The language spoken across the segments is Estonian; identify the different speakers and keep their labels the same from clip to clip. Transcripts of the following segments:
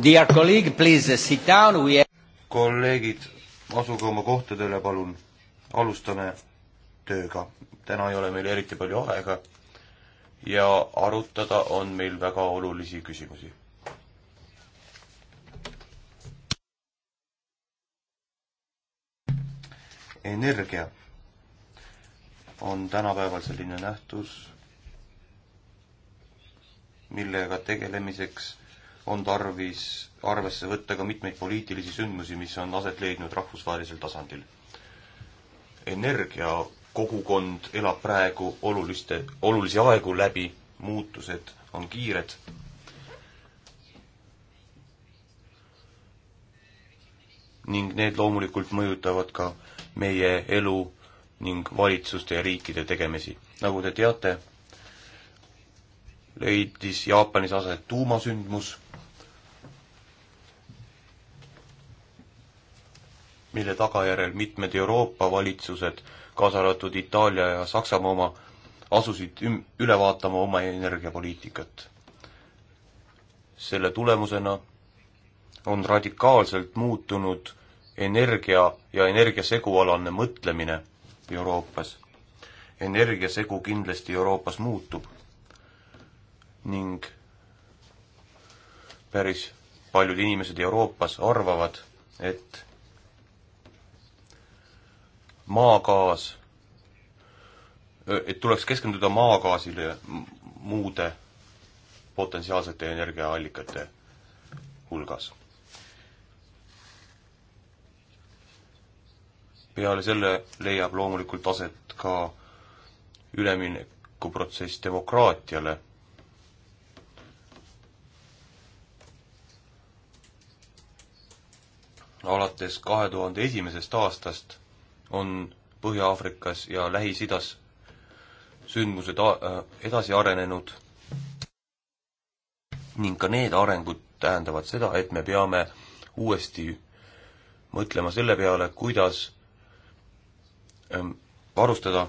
Speaker 1: Dear colleague, please sit down, we kolleegid, asuge oma kohtadele, palun. alustame tööga. täna ei ole meil eriti palju aega ja arutada on meil väga olulisi küsimusi energia on tänapäeval selline nähtus, millega tegelemiseks on tarvis arvesse võtta ka mitmeid poliitilisi sündmusi, mis on aset leidnud rahvusvahelisel tasandil. energiakogukond elab praegu oluliste, olulisi aegu läbi, muutused on kiired. ning need loomulikult mõjutavad ka meie elu ning valitsuste ja riikide tegemisi. nagu te teate, leidis Jaapanis aset tuumasündmus, mille tagajärjel mitmed Euroopa valitsused, kaasa arvatud Itaalia ja Saksamaa oma, asusid üm-, üle vaatama oma energiapoliitikat. selle tulemusena on radikaalselt muutunud energia ja energiasegualane mõtlemine Euroopas. energiasegu kindlasti Euroopas muutub ning päris paljud inimesed Euroopas arvavad, et maagaas, et tuleks keskenduda maagaasile muude potentsiaalsete energiaallikate hulgas. peale selle leiab loomulikult aset ka üleminekuprotsess demokraatiale alates kahe tuhande esimesest aastast on Põhja-Aafrikas ja Lähis-Idas sündmused äh, edasi arenenud ning ka need arengud tähendavad seda, et me peame uuesti mõtlema selle peale, kuidas ähm, varustada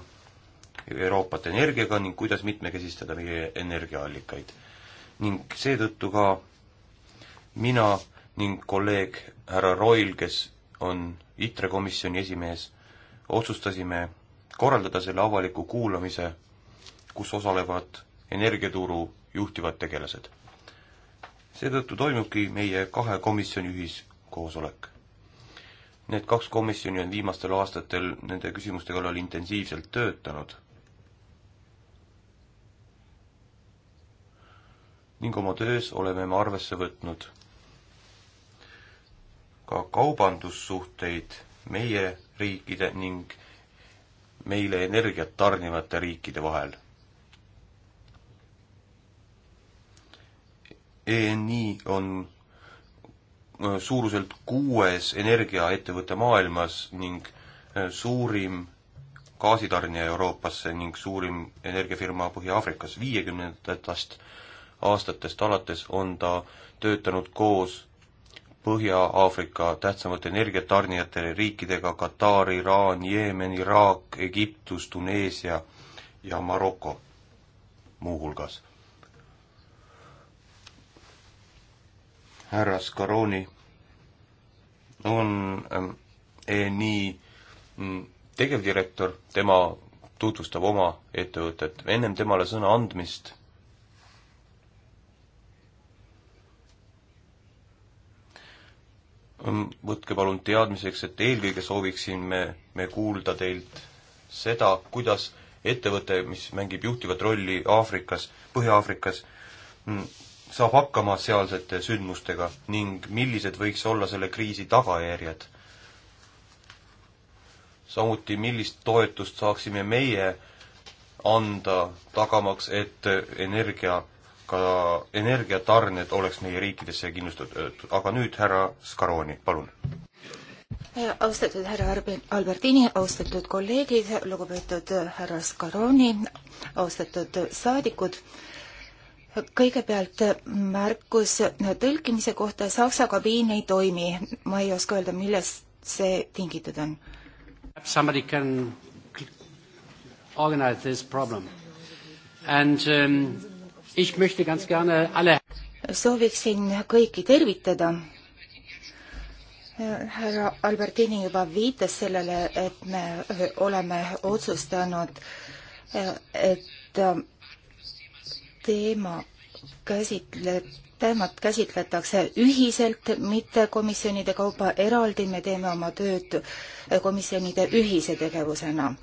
Speaker 1: Euroopat energiaga ning kuidas mitmekesistada meie energiaallikaid. ning seetõttu ka mina ning kolleeg härra Roil, kes on ITRE komisjoni esimees, otsustasime korraldada selle avaliku kuulamise, kus osalevad energiaturu juhtivad tegelased. seetõttu toimubki meie kahe komisjoni ühiskoosolek. Need kaks komisjoni on viimastel aastatel nende küsimuste kallal intensiivselt töötanud ning oma töös oleme me arvesse võtnud ka kaubandussuhteid meie riikide ning meile energiat tarnivate riikide vahel. ENI on äh, suuruselt kuues energiaettevõte maailmas ning äh, suurim gaasitarnija Euroopasse ning suurim energiafirma Põhja-Aafrikas. viiekümnendatest aastatest alates on ta töötanud koos Põhja-Aafrika tähtsamate energiatarnijatele riikidega Katar, Iraan, Jeemen, Iraak, Egiptus, Tuneesia ja Maroko muuhulgas. härra Scaroni on ähm, eh, nii mm, tegevdirektor, tema tutvustab oma ettevõtet, ennem temale sõna andmist võtke palun teadmiseks, et eelkõige sooviksin me, me kuulda teilt seda, kuidas ettevõte, mis mängib juhtivat rolli Aafrikas, Põhja-Aafrikas, mm, saab hakkama sealsete sündmustega ning millised võiks olla selle kriisi tagajärjed. samuti, millist toetust saaksime meie anda, tagamaks, et energia ka energiatarned oleks meie riikidesse kindlustatud, aga nüüd härra Scaroni, palun.
Speaker 2: Äh, austatud härra Albertini, austatud kolleegid, lugupeetud äh, härra Scaroni, austatud äh, saadikud, kõigepealt märkus tõlkimise kohta, saksa kabiin ei toimi, ma ei oska öelda, millest see tingitud on.
Speaker 3: Somebody can organize this problem
Speaker 2: and um, sooviksin kõiki tervitada. härra Albertini juba viitas sellele, et me oleme otsustanud, et teema käsitleb teemat käsitletakse ühiselt, mitte komisjonide kaupa eraldi, me teeme oma tööd komisjonide ühise tegevusena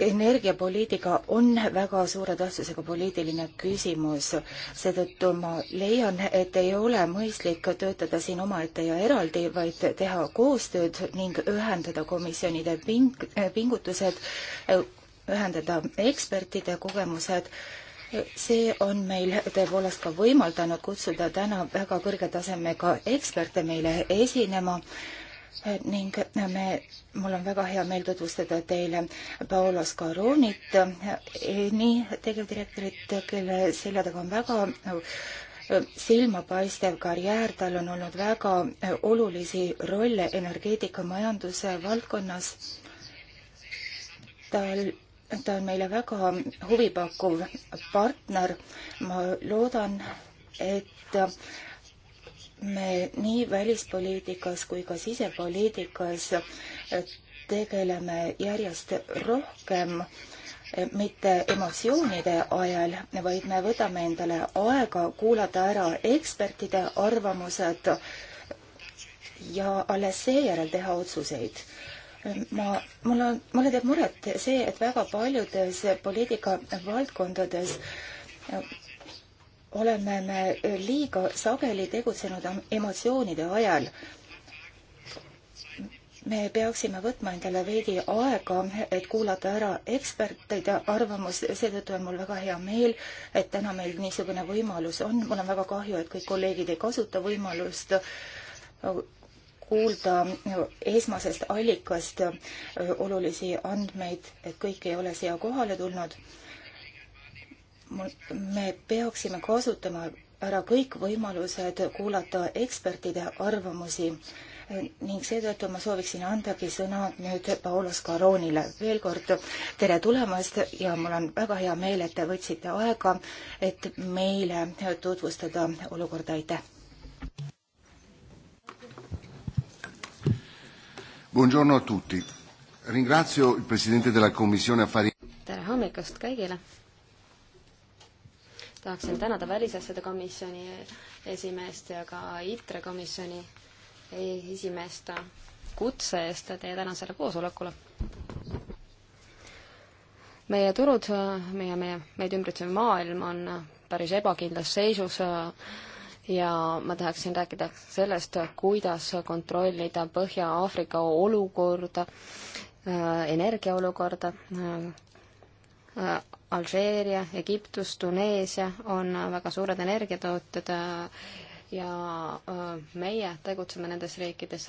Speaker 2: energiapoliitika on väga suure tähtsusega poliitiline küsimus, seetõttu ma leian, et ei ole mõistlik töötada siin omaette ja eraldi, vaid teha koostööd ning ühendada komisjonide ping-, pingutused, ühendada ekspertide kogemused, see on meil tõepoolest ka võimaldanud kutsuda täna väga kõrge tasemega eksperte meile esinema ning me, mul on väga hea meel tutvustada teile Paolo Scaronit, nii tegevdirektorit, kelle selja taga on väga no, silmapaistev karjäär, tal on olnud väga olulisi rolle energeetikamajanduse valdkonnas. tal, ta on meile väga huvipakkuv partner. ma loodan, et me nii välispoliitikas kui ka sisepoliitikas eh, tegeleme järjest rohkem eh, mitte emotsioonide ajal, vaid me võtame endale aega kuulata ära ekspertide arvamused ja alles seejärel teha otsuseid. Eh, ma, mul on, mulle teeb muret see, et väga paljudes poliitika valdkondades oleme me liiga sageli tegutsenud emotsioonide ajal. me peaksime võtma endale veidi aega, et kuulata ära ekspertide arvamus, seetõttu on mul väga hea meel, et täna meil niisugune võimalus on, mul on väga kahju, et kõik kolleegid ei kasuta võimalust kuulda esmasest allikast olulisi andmeid, et kõik ei ole siia kohale tulnud me peaksime kasutama ära kõik võimalused kuulata ekspertide arvamusi ning seetõttu ma sooviksin andagi sõna nüüd Paolo Scaronile. veel kord tere tulemast ja mul on väga hea meel, et te võtsite aega, et meile tutvustada olukorda, aitäh!
Speaker 1: Buongiorno a tutti. Ringrazio il Presidente della Commissione Affari
Speaker 3: tere hommikust kõigile! tahaksin tänada Välisasjade komisjoni esimeest ja ka ITRE komisjoni esimeest kutse eest teie tänasele koosolekule. meie turud, meie, meie, meid ümbritsev maailm on päris ebakindlas seisus ja ma tahaksin rääkida sellest, kuidas kontrollida Põhja-Aafrika olukorda, energiaolukorda, Äh, Alžeeria, Egiptus, Tuneesia on väga suured energiatootjad äh, ja äh, meie tegutseme nendes riikides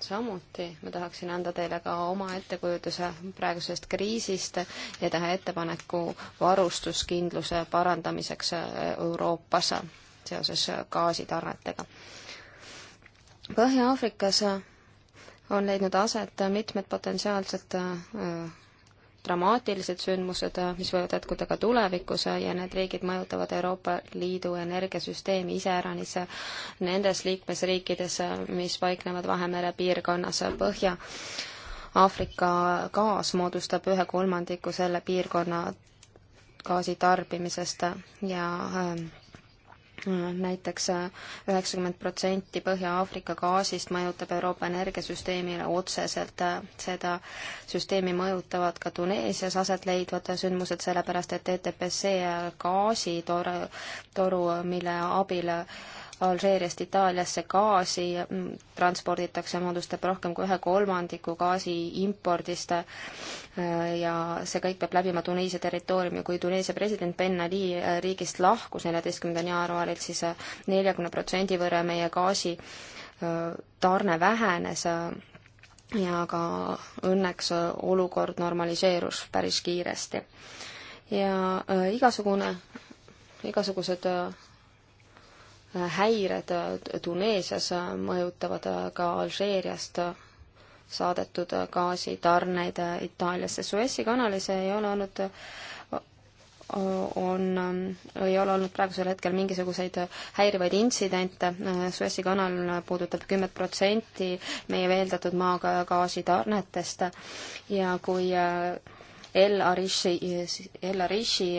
Speaker 3: samuti. ma tahaksin anda teile ka oma ettekujutuse praegusest kriisist ja teha ettepaneku varustuskindluse parandamiseks Euroopas seoses gaasitarnetega. Põhja-Aafrikas on leidnud aset mitmed potentsiaalsed dramaatilised sündmused, mis võivad jätkuda ka tulevikus ja need riigid mõjutavad Euroopa Liidu energiasüsteemi iseäranis nendes liikmesriikides, mis paiknevad Vahemere piirkonnas põhja. Aafrika gaas moodustab ühe kolmandiku selle piirkonna gaasi tarbimisest ja äh, Mm, näiteks äh, üheksakümmend protsenti Põhja-Aafrika gaasist mõjutab Euroopa energiasüsteemile otseselt. Äh, seda süsteemi mõjutavad ka Tuneesias aset leidvad sündmused, sellepärast et ETPC gaasitoru, toru, mille abil Alžeeriast Itaaliasse gaasi transporditakse, moodustab rohkem kui ühe kolmandiku gaasi impordist äh, ja see kõik peab läbima Tuneisia territooriumi. kui Tuneisia president Ben Ali äh, riigist lahkus neljateistkümnendal jaanuaril, siis äh, neljakümne protsendi võrra meie gaasi tarne vähenes ja ka õnneks olukord normaliseerus päris kiiresti. ja igasugune, igasugused häired äh, Tuneesias äh, mõjutavad äh, ka Alžeeriast saadetud gaasitarneid Itaaliasse. Suessi kanalis ei ole olnud on, ei ole olnud praegusel hetkel mingisuguseid häirivaid intsidente, Suessi kanal puudutab kümmet protsenti meie veeldatud maagaasitarnetest ja kui El Arishi, El Arishi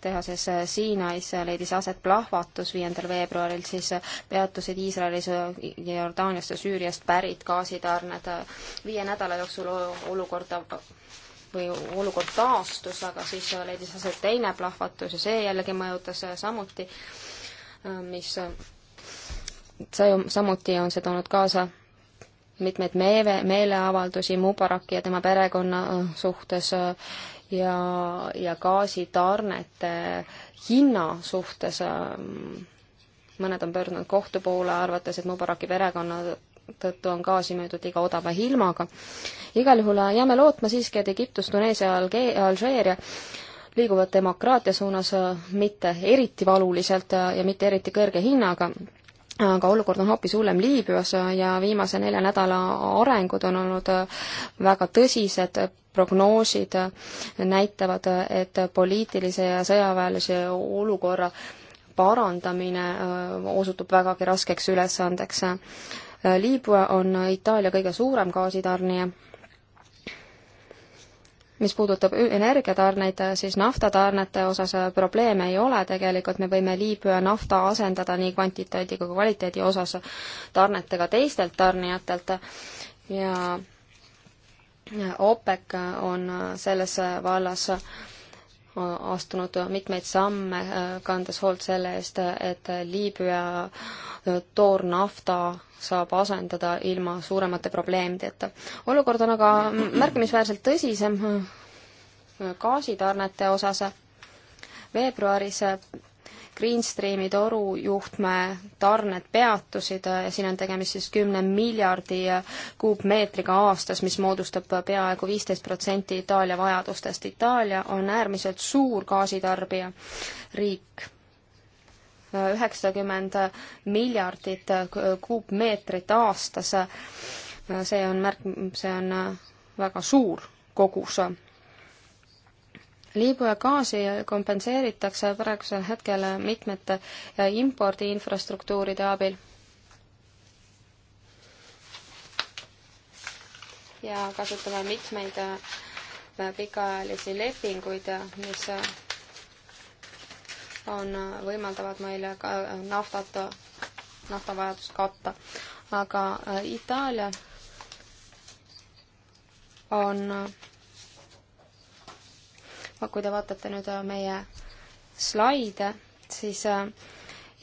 Speaker 3: tehases äh, Siinais leidis aset plahvatus viiendal veebruaril, siis äh, peatusid Iisraelis äh, ja Jordaaniast ja Süüriast pärit gaasitarned. viie nädala jooksul olukorda või olukord taastus, aga siis leidis aset teine plahvatus ja see jällegi mõjutas samuti, mis see samuti on see toonud kaasa mitmeid meele, meeleavaldusi Mubaraki ja tema perekonna suhtes ja, ja gaasitarnete hinna suhtes ähm, mõned on pöördunud kohtu poole, arvates, et Mubaraki perekonna tõttu on gaasi müüdud liiga odava ilmaga. igal juhul äh, jääme lootma siiski, et Egiptus, Tuneesia, Alžeeria liiguvad demokraatia suunas äh, mitte eriti valuliselt äh, ja mitte eriti kõrge hinnaga aga olukord on hoopis hullem Liibüas ja viimase nelja nädala arengud on olnud väga tõsised, prognoosid näitavad, et poliitilise ja sõjaväelise olukorra parandamine äh, osutub vägagi raskeks ülesandeks. Liibüa on Itaalia kõige suurem gaasitarnija mis puudutab energiatarneid, siis naftatarnete osas äh, probleeme ei ole tegelikult, me võime Liibüa nafta asendada nii kvantiteedi kui kvaliteedi osas tarnetega teistelt tarnijatelt ja OPEC on äh, selles vallas astunud mitmeid samme, äh, kandes hoolt selle eest, et Liibüa äh, toornafta saab asendada ilma suuremate probleemideta. olukord on aga märkimisväärselt tõsisem äh, gaasitarnete osas. veebruaris Greenstreami torujuhtme tarned peatusid, siin on tegemist siis kümne miljardi kuupmeetriga aastas, mis moodustab peaaegu viisteist protsenti Itaalia vajadustest. Itaalia on äärmiselt suur gaasitarbija riik, üheksakümmend miljardit kuupmeetrit aastas, see on märk-, see on väga suur kogus Liibüa gaasi kompenseeritakse praegusel hetkel mitmete äh, impordi infrastruktuuride abil. ja kasutame mitmeid äh, pikaajalisi lepinguid, äh, mis on, võimaldavad meile ka naftat, naftavajadust katta. aga Itaalia on kui te vaatate nüüd äh, meie slaide, siis äh,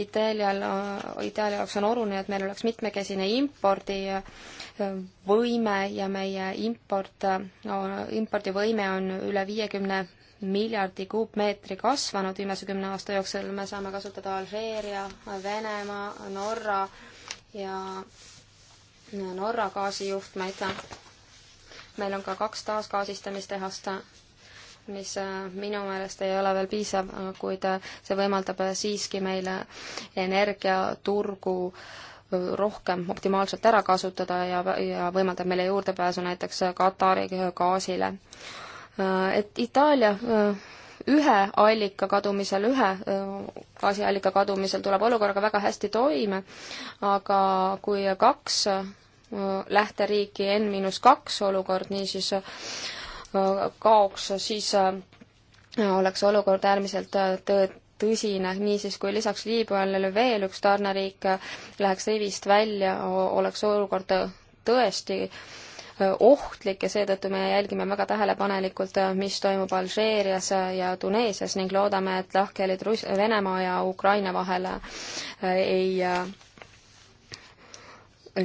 Speaker 3: Itaalial, äh, Itaalia jaoks on oluline, et meil oleks mitmekesine impordivõime ja meie import, impordivõime on üle viiekümne miljardi kuupmeetri kasvanud viimase kümne aasta jooksul, me saame kasutada Alžeeria, Venemaa, Norra ja Norra gaasijuhtmeid. meil on ka kaks taasgaasistamistehast mis äh, minu meelest ei ole veel piisav, äh, kuid äh, see võimaldab siiski meile energiaturgu rohkem optimaalselt ära kasutada ja, ja võimaldab meile juurdepääsu näiteks Katari gaasile. et Itaalia ühe allika kadumisel, ühe gaasiallika kadumisel tuleb olukorraga väga hästi toime, aga kui kaks lähteriiki N miinus kaks olukord, niisiis kaoks, siis äh, oleks olukord äärmiselt äh, tõsine, niisiis kui lisaks Liibüale veel üks tarneriik äh, läheks rivist välja, oleks olukord tõesti ohtlik ja seetõttu me jälgime väga tähelepanelikult, mis toimub Alžeerias ja Tuneesias ning loodame, et lahkhelid Venemaa ja Ukraina vahel ei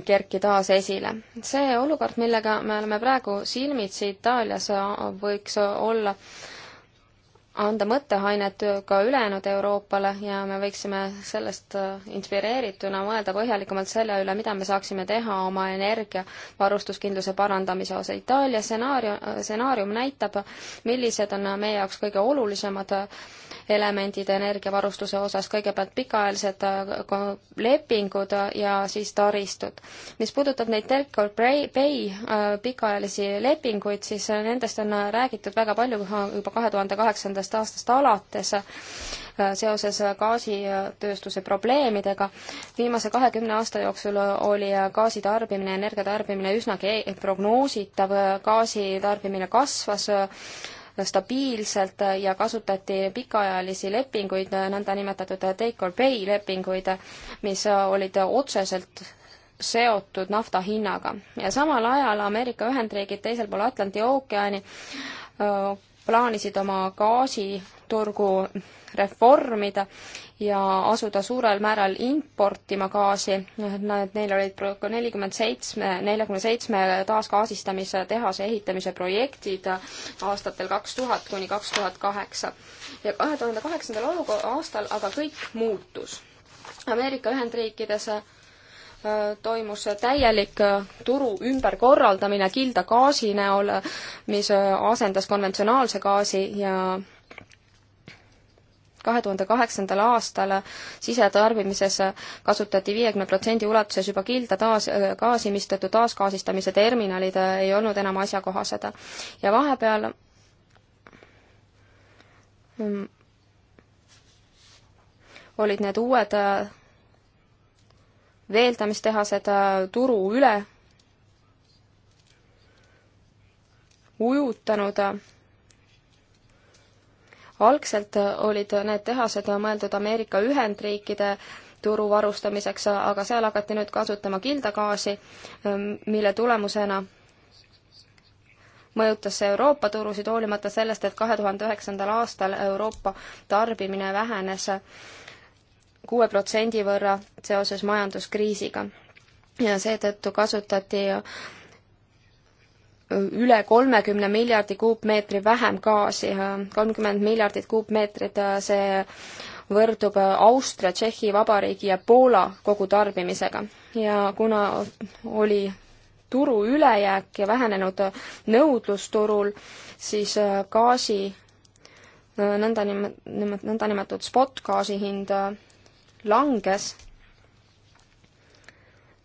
Speaker 3: kerki taas esile. see olukord, millega me oleme praegu silmitsi Itaalias, võiks olla äh, anda mõtteainet ka ülejäänud Euroopale ja me võiksime sellest äh, inspireerituna mõelda põhjalikumalt selle üle, mida me saaksime teha oma energiavarustuskindluse parandamise osa. Itaalia stsenaarium, äh, stsenaarium näitab, millised on meie jaoks kõige olulisemad äh, elemendid energiavarustuse osas, kõigepealt pikaajalised lepingud ja siis taristud. mis puudutab neid Delco Bay pikaajalisi lepinguid, siis nendest on räägitud väga palju juba kahe tuhande kaheksanda sellest aastast alates äh, seoses äh, gaasitööstuse probleemidega. viimase kahekümne aasta jooksul oli äh, gaasi tarbimine, energia tarbimine üsnagi prognoositav, gaasi tarbimine kasvas stabiilselt ja kasutati pikaajalisi lepinguid, nõndanimetatud take or pay lepinguid, mis olid otseselt seotud nafta hinnaga ja samal ajal Ameerika Ühendriigid teisel pool Atlandi ookeani plaanisid oma gaasiturgu reformida ja asuda suurel määral importima gaasi. Nad, neil olid nelikümmend seitsme, neljakümne seitsme taasgaasistamise tehase ehitamise projektid aastatel kaks tuhat kuni kaks tuhat kaheksa. ja kahe tuhande kaheksandal aastal aga kõik muutus. Ameerika Ühendriikides toimus täielik äh, turu ümberkorraldamine kilda gaasi näol, mis äh, asendas konventsionaalse gaasi ja kahe tuhande kaheksandal aastal sisetarbimises kasutati viiekümne protsendi ulatuses juba kilda taas, äh, gaasi, mistõttu taasgaasistamise terminalid ei olnud enam asjakohased. ja vahepeal mm, olid need uued veeldamistehased äh, turu üle ujutanud. algselt olid need tehased mõeldud Ameerika Ühendriikide turu varustamiseks, aga seal hakati nüüd kasutama kildagaasi, ähm, mille tulemusena mõjutas see Euroopa turusid, hoolimata sellest, et kahe tuhande üheksandal aastal Euroopa tarbimine vähenes kuue protsendi võrra seoses majanduskriisiga. ja seetõttu kasutati üle kolmekümne miljardi kuupmeetri vähem gaasi, kolmkümmend miljardit kuupmeetrit, äh, see võrdub äh, Austria, Tšehhi Vabariigi ja Poola kogutarbimisega. ja kuna oli turu ülejääk ja vähenenud nõudlus turul, siis äh, gaasi nõndanimetatud, nõndanimetatud spot gaasi hind langes.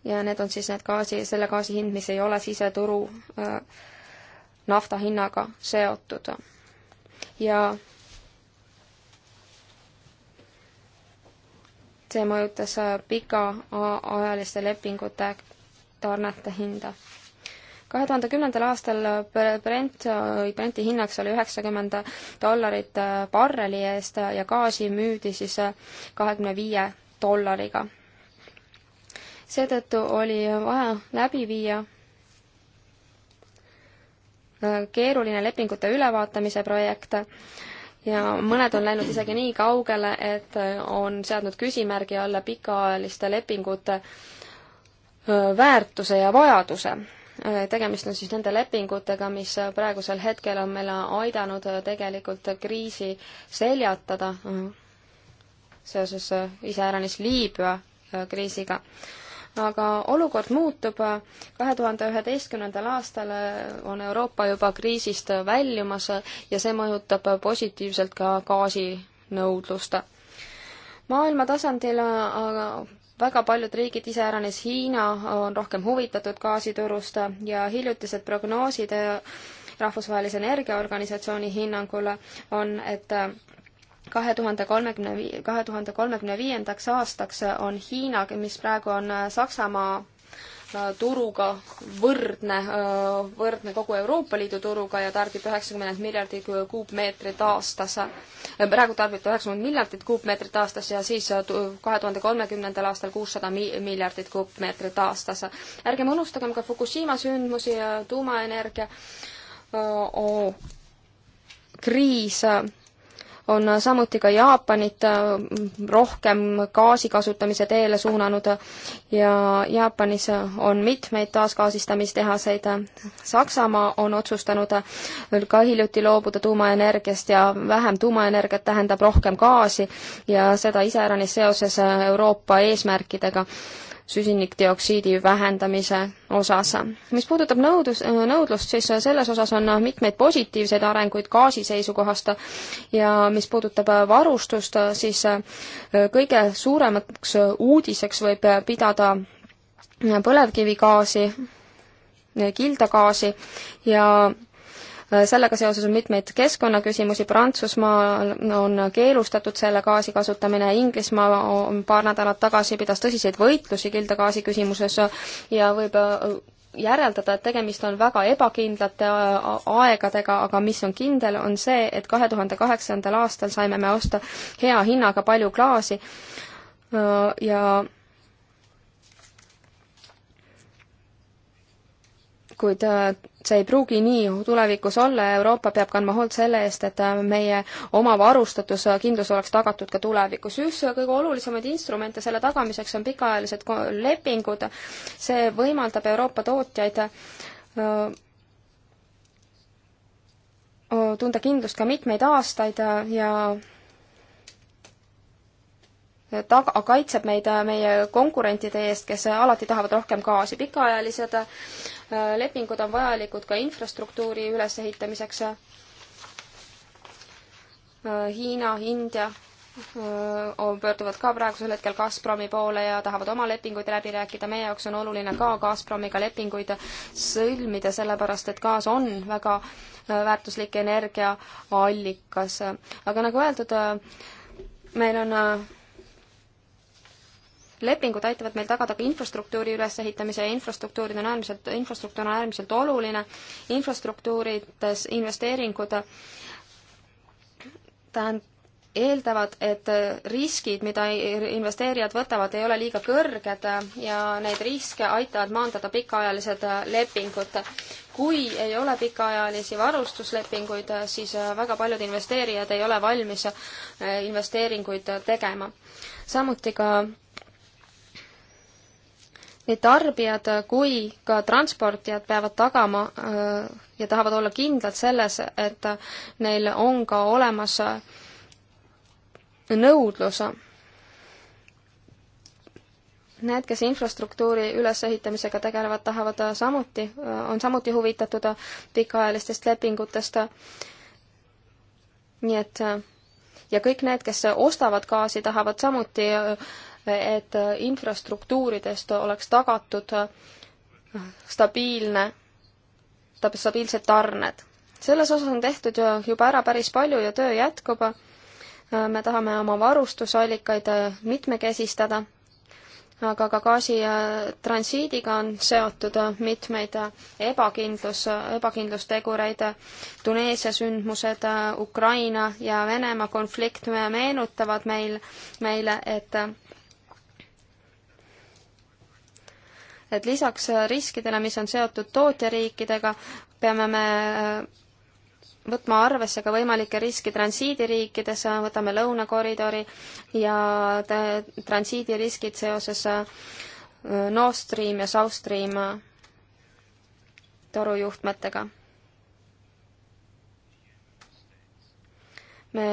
Speaker 3: ja need on siis need gaasi, selle gaasi hind, mis ei ole siseturu äh, nafta hinnaga seotud. ja see mõjutas äh, pikaajaliste lepingute tarnete hinda kahe tuhande kümnendal aastal Brent, Brenti hinnaks oli üheksakümmend dollarit äh, barreli eest ja gaasi müüdi siis äh, kahekümne viie dollariga. seetõttu oli vaja läbi viia äh, keeruline lepingute ülevaatamise projekt ja mõned on läinud isegi nii kaugele, et on seadnud küsimärgi alla pikaajaliste lepingute väärtuse ja vajaduse Äh, tegemist on siis nende lepingutega, mis äh, praegusel hetkel on meile äh, aidanud tegelikult kriisi seljatada seoses iseäranis Liibüa kriisiga. aga olukord muutub, kahe tuhande üheteistkümnendal aastal on Euroopa juba kriisist väljumas ja see mõjutab positiivselt ka gaasinõudlust maailma tasandil väga paljud riigid, iseäranis Hiina, on rohkem huvitatud gaasiturust ja hiljutised prognoosid äh, Rahvusvahelise Energiaorganisatsiooni hinnangul on, et äh, kahe tuhande kolmekümne, kahe tuhande kolmekümne viiendaks aastaks on Hiina, mis praegu on äh, Saksamaa turuga võrdne, võrdne kogu Euroopa Liidu turuga ja tarbib üheksakümmend miljardit kuupmeetrit aastas. praegu tarbib ta üheksakümmend miljardit kuupmeetrit aastas ja siis kahe tuhande kolmekümnendal aastal kuussada miljardit kuupmeetrit aastas. ärgem unustagem ka Fukushima sündmusi ja tuumaenergia äh, kriis on samuti ka Jaapanit äh, rohkem gaasi kasutamise teele suunanud ja Jaapanis on mitmeid taasgaasistamistehaseid. Saksamaa on otsustanud ka hiljuti loobuda tuumaenergiast ja vähem tuumaenergiat tähendab rohkem gaasi ja seda iseäranis seoses Euroopa eesmärkidega süsinikdioksiidi vähendamise osas. mis puudutab nõudlus, nõudlust, siis selles osas on mitmeid positiivseid arenguid gaasi seisukohast ja mis puudutab varustust, siis kõige suuremaks uudiseks võib pidada põlevkivigaasi, kildagaasi ja Äh, sellega seoses on mitmeid keskkonnaküsimusi, Prantsusmaal on keelustatud selle gaasi kasutamine, Inglismaa on paar nädalat tagasi pidas tõsiseid võitlusi kildagaasi küsimuses ja võib äh, järeldada, et tegemist on väga ebakindlate äh, aegadega, aga mis on kindel, on see, et kahe tuhande kaheksandal aastal saime me osta hea hinnaga palju klaasi ja kuid äh, see ei pruugi nii tulevikus olla ja Euroopa peab kandma hoolt selle eest, et äh, meie oma varustatus, äh, kindlus oleks tagatud ka tulevikus. üks kõige olulisemaid instrumente selle tagamiseks on pikaajalised lepingud. see võimaldab Euroopa tootjaid tunda kindlust ka mitmeid aastaid ja taga, kaitseb meid meie konkurentide eest, kes alati tahavad rohkem gaasi. pikaajalised lepingud on vajalikud ka infrastruktuuri ülesehitamiseks. Hiina, India pöörduvad ka praegusel hetkel Gazpromi poole ja tahavad oma lepinguid läbi rääkida. meie jaoks on oluline ka Gazpromiga lepinguid sõlmida, sellepärast et gaas on väga väärtuslik energiaallikas. aga nagu öeldud, meil on lepingud aitavad meil tagada ka infrastruktuuri ülesehitamise ja infrastruktuurid on äärmiselt, infrastruktuur on äärmiselt oluline, infrastruktuurides investeeringud tähendab, eeldavad, et riskid, mida investeerijad võtavad, ei ole liiga kõrged ja neid riske aitavad maandada pikaajalised lepingud. kui ei ole pikaajalisi varustuslepinguid, siis väga paljud investeerijad ei ole valmis eh, investeeringuid tegema. samuti ka nii tarbijad kui ka transportijad peavad tagama äh, ja tahavad olla kindlad selles, et neil on ka olemas nõudlus. Need, kes infrastruktuuri ülesehitamisega tegelevad, tahavad samuti, äh, on samuti huvitatud pikaajalistest lepingutest. nii et äh, ja kõik need, kes ostavad gaasi, tahavad samuti et infrastruktuuridest oleks tagatud stabiilne, stabiilsed tarned. selles osas on tehtud juba ära päris palju ja töö jätkub. me tahame oma varustusallikaid mitmekesistada, aga ka gaasi transiidiga on seotud mitmeid ebakindlus, ebakindlustegureid. Tuneesia sündmused, Ukraina ja Venemaa konflikt meenutavad meil, meile, et et lisaks riskidele, mis on seotud tootjariikidega, peame me äh, võtma arvesse ka võimalikke riske transiidiriikides, võtame lõunakoridori ja transiidiriskid seoses äh, Nord Stream ja South Stream äh, torujuhtmetega. me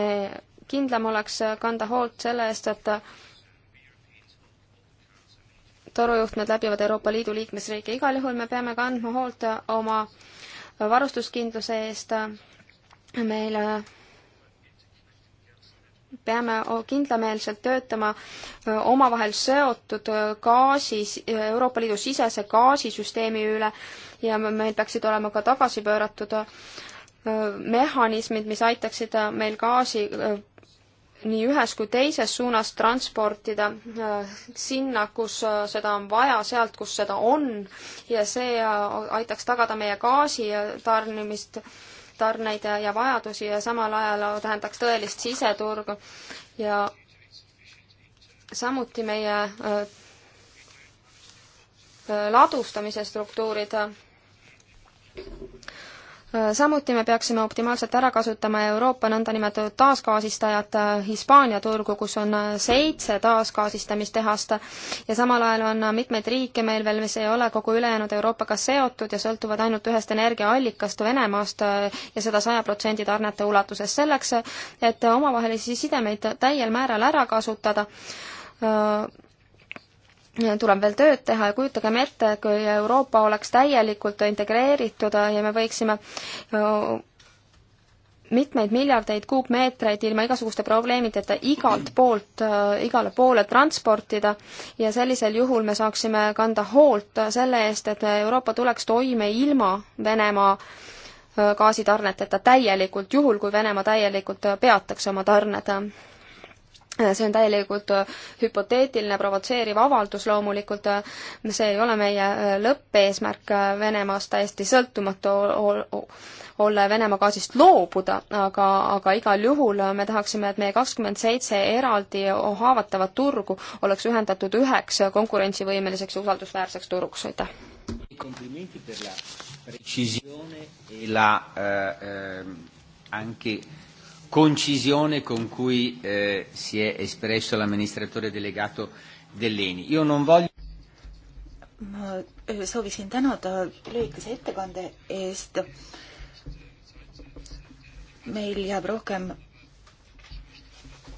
Speaker 3: kindlam oleks kanda hoolt selle eest, et torujuhtmed läbivad Euroopa Liidu liikmesriike, igal juhul me peame kandma hoolt oma varustuskindluse eest, meil äh, peame kindlameelselt töötama äh, omavahel seotud äh, gaasi, Euroopa Liidu sisese gaasisüsteemi üle ja meil peaksid olema ka tagasipööratud mehhanismid, mis aitaksid meil gaasi nii ühes kui teises suunas transportida äh, sinna, kus äh, seda on vaja, sealt, kus seda on ja see äh, aitaks tagada meie gaasi tarnimist, tarneid ja vajadusi ja samal ajal tähendaks tõelist siseturgu ja samuti meie ladustamise struktuurid samuti me peaksime optimaalselt ära kasutama Euroopa nõndanimetatud taasgaasistajat äh, Hispaania turgu, kus on äh, seitse taasgaasistamistehast ja samal ajal on äh, mitmeid riike meil veel, mis ei ole kogu ülejäänud Euroopaga seotud ja sõltuvad ainult ühest energiaallikast, Venemaast ja seda saja protsendi tarnete ulatuses. selleks, et omavahelisi sidemeid täiel määral ära kasutada, tuleb veel tööd teha ja kujutagem ette, kui Euroopa oleks täielikult integreeritud ja me võiksime mitmeid miljardeid kuupmeetreid ilma igasuguste probleemideta igalt poolt igale poole transportida ja sellisel juhul me saaksime kanda hoolt selle eest, et Euroopa tuleks toime ilma Venemaa gaasitarneteta täielikult, juhul kui Venemaa täielikult peataks oma tarned see on täielikult äh, hüpoteetiline, provotseeriv avaldus loomulikult, see ei ole meie äh, lõppeesmärk äh, Venemaast täiesti sõltumatu olla ja Venemaa gaasist loobuda, aga, aga igal juhul me tahaksime, et meie kakskümmend seitse eraldi haavatavat turgu oleks ühendatud üheks konkurentsivõimeliseks ja usaldusväärseks turuks, aitäh!
Speaker 1: complimenti per la precisione e la eh, eh, anche concisione con cui eh, si è espresso l'amministratore delegato dell'ENI. Io non voglio
Speaker 2: ma eh, soovisin tänada lühikese ettekande eest. meil jääb rohkem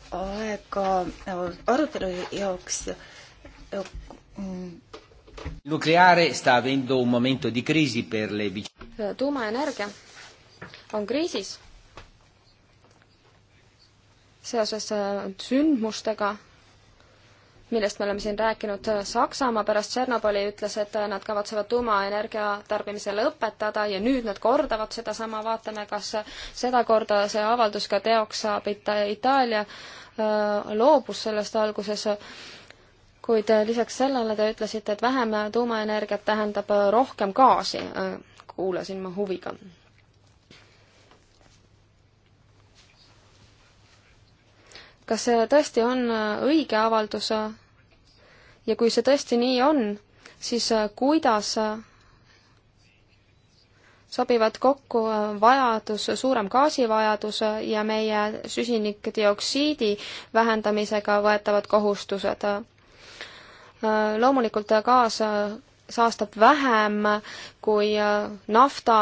Speaker 2: aega arutelu jaoks. Nucleare sta avendo un momento di crisi per le
Speaker 3: tuumaenergia on kriisis seoses äh, sündmustega, millest me oleme siin rääkinud, Saksamaa pärast Tšernobõli ütles, et äh, nad kavatsevad tuumaenergia tarbimise lõpetada ja nüüd nad kordavad sedasama, vaatame, kas sedakorda see avaldus ka teoks saab, Itaalia äh, loobus sellest alguses, kuid lisaks sellele te ütlesite, et vähem tuumaenergiat tähendab rohkem gaasi, kuulasin ma huviga kas see tõesti on äh, õige avaldus äh? ja kui see tõesti nii on, siis äh, kuidas sobivad kokku vajadus, suurem gaasivajadus ja meie süsinikdioksiidi vähendamisega võetavad kohustused. loomulikult gaas saastab vähem kui nafta,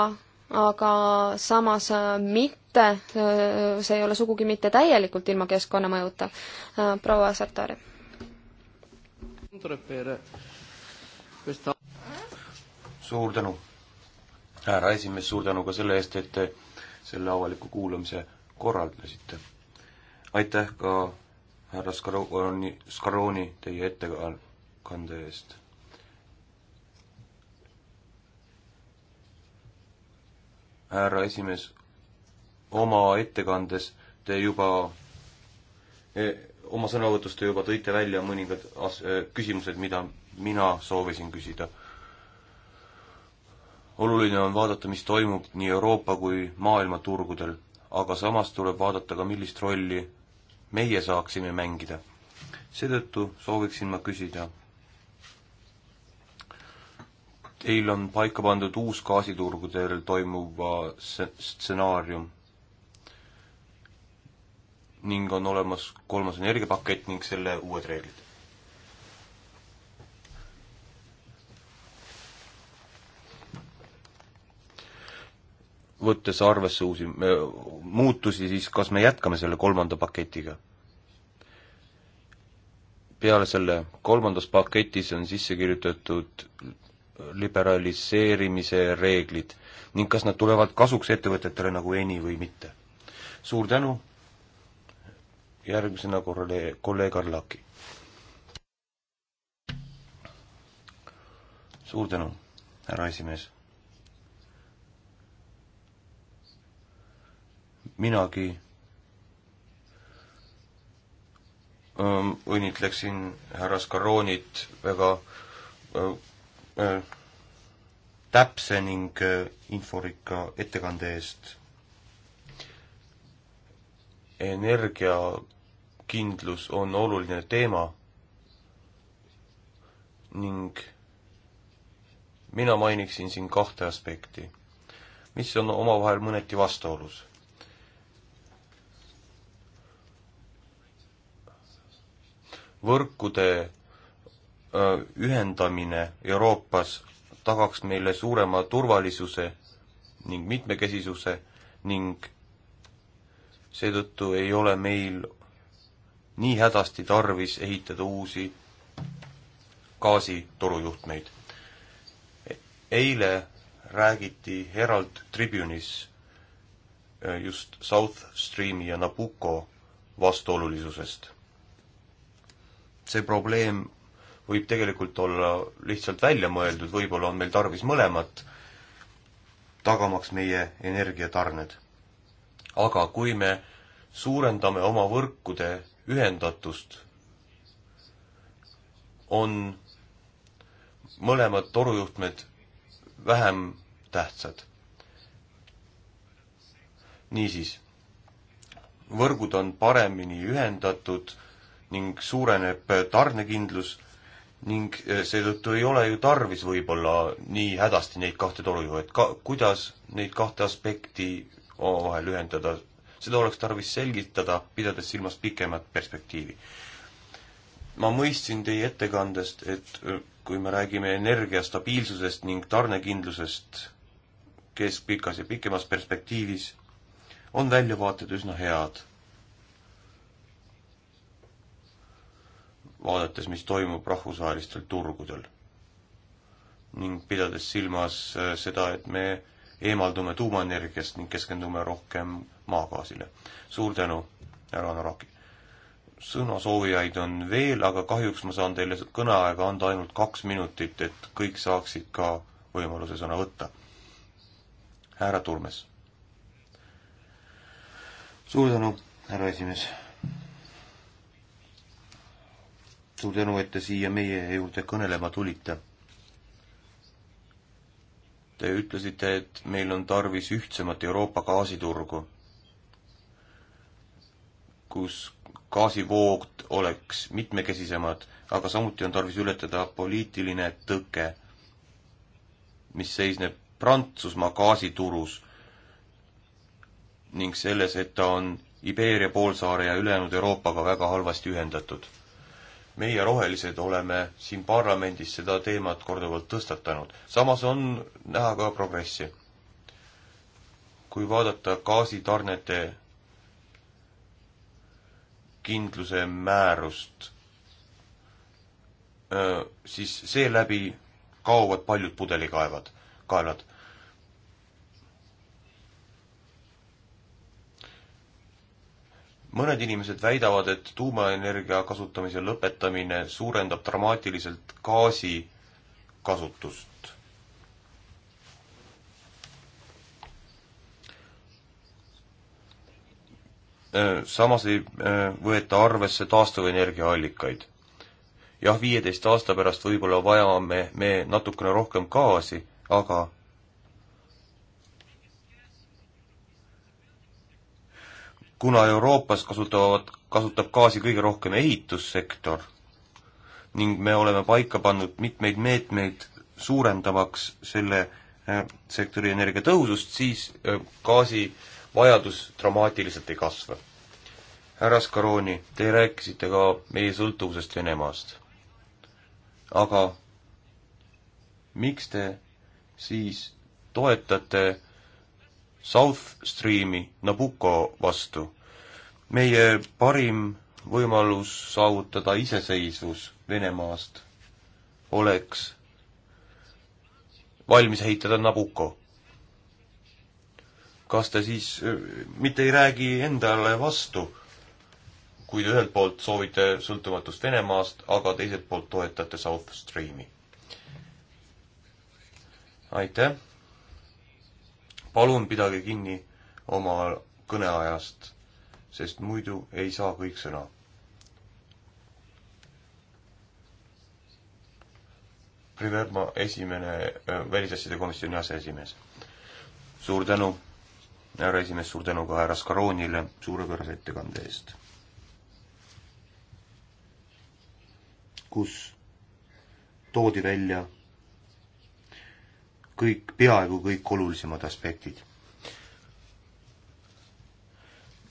Speaker 3: aga samas mitte mõte, see ei ole sugugi mitte täielikult ilma keskkonnamõjuta. proua Sartari.
Speaker 1: suur tänu, härra esimees, suur tänu ka selle eest, et te selle avaliku kuulamise korraldasite. aitäh ka härra Scaroni, Scaroni teie ettekande eest härra esimees, oma ettekandes te juba, e, oma sõnavõtus te juba tõite välja mõningad as-, e, küsimused, mida mina soovisin küsida. oluline on vaadata, mis toimub nii Euroopa kui maailma turgudel, aga samas tuleb vaadata ka, millist rolli meie saaksime mängida. seetõttu sooviksin ma küsida, teil on paika pandud uus gaasiturgudel toimuva stsenaarium ning on olemas kolmas energiapakett ning selle uued reeglid. võttes arvesse uusi muutusi, siis kas me jätkame selle kolmanda paketiga? peale selle kolmandas paketis on sisse kirjutatud liberaliseerimise reeglid ning kas nad tulevad kasuks ettevõtetele nagu Eni või mitte. suur tänu järgmisena korrale kolleeg Arlaki. suur tänu, härra esimees. minagi ähm, õnnitleksin härra Scaronit väga öö, äh, öö, äh, täpse ning äh, inforikka ettekande eest. energia kindlus on oluline teema ning mina mainiksin siin kahte aspekti, mis on omavahel mõneti vastuolus. võrkude ühendamine Euroopas tagaks meile suurema turvalisuse ning mitmekesisuse ning seetõttu ei ole meil nii hädasti tarvis ehitada uusi gaasitorujuhtmeid. eile räägiti Herald Tribune'is äh, just South Streami ja Nabucco vastuolulisusest. see probleem võib tegelikult olla lihtsalt välja mõeldud, võib-olla on meil tarvis mõlemat, tagamaks meie energiatarned. aga kui me suurendame oma võrkude ühendatust, on mõlemad torujuhtmed vähem tähtsad. niisiis, võrgud on paremini ühendatud ning suureneb tarnekindlus ning eh, seetõttu ei ole ju tarvis võib-olla nii hädasti neid kahte torujuhet, ka kuidas neid kahte aspekti omavahel ühendada, seda oleks tarvis selgitada, pidades silmas pikemat perspektiivi. ma mõistsin teie ettekandest, et kui me räägime energia stabiilsusest ning tarnekindlusest keskpikas ja pikemas perspektiivis, on väljavaated üsna head. vaadates, mis toimub rahvusvahelistel turgudel ning pidades silmas seda, et me eemaldume tuumaenergiast ning keskendume rohkem maagaasile. suur tänu, härra Naraki. sõnasoovijaid on veel, aga kahjuks ma saan teile kõneaega anda ainult kaks minutit, et kõik saaksid ka võimaluse sõna võtta. härra Turmes. suur tänu, härra esimees. suur tänu, et te siia meie juurde kõnelema tulite Te ütlesite, et meil on tarvis ühtsemat Euroopa gaasiturgu kus gaasivood oleks mitmekesisemad, aga samuti on tarvis ületada poliitiline tõke, mis seisneb Prantsusmaa gaasiturus ning selles, et ta on Iberia poolsaare ja ülejäänud Euroopaga väga halvasti ühendatud. meie rohelised oleme siin parlamendis seda teemat korduvalt tõstatanud, samas on näha ka progressi. kui vaadata gaasitarnete kindluse määrust, siis seeläbi kaovad paljud pudelikaevad, kaelad. mõned inimesed väidavad, et tuumaenergia kasutamise lõpetamine suurendab dramaatiliselt gaasi kasutust. Äh, samas ei äh, võeta arvesse taastuvenergia allikaid. jah, viieteist aasta pärast võib-olla vajame me natukene rohkem gaasi, aga kuna Euroopas kasutavad, kasutab gaasi kõige rohkem ehitussektor ning me oleme paika pannud mitmeid meetmeid suurendamaks selle äh, sektori energiatõhusust, siis gaasi äh, vajadus dramaatiliselt ei kasva. härra Scaroni, te rääkisite ka meie sõltuvusest Venemaast. aga miks te siis toetate South Streami Nabucco vastu? meie parim võimalus saavutada iseseisvus Venemaast oleks valmis ehitada Nabucco kas te siis mitte ei räägi endale vastu, kui te ühelt poolt soovite sõltumatust Venemaast, aga teiselt poolt toetate South Streami? aitäh! palun pidage kinni oma kõneajast, sest muidu ei saa kõik sõna. Priverma esimene äh, välisasjade komisjoni aseesimees. suur tänu härra esimees, suur tänu ka härra Skaroonile suurepärase ettekande eest, kus toodi välja kõik, peaaegu kõik olulisemad aspektid.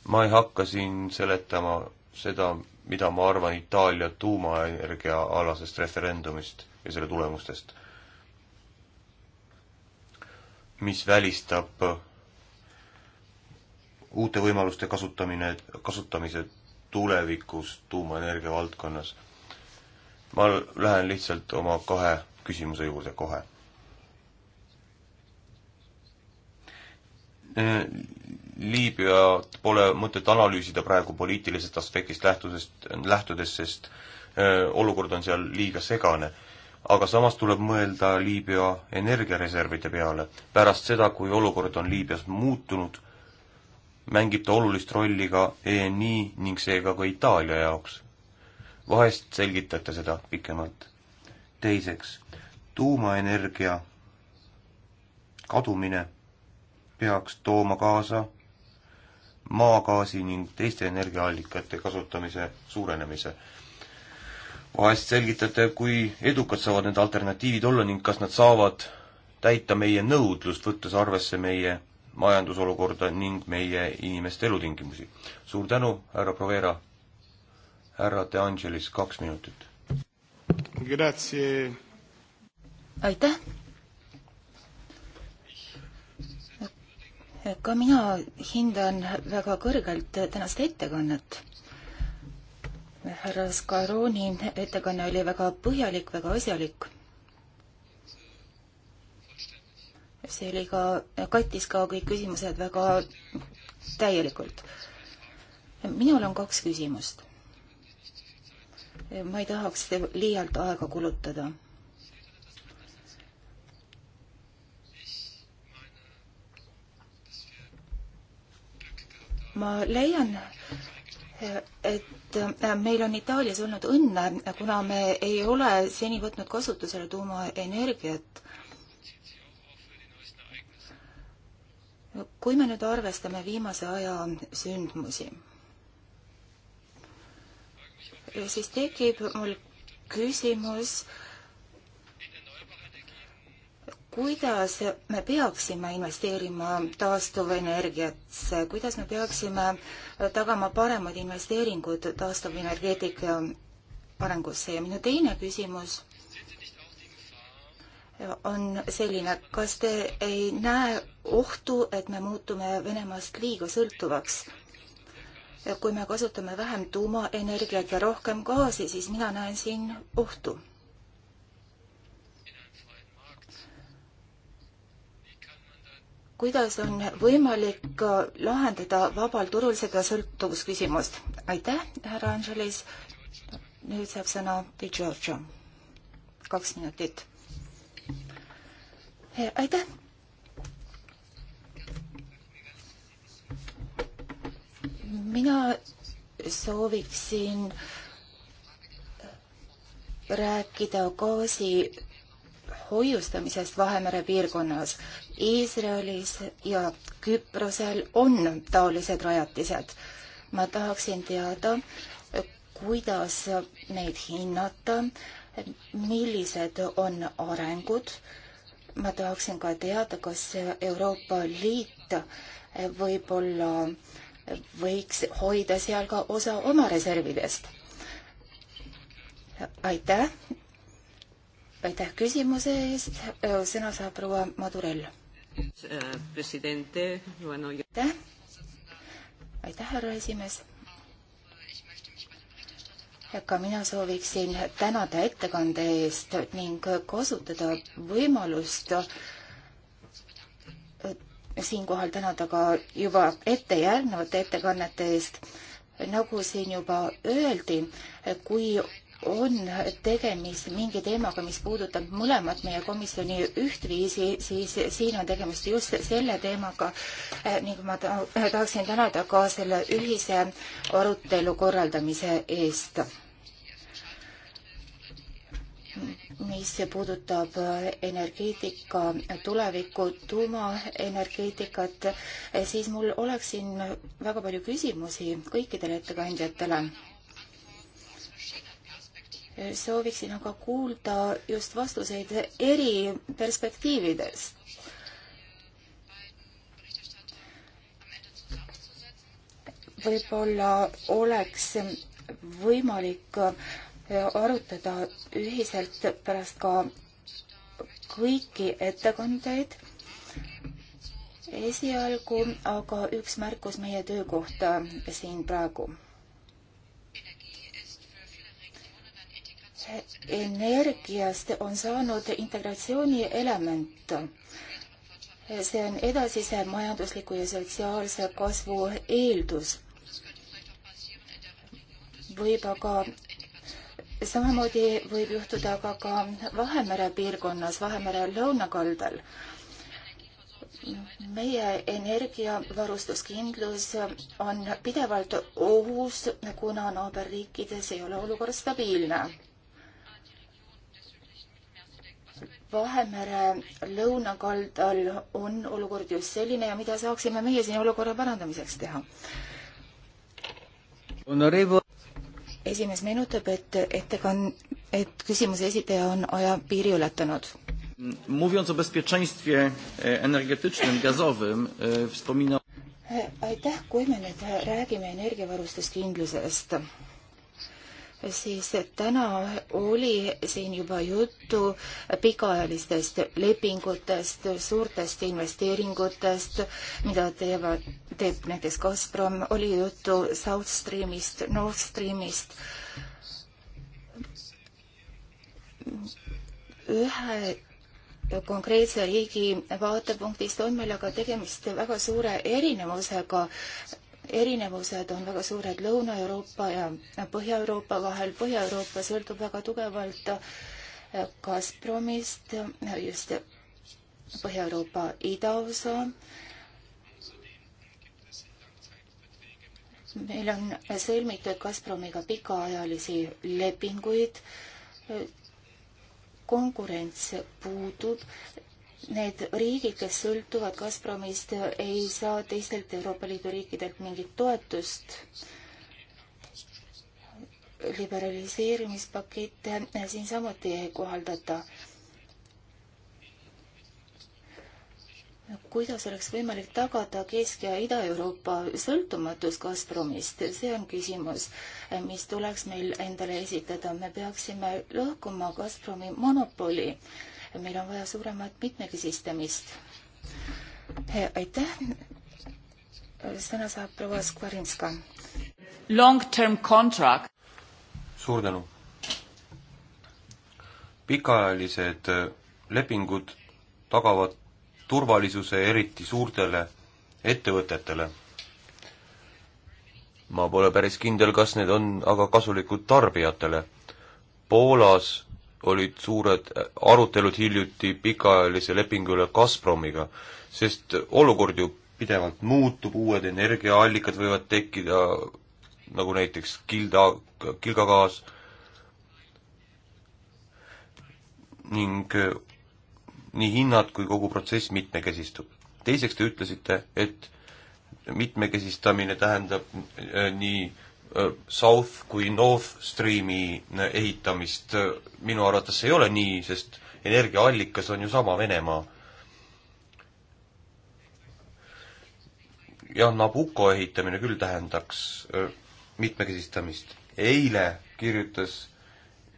Speaker 1: ma ei hakka siin seletama seda, mida ma arvan Itaalia tuumaenergia alasest referendumist ja selle tulemustest, mis välistab uute võimaluste kasutamine, kasutamise tulevikus tuumaenergia valdkonnas. ma lähen lihtsalt oma kahe küsimuse juurde kohe. Äh, Liibüat pole mõtet analüüsida praegu poliitilisest aspektist lähtusest, lähtudes, sest äh, olukord on seal liiga segane. aga samas tuleb mõelda Liibüa energiareservide peale. pärast seda, kui olukord on Liibüas muutunud, mängib ta olulist rolli ka ENI ning seega ka Itaalia jaoks. vahest selgitate seda pikemalt. teiseks, tuumaenergia kadumine peaks tooma kaasa maagaasi ning teiste energiaallikate kasutamise suurenemise. vahest selgitate, kui edukad saavad need alternatiivid olla ning kas nad saavad täita meie nõudlust, võttes arvesse meie majandusolukorda ning meie inimeste elutingimusi. suur tänu, härra Provera, härra De Angelis, kaks minutit. aitäh!
Speaker 2: ka mina hindan väga kõrgelt tänast ettekannet. härra Scaroni ettekanne oli väga põhjalik, väga asjalik see oli ka, kattis ka kõik küsimused väga täielikult. minul on kaks küsimust. ma ei tahaks liialt aega kulutada. ma leian, et äh, meil on Itaalias olnud õnne, kuna me ei ole seni võtnud kasutusele tuumaenergiat kui me nüüd arvestame viimase aja sündmusi, siis tekib mul küsimus, kuidas me peaksime investeerima taastuvenergiasse, kuidas me peaksime tagama paremad investeeringud taastuvenergeetika arengusse ja minu teine küsimus on selline, kas te ei näe ohtu, et me muutume Venemaast liiga sõltuvaks? kui me kasutame vähem tuumaenergiat ja rohkem gaasi, siis mina näen siin ohtu. kuidas on võimalik lahendada vabal turul seda sõltuvusküsimust? aitäh, härra Anželis. nüüd saab sõna Di Giorgio. kaks minutit Eh, aitäh! mina sooviksin rääkida gaasi hoiustamisest Vahemere piirkonnas. Iisraelis ja Küprosel on taolised rajatised. ma tahaksin teada, kuidas neid hinnata, millised on arengud ma tahaksin ka teada, kas Euroopa Liit võib-olla võiks hoida seal ka osa oma reservidest. aitäh. aitäh küsimuse eest. sõna saab proua Madurell.
Speaker 3: aitäh.
Speaker 2: aitäh, härra esimees ka mina sooviksin tänada ettekande eest ning kasutada võimalust äh, siinkohal tänada ka juba ette järgnevate ettekannete eest. nagu siin juba öeldi, kui on tegemist mingi teemaga, mis puudutab mõlemat meie komisjoni ühtviisi, siis siin on tegemist just selle teemaga äh, ning ma tahaksin tänada ka selle ühise arutelu korraldamise eest mis puudutab äh, energeetika tulevikku, tuumaenergeetikat, äh, siis mul oleks siin väga palju küsimusi kõikidele ettekandjatele. Äh, sooviksin aga kuulda just vastuseid eri perspektiividest. võib-olla oleks võimalik äh, arutada ühiselt pärast ka kõiki ettekandeid. esialgu aga üks märkus meie töö kohta siin praegu. energiast on saanud integratsiooni element. see on edasise majandusliku ja sotsiaalse kasvu eeldus võib aga samamoodi võib juhtuda aga ka Vahemere piirkonnas, Vahemere lõunakaldal. meie energiavarustuskindlus on pidevalt ohus, kuna naaberriikides ei ole olukord stabiilne. Vahemere lõunakaldal on olukord just selline ja mida saaksime meie siin olukorra parandamiseks teha? Honorable esimees meenutab, et ettekan-, et küsimuse esitaja on ajapiiri ületanud.
Speaker 1: Mówiąc o bezpieczeństwie e, energetycznym, gazowym, e, wspominał
Speaker 2: aitäh, kui me nüüd räägime energiavarustuskindlusest siis täna oli siin juba juttu pikaajalistest lepingutest, suurtest investeeringutest, mida teevad, teeb näiteks Gazprom, oli juttu South Streamist, Nord Streamist. ühe konkreetse riigi vaatepunktist on meil aga tegemist väga suure erinevusega erinevused on väga suured Lõuna-Euroopa ja Põhja-Euroopa vahel. Põhja-Euroopa sõltub väga tugevalt eh, Gazpromist, just Põhja-Euroopa idaosa. meil on sõlmitud Gazpromiga pikaajalisi lepinguid. konkurents puudub Need riigid, kes sõltuvad Gazpromist, ei saa teistelt Euroopa Liidu riikidelt mingit toetust. liberaliseerimispakette eh, siin samuti ei kohaldata. kuidas oleks võimalik tagada Kesk- ja Ida-Euroopa sõltumatus Gazpromist, see on küsimus, eh, mis tuleks meil endale esitada. me peaksime lõhkuma Gazpromi monopoli meil on vaja suuremat mitmekesistamist. aitäh. sõna saab proua Skvarinska.
Speaker 1: Long-term contract. suur tänu. pikaajalised lepingud tagavad turvalisuse eriti suurtele ettevõtetele ma pole päris kindel, kas need on aga kasulikud tarbijatele. Poolas olid suured arutelud hiljuti pikaajalise lepingu üle Gazpromiga, sest olukord ju pidevalt muutub, uued energiaallikad võivad tekkida, nagu näiteks kilda, kilgagaas, ning nii hinnad kui kogu protsess mitmekesistub. teiseks te ütlesite, et mitmekesistamine tähendab eh, nii äh, Äh, South kui North Streami äh, ehitamist, äh, minu arvates see ei ole nii, sest energiaallikas on ju sama Venemaa. jah, Nabucco ehitamine küll tähendaks mitmekesistamist. eile kirjutas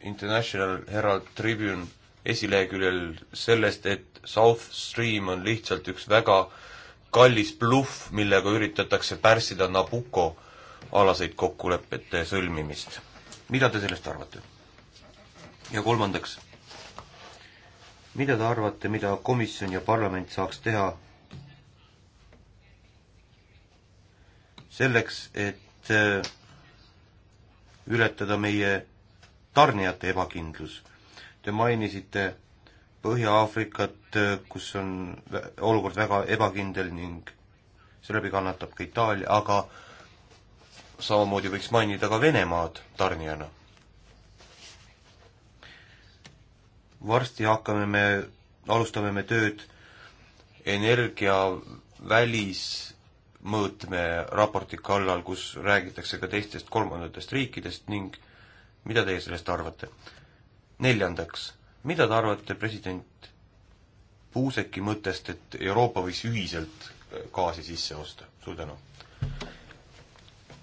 Speaker 1: International Herald Tribune esileheküljel sellest, et South Stream on lihtsalt üks väga kallis bluff, millega üritatakse pärssida Nabucco alaseid kokkulepete sõlmimist. mida te sellest arvate? ja kolmandaks, mida te arvate, mida komisjon ja parlament saaks teha selleks, et äh, ületada meie tarnijate ebakindlus? Te mainisite Põhja-Aafrikat, äh, kus on olukord väga ebakindel ning seeläbi kannatab ka Itaalia, aga samamoodi võiks mainida ka Venemaad tarnijana. varsti hakkame me, alustame me tööd energia välismõõtme raporti kallal, kus räägitakse ka teistest kolmandatest riikidest ning mida teie sellest arvate? neljandaks, mida te arvate president Puuseki mõttest, et Euroopa võiks ühiselt gaasi sisse osta? suur tänu!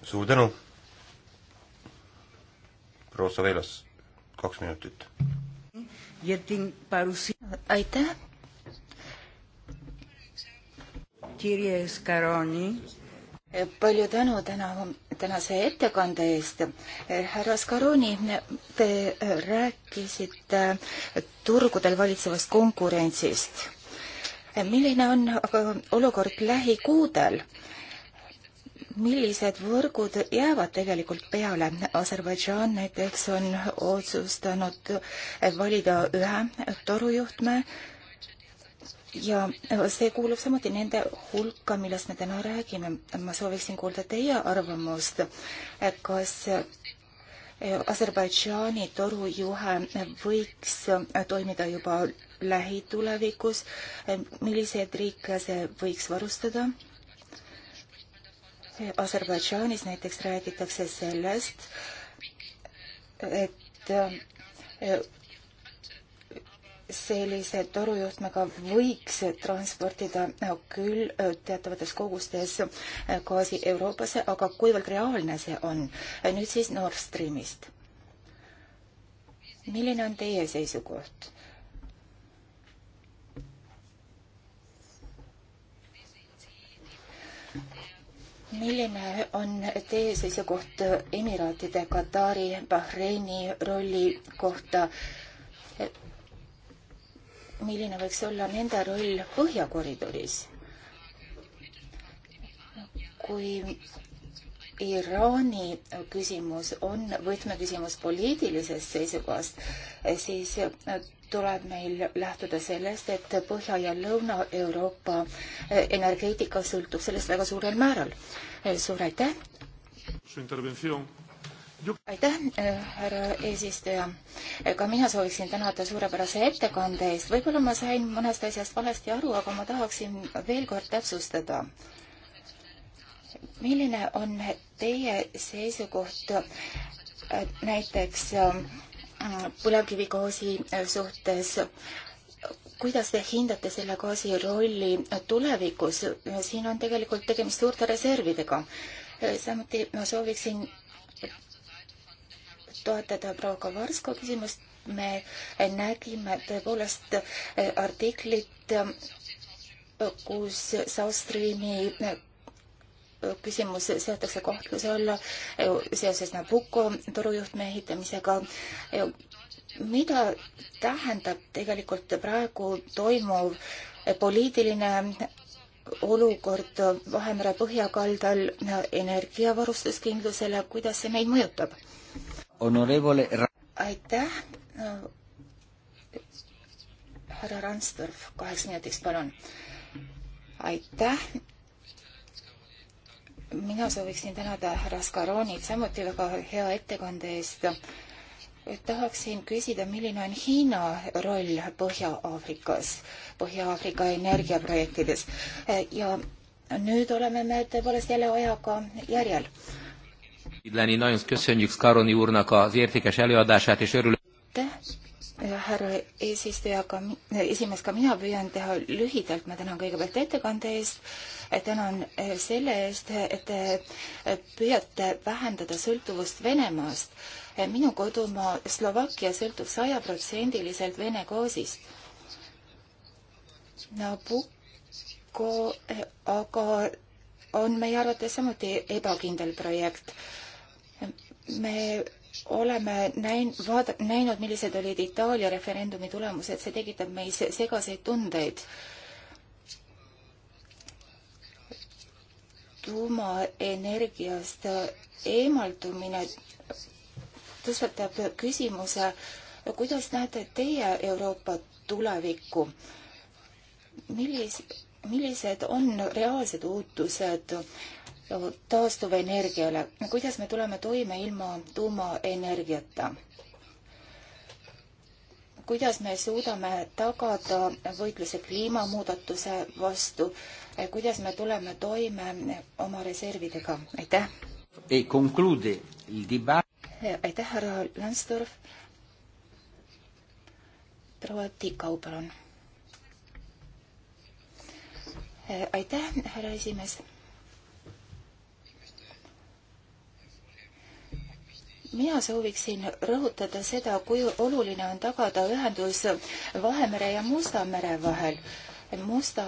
Speaker 1: suur tänu. proua Savelas, kaks minutit.
Speaker 2: aitäh. palju tänu täna, tänase ettekande eest. härra Scaroni, te rääkisite turgudel valitsevast konkurentsist. milline on aga olukord lähikuudel? millised võrgud jäävad tegelikult peale. Aserbaidžaan näiteks on otsustanud valida ühe torujuhtme ja see kuulub samuti nende hulka, millest me täna räägime. ma sooviksin kuulda teie arvamust, kas Aserbaidžaani torujuhe võiks toimida juba lähitulevikus, milliseid riike see võiks varustada? Aserbaidžaanis näiteks räägitakse sellest, et äh, sellise torujuhtmega võiks transportida küll äh, teatavates kogustes äh, gaasi Euroopasse, aga kuivõrd reaalne see on? nüüd siis Nord Streamist. milline on teie seisukoht? milline on teie seisukoht Emiraatide, Katari, Bahreini rolli kohta? milline võiks olla nende roll Põhjakoridoris? kui Iraani küsimus on võtmeküsimus poliitilisest seisukohast, siis tuleb meil lähtuda sellest, et Põhja- ja Lõuna-Euroopa eh, energeetika sõltub sellest väga suurel määral. Eh, suur aitäh! aitäh, eh, härra eesistuja! ka mina sooviksin tänada suurepärase ettekande eest. võib-olla ma sain mõnest asjast valesti aru, aga ma tahaksin veel kord täpsustada milline on teie seisukoht näiteks põlevkivi gaasi äh, suhtes. kuidas te hindate selle gaasi rolli tulevikus? siin on tegelikult tegemist suurte reservidega. Äh, samuti ma sooviksin toetada proua Kavarsko küsimust. me nägime tõepoolest äh, artiklit, kus South Streami küsimus seatakse kahtluse alla e, seoses Nabucco torujuhtme ehitamisega. E, mida tähendab tegelikult praegu toimuv poliitiline olukord Vahemere põhjakaldal energiavarustuskindlusele, kuidas see meid mõjutab?
Speaker 1: Honorevole
Speaker 2: aitäh, härra Randstorf, kaheks minutiks, palun. aitäh, mina sooviksin tänada härra Skaronit samuti väga hea ettekande eest. Et tahaksin küsida, milline on Hiina roll Põhja-Aafrikas, Põhja-Aafrika energiaprojektides ja nüüd oleme me tõepoolest jälle ajaga järjel.
Speaker 3: Lenni, nagyon köszönjük Skaroni úrnak az értékes előadását, és örülök.
Speaker 2: Te härra eesistuja, ka äh, esimees, ka mina püüan teha lühidalt, ma tänan kõigepealt ettekande eest, äh, tänan äh, selle eest, et te püüate vähendada sõltuvust Venemaast. minu kodumaa Slovakkia sõltub sajaprotsendiliselt Vene gaasist. Nabucco aga on meie arvates samuti ebakindel projekt. me oleme näin-, vaada-, näinud, millised olid Itaalia referendumi tulemused, see tekitab meis segaseid tundeid. tuumaenergiast eemaldumine tõstatab küsimuse, kuidas näete teie Euroopa tulevikku? millis-, millised on reaalsed ootused äh, taastuvenergiale, kuidas me tuleme toime ilma tuumaenergiata? kuidas me suudame tagada võitluse kliimamuudatuse vastu, kuidas me tuleme toime oma reservidega, aitäh! E aitäh, härra Lansdorf! proua Tiikau, palun! aitäh, härra esimees mina sooviksin rõhutada seda, kui oluline on tagada ühendus Vahemere ja Musta mere vahel. Musta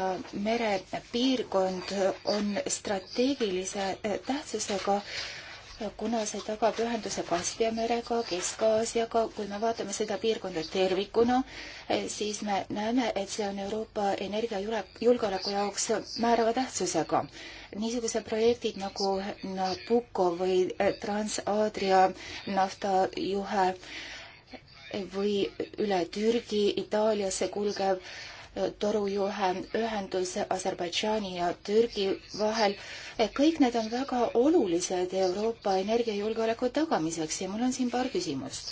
Speaker 2: mere piirkond on strateegilise tähtsusega äh, kuna see tagab ühenduse Kaspia merega, Kesk-Aasiaga, kui me vaatame seda piirkonda tervikuna, eh, siis me näeme, et see on Euroopa energiajulgeoleku jaoks määrava tähtsusega. niisugused projektid nagu Nabucco või eh, Trans-Aadria naftajuhe või üle Türgi Itaaliasse kulgev torujuhe ühendus Aserbaidžaani ja Türgi vahel. kõik need on väga olulised Euroopa energiajulgeoleku tagamiseks ja mul on siin paar küsimust.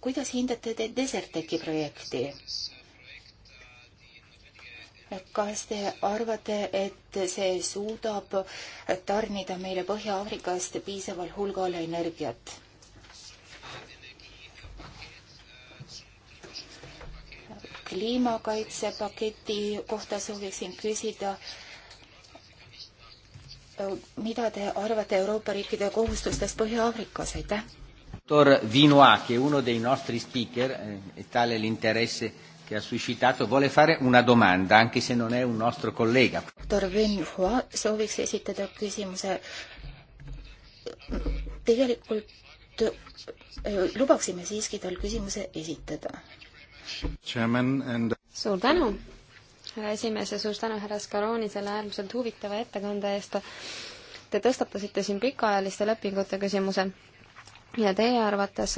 Speaker 2: kuidas hindate te Desertechi projekti? kas te arvate, et see suudab tarnida meile Põhja-Aafrikast piisaval hulgal energiat? kliimakaitsepaketi kohta sooviksin küsida, mida te arvate Euroopa riikide kohustustest Põhja-Aafrikas, aitäh?
Speaker 1: Dottor Vinoa, che è uno
Speaker 2: dei nostri speaker, eh, e tale l'interesse che ha suscitato, vuole fare una domanda,
Speaker 1: anche se non è un nostro collega.
Speaker 2: Dottor Vinoa sooviks esitada küsimuse. tegelikult eh, lubaksime siiski
Speaker 3: tal küsimuse esitada
Speaker 1: And...
Speaker 3: suur tänu, härra esimees ja suur tänu härra Scaroni selle äärmiselt huvitava ettekande eest. Te tõstatasite siin pikaajaliste lepingute küsimuse ja teie arvates,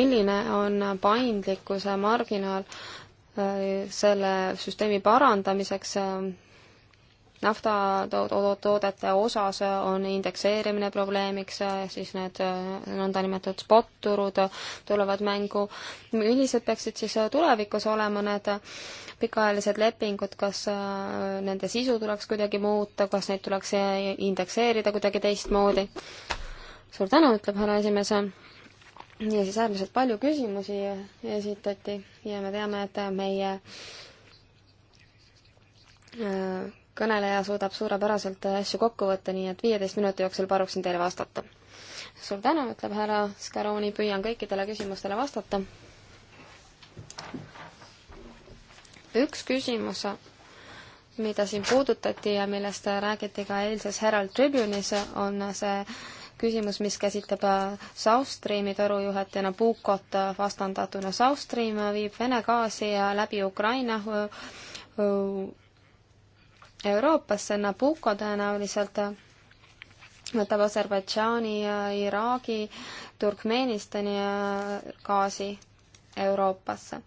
Speaker 3: milline on paindlikkuse marginaal äh, selle süsteemi parandamiseks äh, naftatoodete osas on indekseerimine probleemiks, siis need nõndanimetatud spot-turud tulevad mängu. millised peaksid siis tulevikus olema need pikaajalised lepingud, kas äh, nende sisu tuleks kuidagi muuta, kas neid tuleks äh, indekseerida kuidagi teistmoodi? suur tänu, ütleb härra esimees ja siis äärmiselt palju küsimusi esitati ja me teame, et meie äh, kõneleja suudab suurepäraselt asju kokku võtta, nii et viieteist minuti jooksul paluksin teile vastata. suur tänu, ütleb härra Scaroni, püüan kõikidele küsimustele vastata. üks küsimus, mida siin puudutati ja millest räägiti ka eilses Herald Tribune'is, on see küsimus, mis käsitleb South Streami torujuhet ja Nabucot vastandatuna. South Stream viib Vene gaasi läbi Ukraina Euroopasse, Nabucco tõenäoliselt võtab Aserbaidžaani ja Iraagi, Turkmenistani gaasi Euroopasse.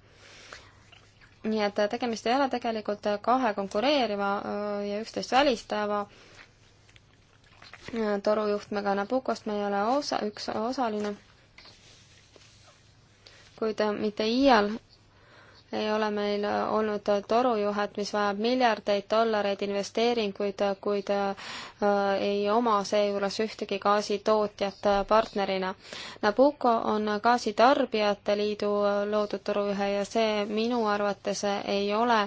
Speaker 3: nii et tegemist ei ole tegelikult kahe konkureeriva äh, ja üksteist välistava äh, torujuhtmega Nabucost me ei ole osa, üks osaline, kuid mitte iial ei ole meil äh, olnud äh, torujuhet, mis vajab miljardeid dollareid investeeringuid, äh, kuid ei oma seejuures ühtegi gaasitootjat partnerina. Nabucco on Gaasitarbijate Liidu loodud torujuhe ja see minu arvates ei ole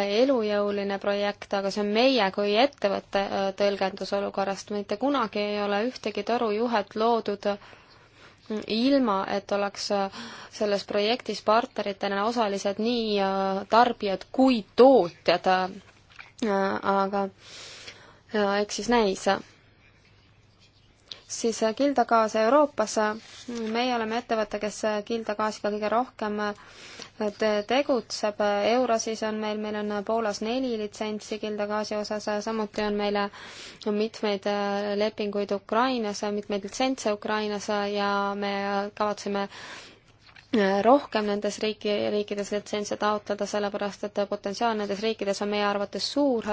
Speaker 3: elujõuline projekt, aga see on meie kui ettevõtte tõlgendus olukorrast. mitte kunagi ei ole ühtegi torujuhet loodud ilma, et oleks äh, selles projektis partneritena osalised nii äh, tarbijad kui tootjad. Äh, aga eks siis näis siis äh, kildagaas Euroopas, meie oleme ettevõte, kes äh, kildagaasiga kõige rohkem äh, tegutseb, Eurosis on meil, meil on Poolas neli litsentsi kildagaasi osas, samuti on meil mitmeid lepinguid Ukrainas, mitmeid litsentse Ukrainas ja me kavatseme rohkem nendes riiki, riikides litsentse taotleda, sellepärast et potentsiaal nendes riikides on meie arvates suur.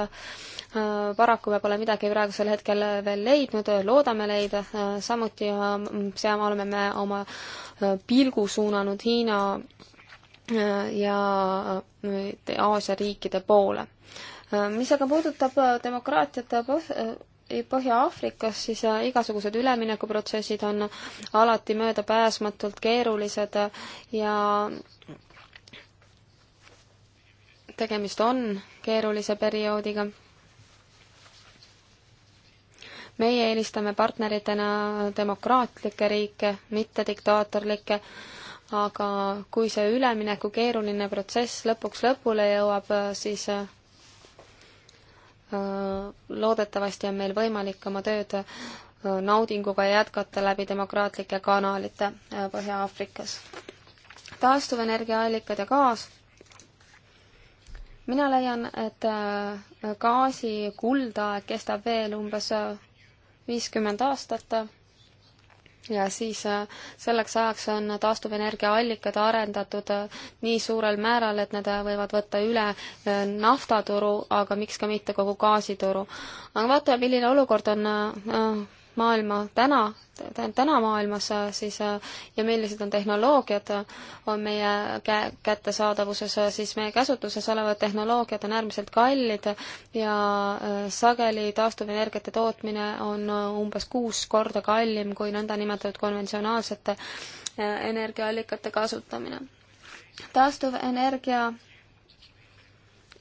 Speaker 3: paraku me pole midagi praegusel hetkel veel leidnud, loodame leida, samuti mm, seal oleme me oma äh, pilgu suunanud Hiina äh, ja äh, Aasia riikide poole mis aga puudutab demokraatiat Põhja-Aafrikas, siis äh, igasugused üleminekuprotsessid on alati möödapääsmatult keerulised äh, ja tegemist on keerulise perioodiga. meie eelistame partneritena demokraatlikke riike, mitte diktaatorlikke, aga kui see ülemineku keeruline protsess lõpuks lõpule jõuab, äh, siis loodetavasti on meil võimalik oma tööd äh, naudinguga jätkata läbi demokraatlike kanalite äh, Põhja-Aafrikas. taastuvenergiaallikad ja gaas. mina leian, et äh, gaasi kuldaeg kestab veel umbes viiskümmend aastat ja siis äh, selleks ajaks on taastuvenergia allikad arendatud äh, nii suurel määral, et nad äh, võivad võtta üle naftaturu, aga miks ka mitte kogu gaasituru. aga vaatame, milline olukord on maailma täna, täna maailmas äh, siis äh, ja millised on tehnoloogiad, äh, on meie kä-, kättesaadavuses, siis meie käsutuses olevad tehnoloogiad on äärmiselt kallid ja sageli taastuvenergiate tootmine on umbes kuus korda kallim kui nõndanimetatud konventsionaalsete energiaallikate kasutamine. taastuvenergia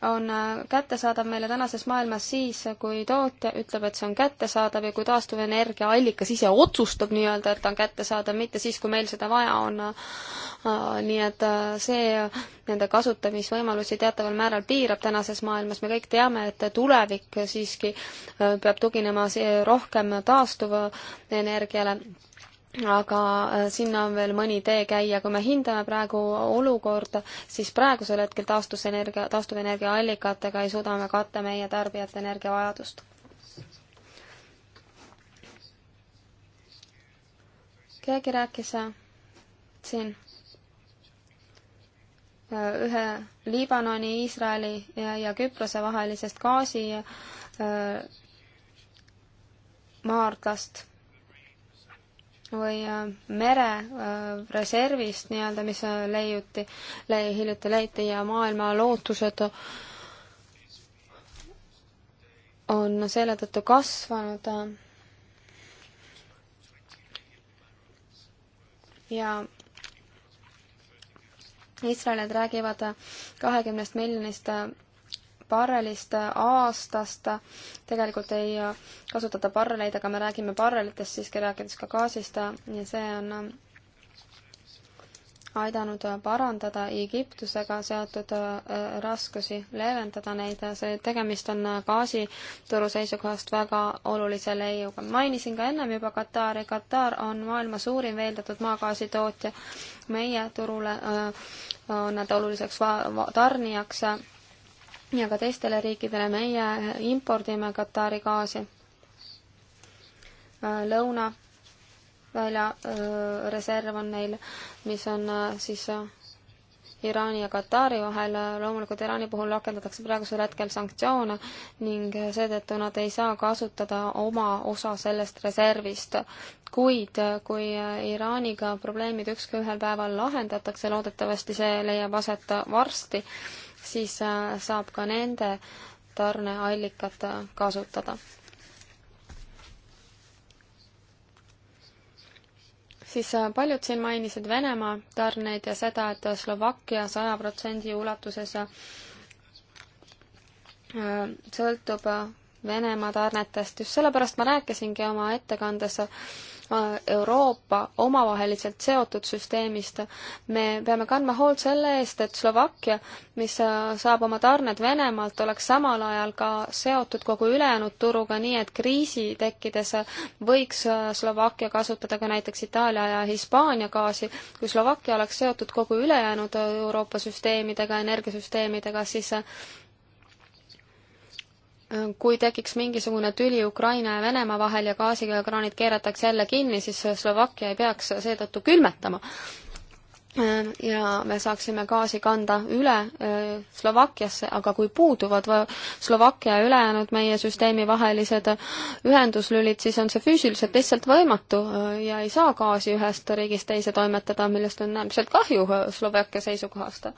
Speaker 3: on äh, kättesaadav meile tänases maailmas siis, kui tootja ütleb, et see on kättesaadav ja kui taastuvenergia allikas ise otsustab nii-öelda, et ta on kättesaadav, mitte siis, kui meil seda vaja on. Äh, nii et äh, see nende kasutamisvõimalusi teataval määral piirab tänases maailmas, me kõik teame, et tulevik siiski peab tuginema rohkem taastuva energiale aga äh, sinna on veel mõni tee käia, kui me hindame praegu olukorda, siis praegusel hetkel taastusenergia, taastuvenergia allikatega ei suuda me katta meie tarbijate energiavajadust. keegi rääkis äh, siin äh, ühe Liibanoni, Iisraeli ja, ja Küprose vahelisest gaasi maardlast või äh, merereservist äh, nii-öelda, mis äh, leiuti, lei-, hiljuti leiti ja maailma lootused on selle tõttu kasvanud. ja Iisraelid räägivad kahekümnest miljonist barrelist äh, aastast. tegelikult ei äh, kasutata barreleid, aga me räägime barrelitest siiski, rääkides ka gaasist ja see on äh, aidanud parandada Egiptusega seotud raskusi, leevendada neid, see tegemist on gaasituru seisukohast väga olulise leiuga. mainisin ka ennem juba Katari, Katar on maailma suurim veeldatud maagaasi tootja, meie turule on nad oluliseks tarnijaks ja ka teistele riikidele meie impordime Katari gaasi äh, lõuna välja äh, reserv on neil, mis on äh, siis Iraani ja Katari vahel, loomulikult Iraani puhul rakendatakse praegusel hetkel sanktsioone ning seetõttu nad ei saa kasutada oma osa sellest reservist. kuid kui Iraaniga probleemid ükskõik ühel päeval lahendatakse, loodetavasti see leiab aset varsti, siis äh, saab ka nende tarneallikat äh, kasutada. siis äh, paljud siin mainisid Venemaa tarneid ja seda, et Slovakkia saja protsendi ulatuses sõltub Venemaa tarnetest. just sellepärast ma rääkisingi oma ettekandes Euroopa omavaheliselt seotud süsteemist. me peame kandma hoolt selle eest, et Slovakkia, mis äh, saab oma tarned Venemaalt, oleks samal ajal ka seotud kogu ülejäänud turuga, nii et kriisi tekkides võiks äh, Slovakkia kasutada ka näiteks Itaalia ja Hispaania gaasi. kui Slovakkia oleks seotud kogu ülejäänud äh, Euroopa süsteemidega, energiasüsteemidega, siis kui tekiks mingisugune tüli Ukraina ja Venemaa vahel ja gaasikraanid keeratakse jälle kinni, siis Slovakkia ei peaks seetõttu külmetama Äh, ja me saaksime gaasi kanda üle äh, Slovakkiasse, aga kui puuduvad Slovakkia ja ülejäänud meie süsteemi vahelised ühenduslülid, siis on see füüsiliselt lihtsalt võimatu äh, ja ei saa gaasi ühest riigist teise toimetada, millest on äärmiselt kahju Slovakkia seisukohast.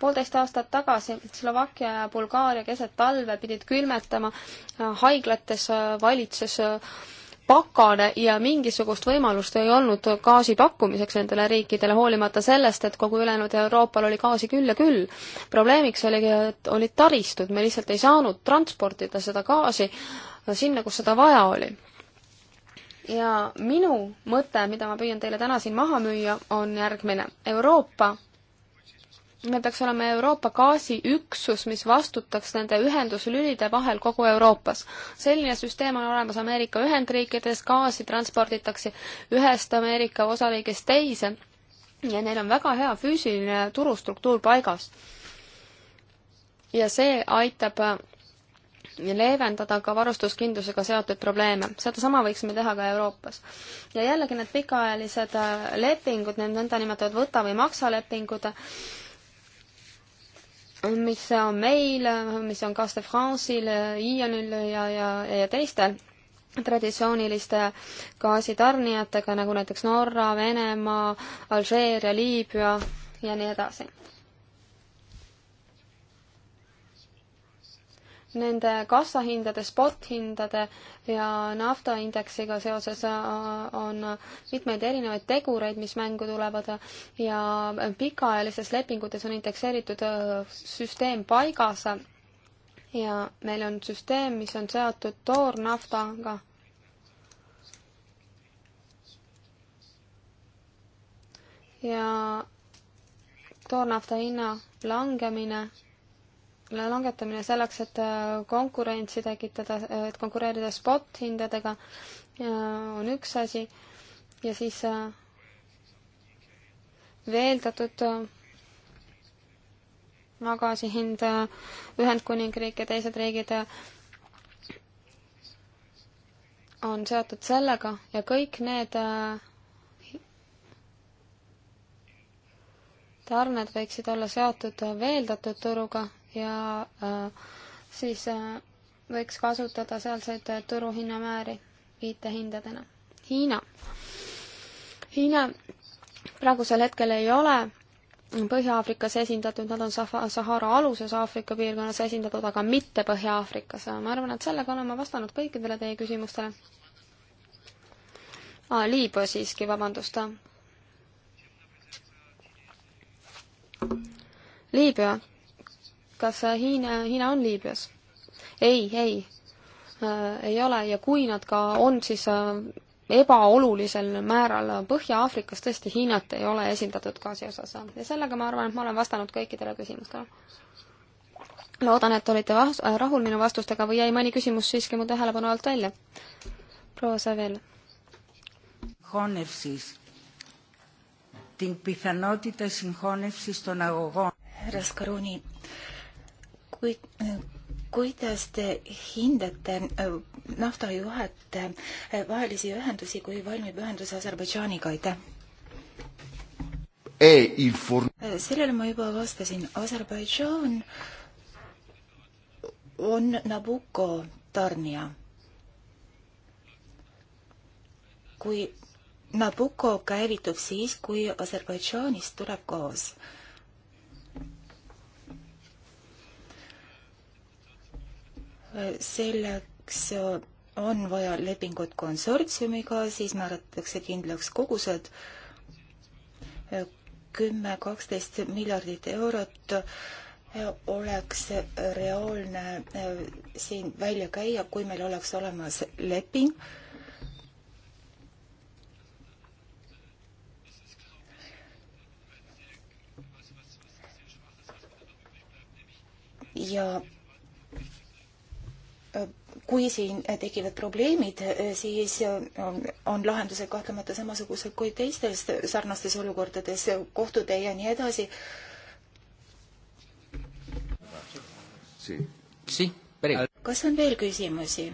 Speaker 3: poolteist aastat tagasi Slovakkia ja Bulgaaria keset talve pidid külmetama, haiglates valitses pakane ja mingisugust võimalust ei olnud gaasi pakkumiseks nendele riikidele, hoolimata sellest, et kogu ülejäänud Euroopal oli gaasi küll ja küll. probleemiks oligi, et olid taristud, me lihtsalt ei saanud transportida seda gaasi sinna, kus seda vaja oli. ja minu mõte, mida ma püüan teile täna siin maha müüa, on järgmine. Euroopa meil peaks olema Euroopa gaasiüksus, mis vastutaks nende ühenduslülide vahel kogu Euroopas. selline süsteem on olemas Ameerika Ühendriikides, gaasi transporditakse ühest Ameerika osariigist teise ja neil on väga hea füüsiline turustruktuur paigas. ja see aitab ja äh, leevendada ka varustuskindlusega seotud probleeme. sedasama võiksime teha ka Euroopas. ja jällegi need pikaajalised äh, lepingud, need nõndanimetatud võta või maksa lepingud, mis on meil, mis on Caste France'il, Ionil ja, ja, ja teistel traditsiooniliste gaasitarnijatega, nagu näiteks Norra, Venemaa, Alžeeria, Liibüa ja nii edasi. nende kassahindade, spothindade ja naftaindeksiga seoses äh, on mitmeid erinevaid tegureid, mis mängu tulevad ja pikaajalises lepingutes on indekseeritud äh, süsteem paigas ja meil on süsteem, mis on seotud toornaftaga ja toornafta hinna langemine langetamine selleks, et äh, konkurentsi tekitada, äh, et konkureerida spot-hindadega, äh, on üks asi ja siis veeldatud magasi hind, Ühendkuningriik ja teised riigid on seotud sellega ja kõik need tarned võiksid olla seotud veeldatud turuga ja äh, siis äh, võiks kasutada sealseid äh, turuhinnamääri viitehindadena. Hiina. Hiina praegusel hetkel ei ole Põhja-Aafrikas esindatud, nad on Sahara aluses Aafrika piirkonnas esindatud, aga mitte Põhja-Aafrikas. ma arvan, et sellega olen ma vastanud kõikidele teie küsimustele. aa, Liibüa siiski, vabandust. Liibüa kas äh, Hiina, Hiina on Liibüas? ei, ei äh,, ei ole ja kui nad ka on, siis äh, ebaolulisel määral Põhja-Aafrikas tõesti Hiinat ei ole esindatud gaasi osas. ja sellega ma arvan, et ma olen vastanud kõikidele küsimustele. loodan, et olite vas-, rahul minu vastustega või jäi mõni küsimus siiski mu tähelepanu alt välja. proua Savel.
Speaker 2: härra Skaruni, kuid kuidas te hindate äh, naftajuhete äh, vahelisi ühendusi, kui valmib ühendus Aserbaidžaaniga, aitäh! Äh, sellele ma juba vastasin, Aserbaidžaan on Nabucco tarnija. kui Nabucco käivitub siis, kui Aserbaidžaanist tuleb gaas selleks äh, on vaja lepingut konsortsiumiga, siis määratakse kindlaks kogused äh, kümme, kaksteist miljardit eurot äh, oleks reaalne siin välja käia, kui meil oleks olemas leping. ja kui siin tekivad probleemid, siis ähm, on lahendused kahtlemata samasugused kui teistes sarnastes olukordades, kohtutäie ja nii edasi. kas on veel küsimusi?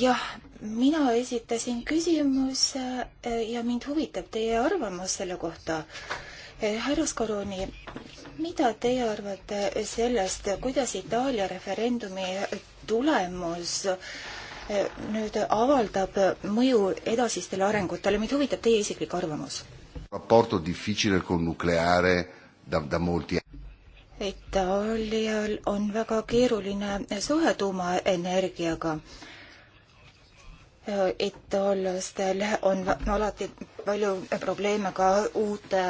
Speaker 2: jah, mina esitasin küsimuse äh, ja mind huvitab teie arvamus selle kohta Eh, härra Scaroni, mida teie arvate sellest, kuidas Itaalia referendumi tulemus eh, nüüd avaldab mõju edasistele arengutele, mind huvitab teie isiklik arvamus?
Speaker 1: rapporto difficile con nucleare da, da molti
Speaker 2: Itaalial on väga keeruline suhe tuumaenergiaga. Eh, itaallastel on alati palju probleeme ka uute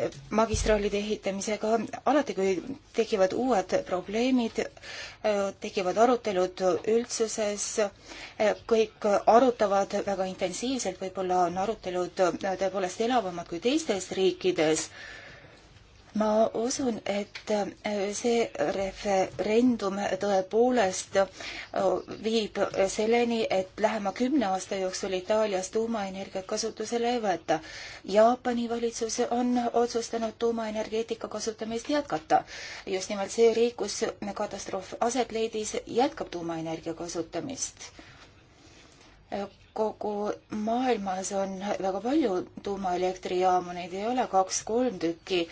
Speaker 2: eh, magistraalide ehitamisega. alati, kui tekivad uued probleemid, eh, tekivad arutelud üldsuses, eh, kõik arutavad väga intensiivselt, võib-olla on arutelud tõepoolest elavamad kui teistes riikides ma usun, et äh, see referendum tõepoolest äh, viib selleni, et lähema kümne aasta jooksul Itaalias tuumaenergiat kasutusele ei võeta. Jaapani valitsus on otsustanud tuumaenergeetika kasutamist jätkata. just nimelt see riik, kus katastroof aset leidis, jätkab tuumaenergia kasutamist äh, kogu maailmas on väga palju tuumaelektrijaamu, neid ei ole kaks-kolm tükki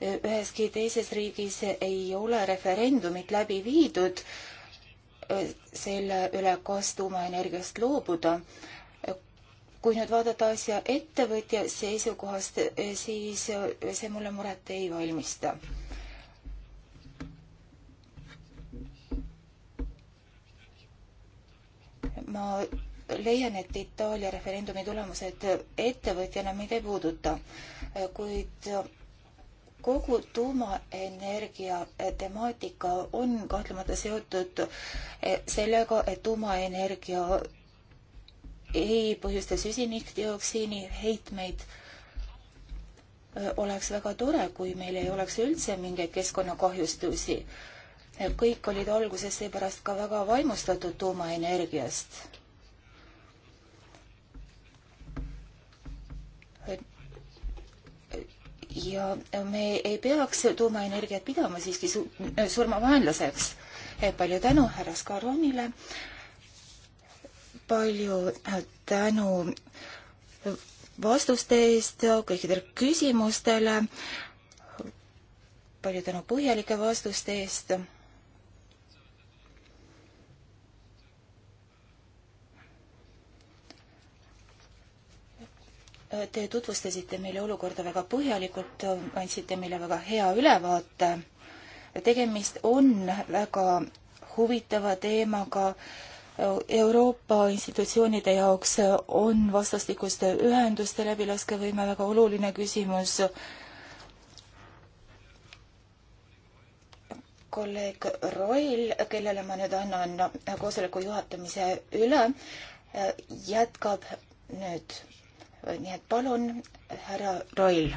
Speaker 2: üheski teises riigis ei ole referendumit läbi viidud äh, selle üle, kas tuumaenergiast loobuda. kui nüüd vaadata asja ettevõtja seisukohast, äh, siis äh, see mulle muret ei valmista ma leian, et Itaalia referendumi tulemused ettevõtjana meid ei puuduta, kuid kogu tuumaenergia eh, temaatika on kahtlemata seotud eh, sellega, et tuumaenergia ei põhjusta süsinikdioksiini heitmeid. Eh, oleks väga tore, kui meil ei oleks üldse mingeid keskkonnakahjustusi. kõik olid alguses seepärast ka väga vaimustatud tuumaenergiast ja me ei peaks tuumaenergiat pidama siiski surmavaenlaseks. Eh, palju tänu härra Skaronile, palju äh, tänu vastuste eest kõikidele küsimustele, palju tänu põhjalike vastuste eest Te tutvustasite meile olukorda väga põhjalikult, andsite meile väga hea ülevaate. tegemist on väga huvitava teemaga. Euroopa institutsioonide jaoks on vastastikuste ühenduste läbilaskevõime väga oluline küsimus kolleeg Roil, kellele ma nüüd annan koosoleku juhatamise üle, jätkab nüüd nii et palun, härra Roil.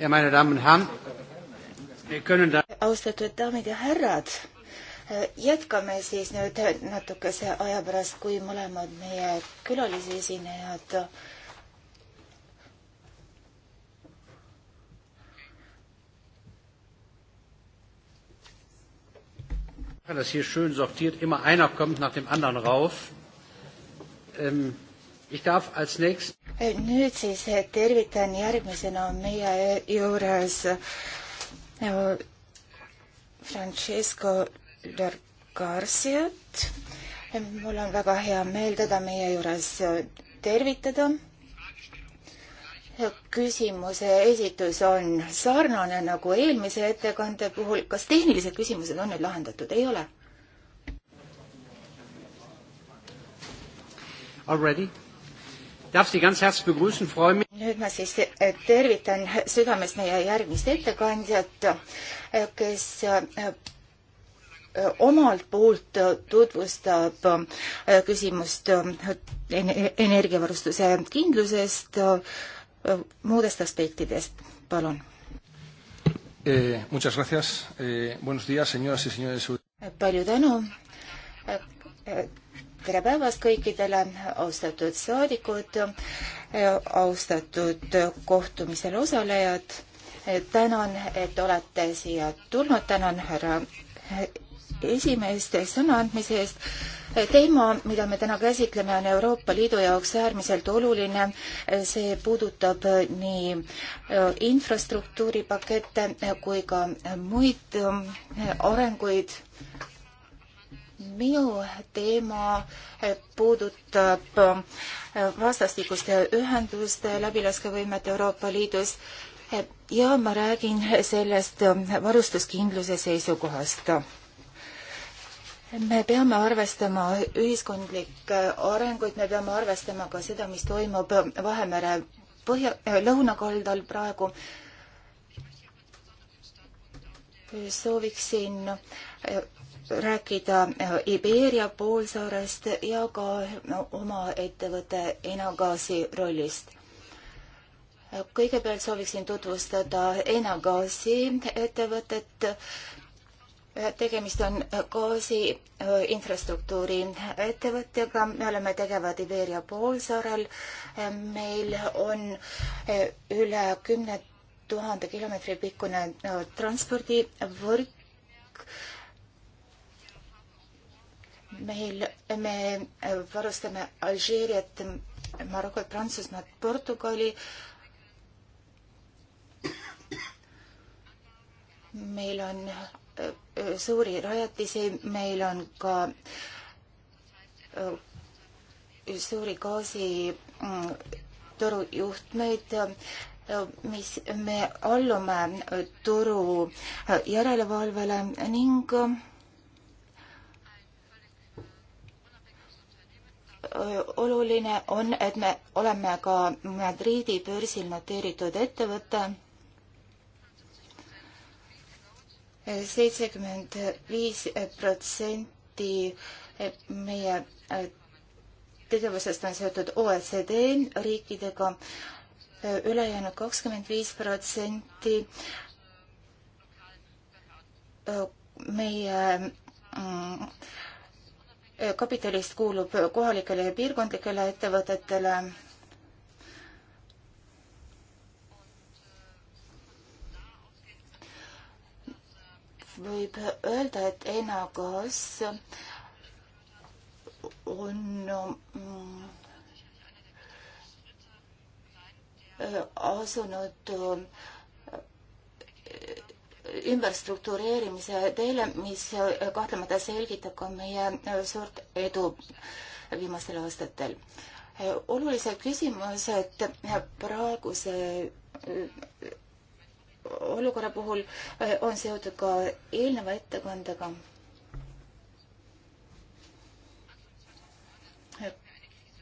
Speaker 2: ja meine Damen und Herren, wir können da austatud daamid ja härrad, jätkame siis nüüd natukese aja pärast, kui mõlemad meie külalisesinejad
Speaker 1: Das hier schön sortiert, immer einer kommt nach dem anderen rauf. Ähm, ich darf als nächstes.
Speaker 2: Äh, nüüd siis äh, tervitan järgmisena meie juures äh, Francesco Garciat. mul on väga hea meel teda meie juures tervitada küsimuse esitus on sarnane nagu eelmise ettekande puhul. kas tehnilised küsimused on nüüd lahendatud? ei ole?
Speaker 1: Already? Darf Sie ganz herzlich begrüßen, freue mich.
Speaker 2: nüüd ma siis tervitan südamest meie järgmist ettekandjat, kes äh, omalt poolt tutvustab äh, küsimust äh, energiavarustuse kindlusest muudest aspektidest, palun.
Speaker 1: Eh, muchas gracias, eh, buenos dias, señoras ja señores.
Speaker 2: palju tänu. tere päevast kõikidele, austatud saadikud, austatud kohtumisel osalejad. tänan, et olete siia tulnud, tänan härra esimeeste sõnaandmise eest. teema, mida me täna käsitleme, on Euroopa Liidu jaoks äärmiselt oluline. see puudutab nii äh, infrastruktuuripakette kui ka muid äh, arenguid minu teema äh, puudutab vastastikuste ühenduste läbilaskevõimet Euroopa Liidus ja ma räägin sellest varustuskindluse seisukohast me peame arvestama ühiskondlikke äh, arenguid, me peame arvestama ka seda, mis toimub Vahemere põhja, äh, lõunakaldal praegu. sooviksin äh, rääkida Iberia poolsaarest ja ka oma ettevõtte Enagaasi rollist kõigepealt sooviksin tutvustada Enagaasi ettevõtet, tegemist on gaasi äh, infrastruktuuri ettevõttega, me oleme tegevad Iberia poolsaarel. meil on äh, üle kümne tuhande kilomeetri pikkune äh, transpordivõrk. meil, me varustame Alžeeriat, Marokot, Prantsusmaad, Portugali meil on suuri rajatisi, meil on ka äh, suuri gaasitorujuhtmeid, mm, äh, mis me allume äh, turu järelevalvele ning oluline on, et me oleme ka Madriidi börsil noteeritud ettevõte seitsekümmend viis protsenti meie äh, tegevusest on seotud OECD riikidega, äh, ülejäänud kakskümmend viis protsenti äh, meie mm, kapitalist kuulub kohalikele ja piirkondlikele ettevõtetele võib öelda, et ENA-gas on mm, asunud äh, ümberstruktureerimise teele, mis kahtlemata selgitab ka meie suurt edu viimastel aastatel. Äh, olulised küsimused praeguse äh, olukorra puhul eh, on seotud ka eelneva ettekandega.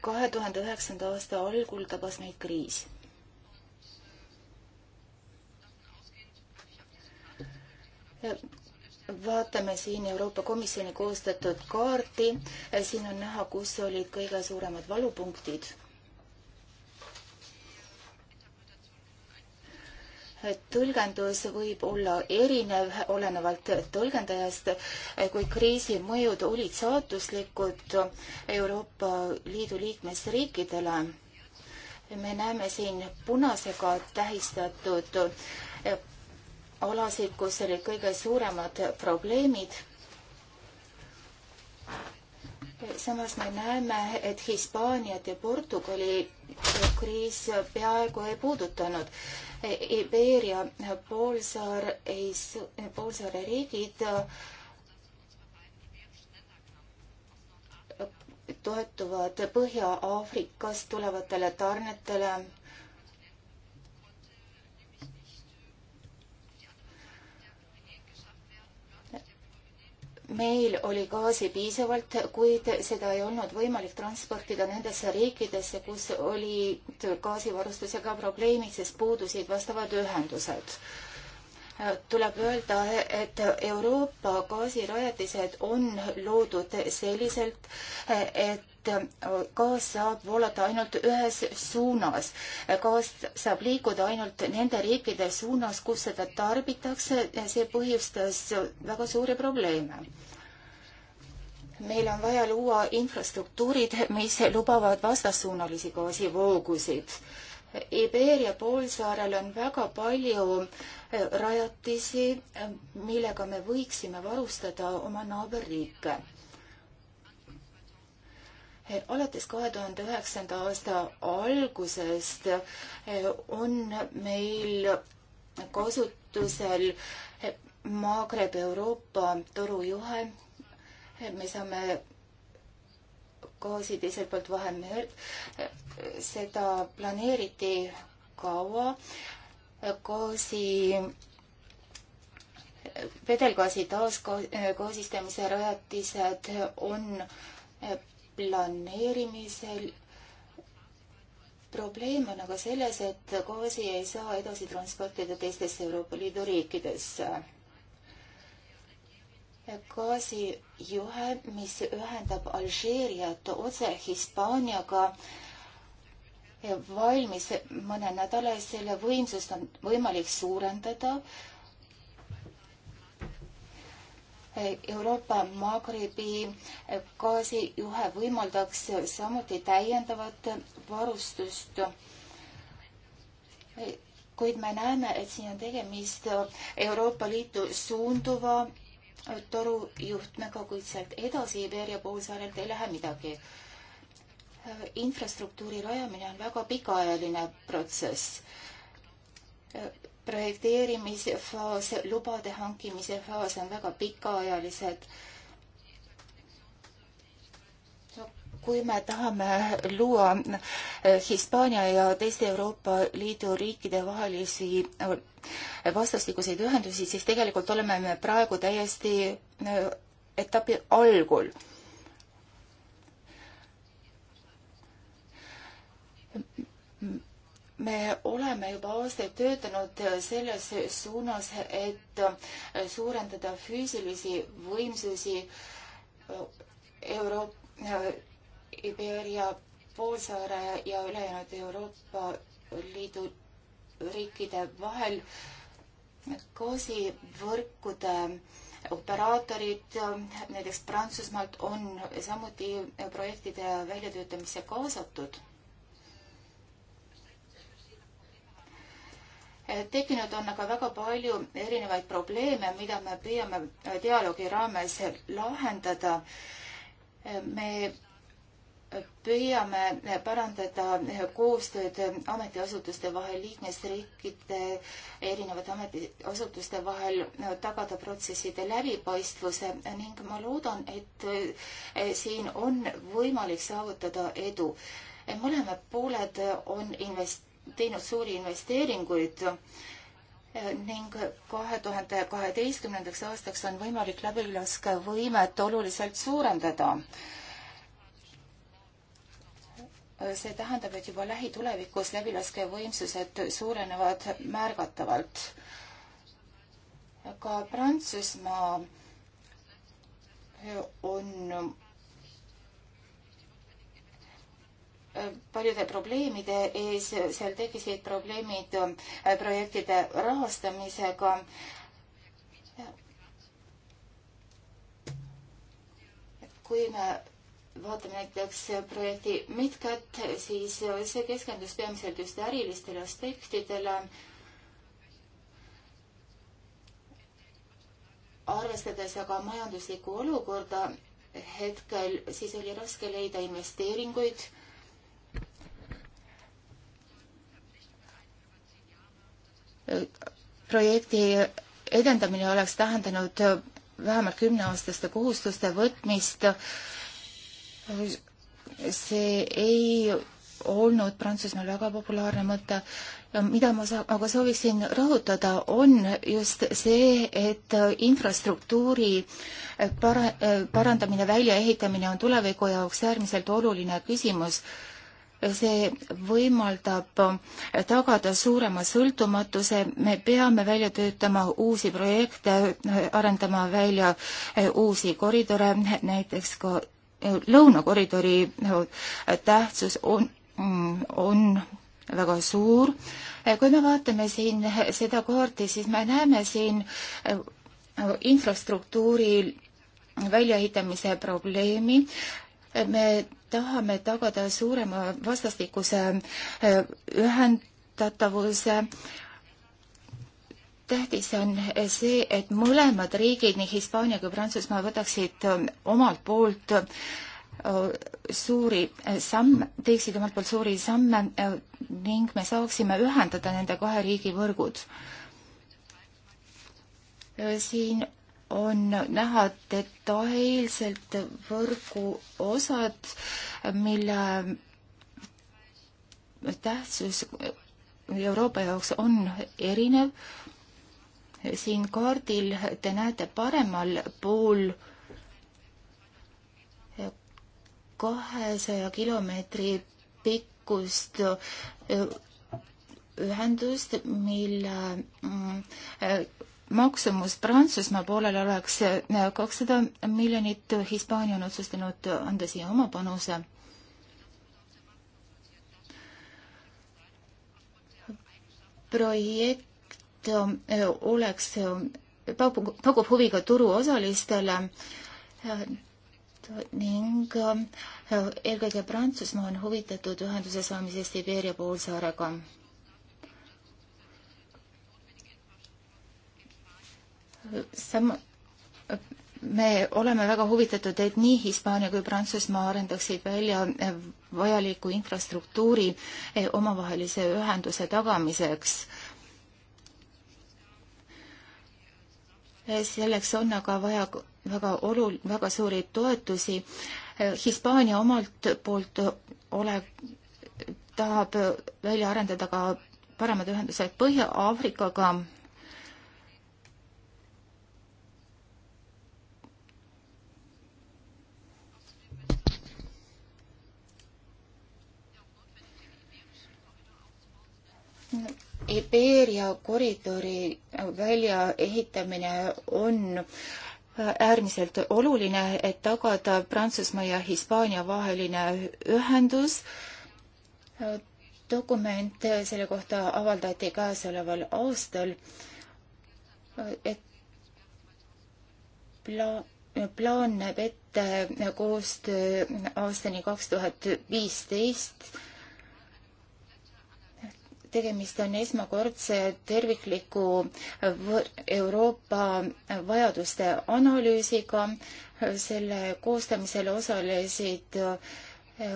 Speaker 2: kahe tuhande üheksanda aasta algul tabas meid kriis. vaatame siin Euroopa Komisjoni koostatud kaarti, siin on näha, kus olid kõige suuremad valupunktid tõlgendus võib olla erinev olenevalt tõlgendajast, kui kriisi mõjud olid saatuslikud Euroopa Liidu liikmesriikidele. me näeme siin punasega tähistatud alasid, kus olid kõige suuremad probleemid samas me näeme, et Hispaaniat ja Portugali kriis peaaegu ei puudutanud. Iberia poolsaar ei, poolsaare riigid toetuvad Põhja-Aafrikast tulevatele tarnetele meil oli gaasi piisavalt, kuid seda ei olnud võimalik transportida nendesse riikidesse, kus olid gaasivarustusega probleemid, sest puudusid vastavad ühendused. tuleb öelda, et Euroopa gaasirajatised on loodud selliselt, et et äh, gaas saab voolata ainult ühes suunas. gaas saab liikuda ainult nende riikide suunas, kus seda tarbitakse ja see põhjustas väga suuri probleeme meil on vaja luua infrastruktuurid, mis lubavad vastassuunalisi gaasivoogusid. Iberia poolsaarel on väga palju äh, rajatisi, äh, millega me võiksime varustada oma naaberriike alates kahe tuhande üheksanda aasta algusest eh, on meil kasutusel eh, Magreb Euroopa torujuhe. Eh, me saame gaasi teiselt poolt Vahemerd. seda planeeriti kaua. gaasi vedelgaasi taasgaasistamise rajatised on planeerimisel. probleem on aga selles, et gaasi ei saa edasi transportida teistesse Euroopa Liidu riikidesse. gaasijuhe, mis ühendab Alžeeriat otse Hispaaniaga, valmis mõne nädala eest, selle võimsust on võimalik suurendada Euroopa Maagrebi gaasijuhe võimaldaks samuti täiendavat varustust. kuid me näeme, et siin on tegemist Euroopa Liitu suunduva torujuhtmega, kuid sealt edasi Iberia poolsaarelt ei lähe midagi. infrastruktuuri rajamine on väga pikaajaline protsess projekteerimisfaas, lubade hankimise faas on väga pikaajalised. kui me tahame luua eh, Hispaania ja teiste Euroopa Liidu riikide vahelisi eh, vastastikuseid ühendusi, siis tegelikult oleme me praegu täiesti eh, etapi algul me oleme juba aastaid töötanud selles suunas, et suurendada füüsilisi võimsusi äh, Euro-, äh, Iberia poolsaare ja ülejäänud Euroopa Liidu riikide vahel. GOS-i võrkude operaatorid äh, näiteks Prantsusmaalt on samuti projektide väljatöötamisse kaasatud tekkinud on aga väga palju erinevaid probleeme, mida me püüame äh, dialoogi raames lahendada. me püüame parandada koostööd ametiasutuste vahel, liikmesriikide erinevate ametiasutuste vahel, tagada protsesside läbipaistvuse ning ma loodan, et äh, siin on võimalik saavutada edu. mõlemad pooled on invest-, teinud suuri investeeringuid eh, ning kahe tuhande kaheteistkümnendaks aastaks on võimalik läbilaskevõimet oluliselt suurendada. Eh, see tähendab, et juba lähitulevikus läbilaskevõimsused suurenevad märgatavalt. ka Prantsusmaa eh, on paljude probleemide ees, seal tekkisid probleemid äh, projektide rahastamisega. kui me vaatame näiteks projekti MidCat, siis see keskendus peamiselt just ärilistele aspektidele arvestades aga majanduslikku olukorda hetkel, siis oli raske leida investeeringuid. projekti edendamine oleks tähendanud vähemalt kümneaastaste kohustuste võtmist. see ei olnud Prantsusmaal väga populaarne mõte. mida ma saa-, aga sooviksin rõhutada, on just see, et infrastruktuuri para-, parandamine, väljaehitamine on tuleviku jaoks äärmiselt oluline küsimus see võimaldab äh, tagada suurema sõltumatuse, me peame välja töötama uusi projekte, äh, arendama välja äh, uusi koridore, näiteks ka lõunakoridori tähtsus on, mm, on väga suur. kui me vaatame siin seda kaarti, siis me näeme siin infrastruktuuri väljaehitamise probleemi. me tahame tagada suurema vastastikuse äh, ühendatavuse tähtis on äh, see, et mõlemad riigid, nii Hispaania kui Prantsusmaa, võtaksid äh, omalt poolt suuri samme, teeksid omalt poolt suuri samme ning me saaksime ühendada nende kahe riigi võrgud. siin on näha detailselt võrgu osad, mille tähtsus Euroopa jaoks on erinev. siin kaardil te näete paremal pool kahesaja kilomeetri pikkust ühendust, mille mm, maksumus Prantsusmaa poolele oleks eh, kakssada miljonit, Hispaania on otsustanud anda siia oma panuse. projekt eh, oleks, eh, pakub, pakub huvi ka turuosalistele ning eelkõige Prantsusmaa on huvitatud ühenduse saamisest Iberia poolsaarega sam-, me oleme väga huvitatud, et nii Hispaania kui Prantsusmaa arendaksid välja vajaliku infrastruktuuri eh, omavahelise ühenduse tagamiseks. Eh, selleks on aga vaja väga olul-, väga suuri toetusi. Eh, Hispaania omalt poolt ole, tahab välja arendada ka paremad ühendused Põhja-Aafrikaga Iberia koridori väljaehitamine on äärmiselt oluline, et tagada Prantsusmaa ja Hispaania vaheline ühendus. dokument selle kohta avaldati käesoleval aastal, et pla-, plaan näeb ette koostöö aastani kaks tuhat viisteist tegemist on esmakordse tervikliku Euroopa vajaduste analüüsiga. selle koostamisel osalesid äh,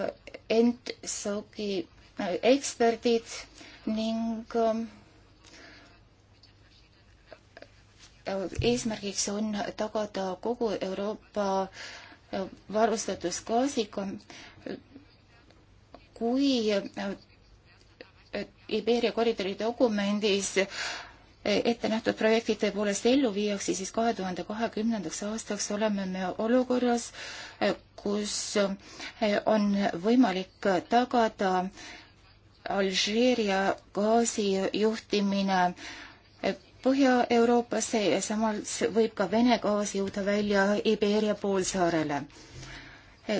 Speaker 2: ENTSOG-i äh, eksperdid ning äh, eesmärgiks on tagada kogu Euroopa varustatus gaasiga. kui Iberia koridori dokumendis ette nähtud projektid tõepoolest ellu viiakse, siis kahe tuhande kahekümnendaks aastaks oleme me olukorras, kus on võimalik tagada Alžeeria gaasi juhtimine Põhja-Euroopasse ja samas võib ka Vene gaas jõuda välja Iberia poolsaarele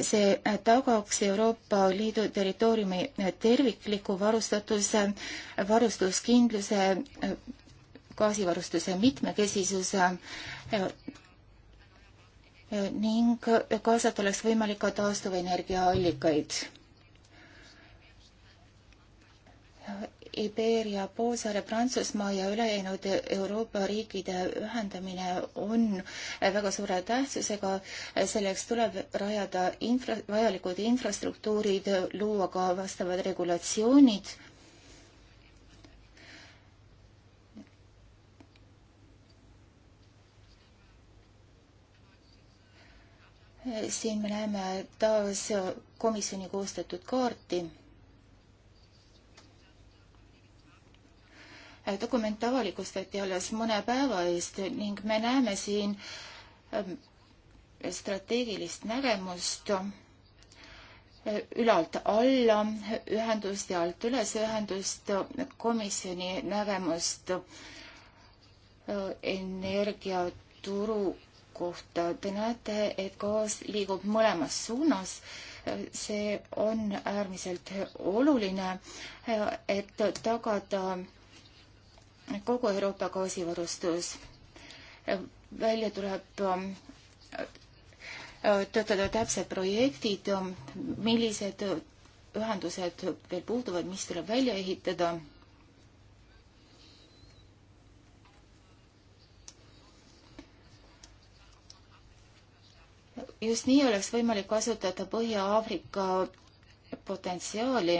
Speaker 2: see tagaks Euroopa Liidu territooriumi tervikliku varustatuse, varustuskindluse, gaasivarustuse mitmekesisuse eh, ning kaasata oleks võimalik ka taastuvenergiaallikaid Iberia poolsaare Prantsusmaa ja ülejäänud Euroopa riikide ühendamine on väga suure tähtsusega. selleks tuleb rajada infra, vajalikud infrastruktuurid, luua ka vastavad regulatsioonid. siin me näeme taas komisjoni koostatud kaarti Äh, dokument avalikustati alles mõne päeva eest ning me näeme siin ähm, strateegilist nägemust äh, ülalt alla ühendust ja alt üles ühendust, komisjoni nägemust äh, energiaturu kohta. Te näete, et gaas liigub mõlemas suunas. see on äärmiselt oluline, et tagada kogu Euroopa gaasivarustus. välja tuleb ähm, töötada täpsed projektid, ähm, millised ühendused veel puuduvad, mis tuleb välja ehitada. just nii oleks võimalik kasutada Põhja-Aafrika potentsiaali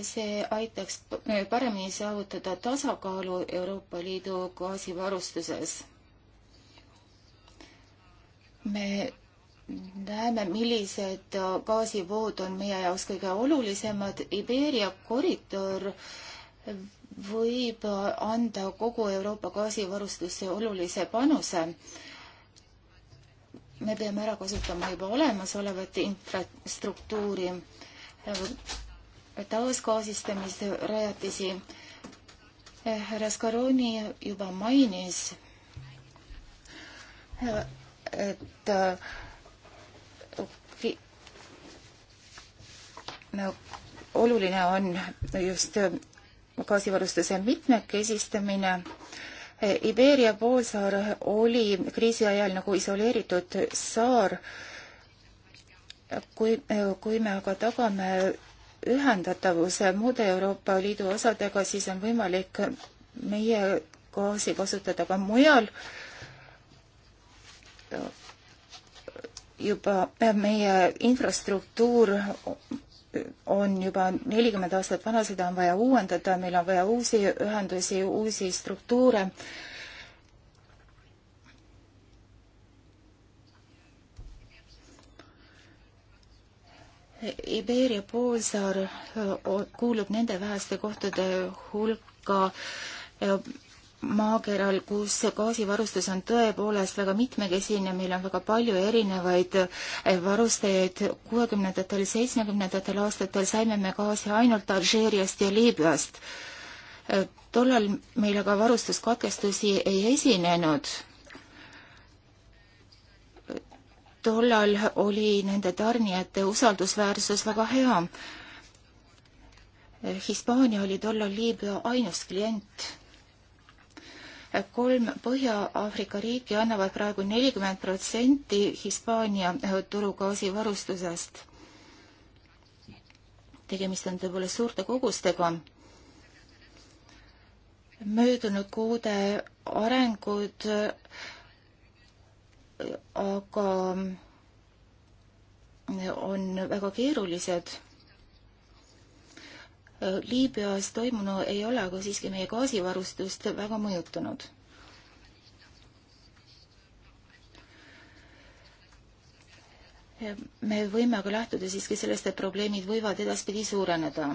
Speaker 2: see aitaks paremini saavutada tasakaalu Euroopa Liidu gaasivarustuses. me näeme, millised gaasivood on meie jaoks kõige olulisemad. Iberia koridor võib anda kogu Euroopa gaasivarustusse olulise panuse me peame ära kasutama juba olemasolevat infrastruktuuri taasgaasistamisrajatisi. härra Scaroni juba mainis, et äh, no, oluline on just gaasivarustuse mitmekesistamine. Iberia poolsaar oli kriisi ajal nagu isoleeritud saar. kui, kui me aga tagame ühendatavuse muude Euroopa Liidu osadega, siis on võimalik meie gaasi kasutada ka mujal. juba meie infrastruktuur on juba nelikümmend aastat vana, seda on vaja uuendada, meil on vaja uusi ühendusi, uusi struktuure Iberia poolsaar kuulub nende väheste kohtade hulka maakeral, kus gaasivarustus on tõepoolest väga mitmekesine, meil on väga palju erinevaid varustajaid. kuuekümnendatel, seitsmekümnendatel aastatel saime me gaasi ainult Alžeeriast ja Liibüast. tollal meil aga varustuskatkestusi ei esinenud tollal oli nende tarnijate usaldusväärsus väga hea. Hispaania oli tollal Liibüa ainus klient. kolm Põhja-Aafrika riiki annavad praegu nelikümmend protsenti Hispaania turugaasi varustusest. tegemist on tõepoolest suurte kogustega möödunud kuude arengud aga on väga keerulised. Liibüas toimunu ei ole aga siiski meie gaasivarustust väga mõjutanud me võime aga lähtuda siiski sellest, et probleemid võivad edaspidi suureneda.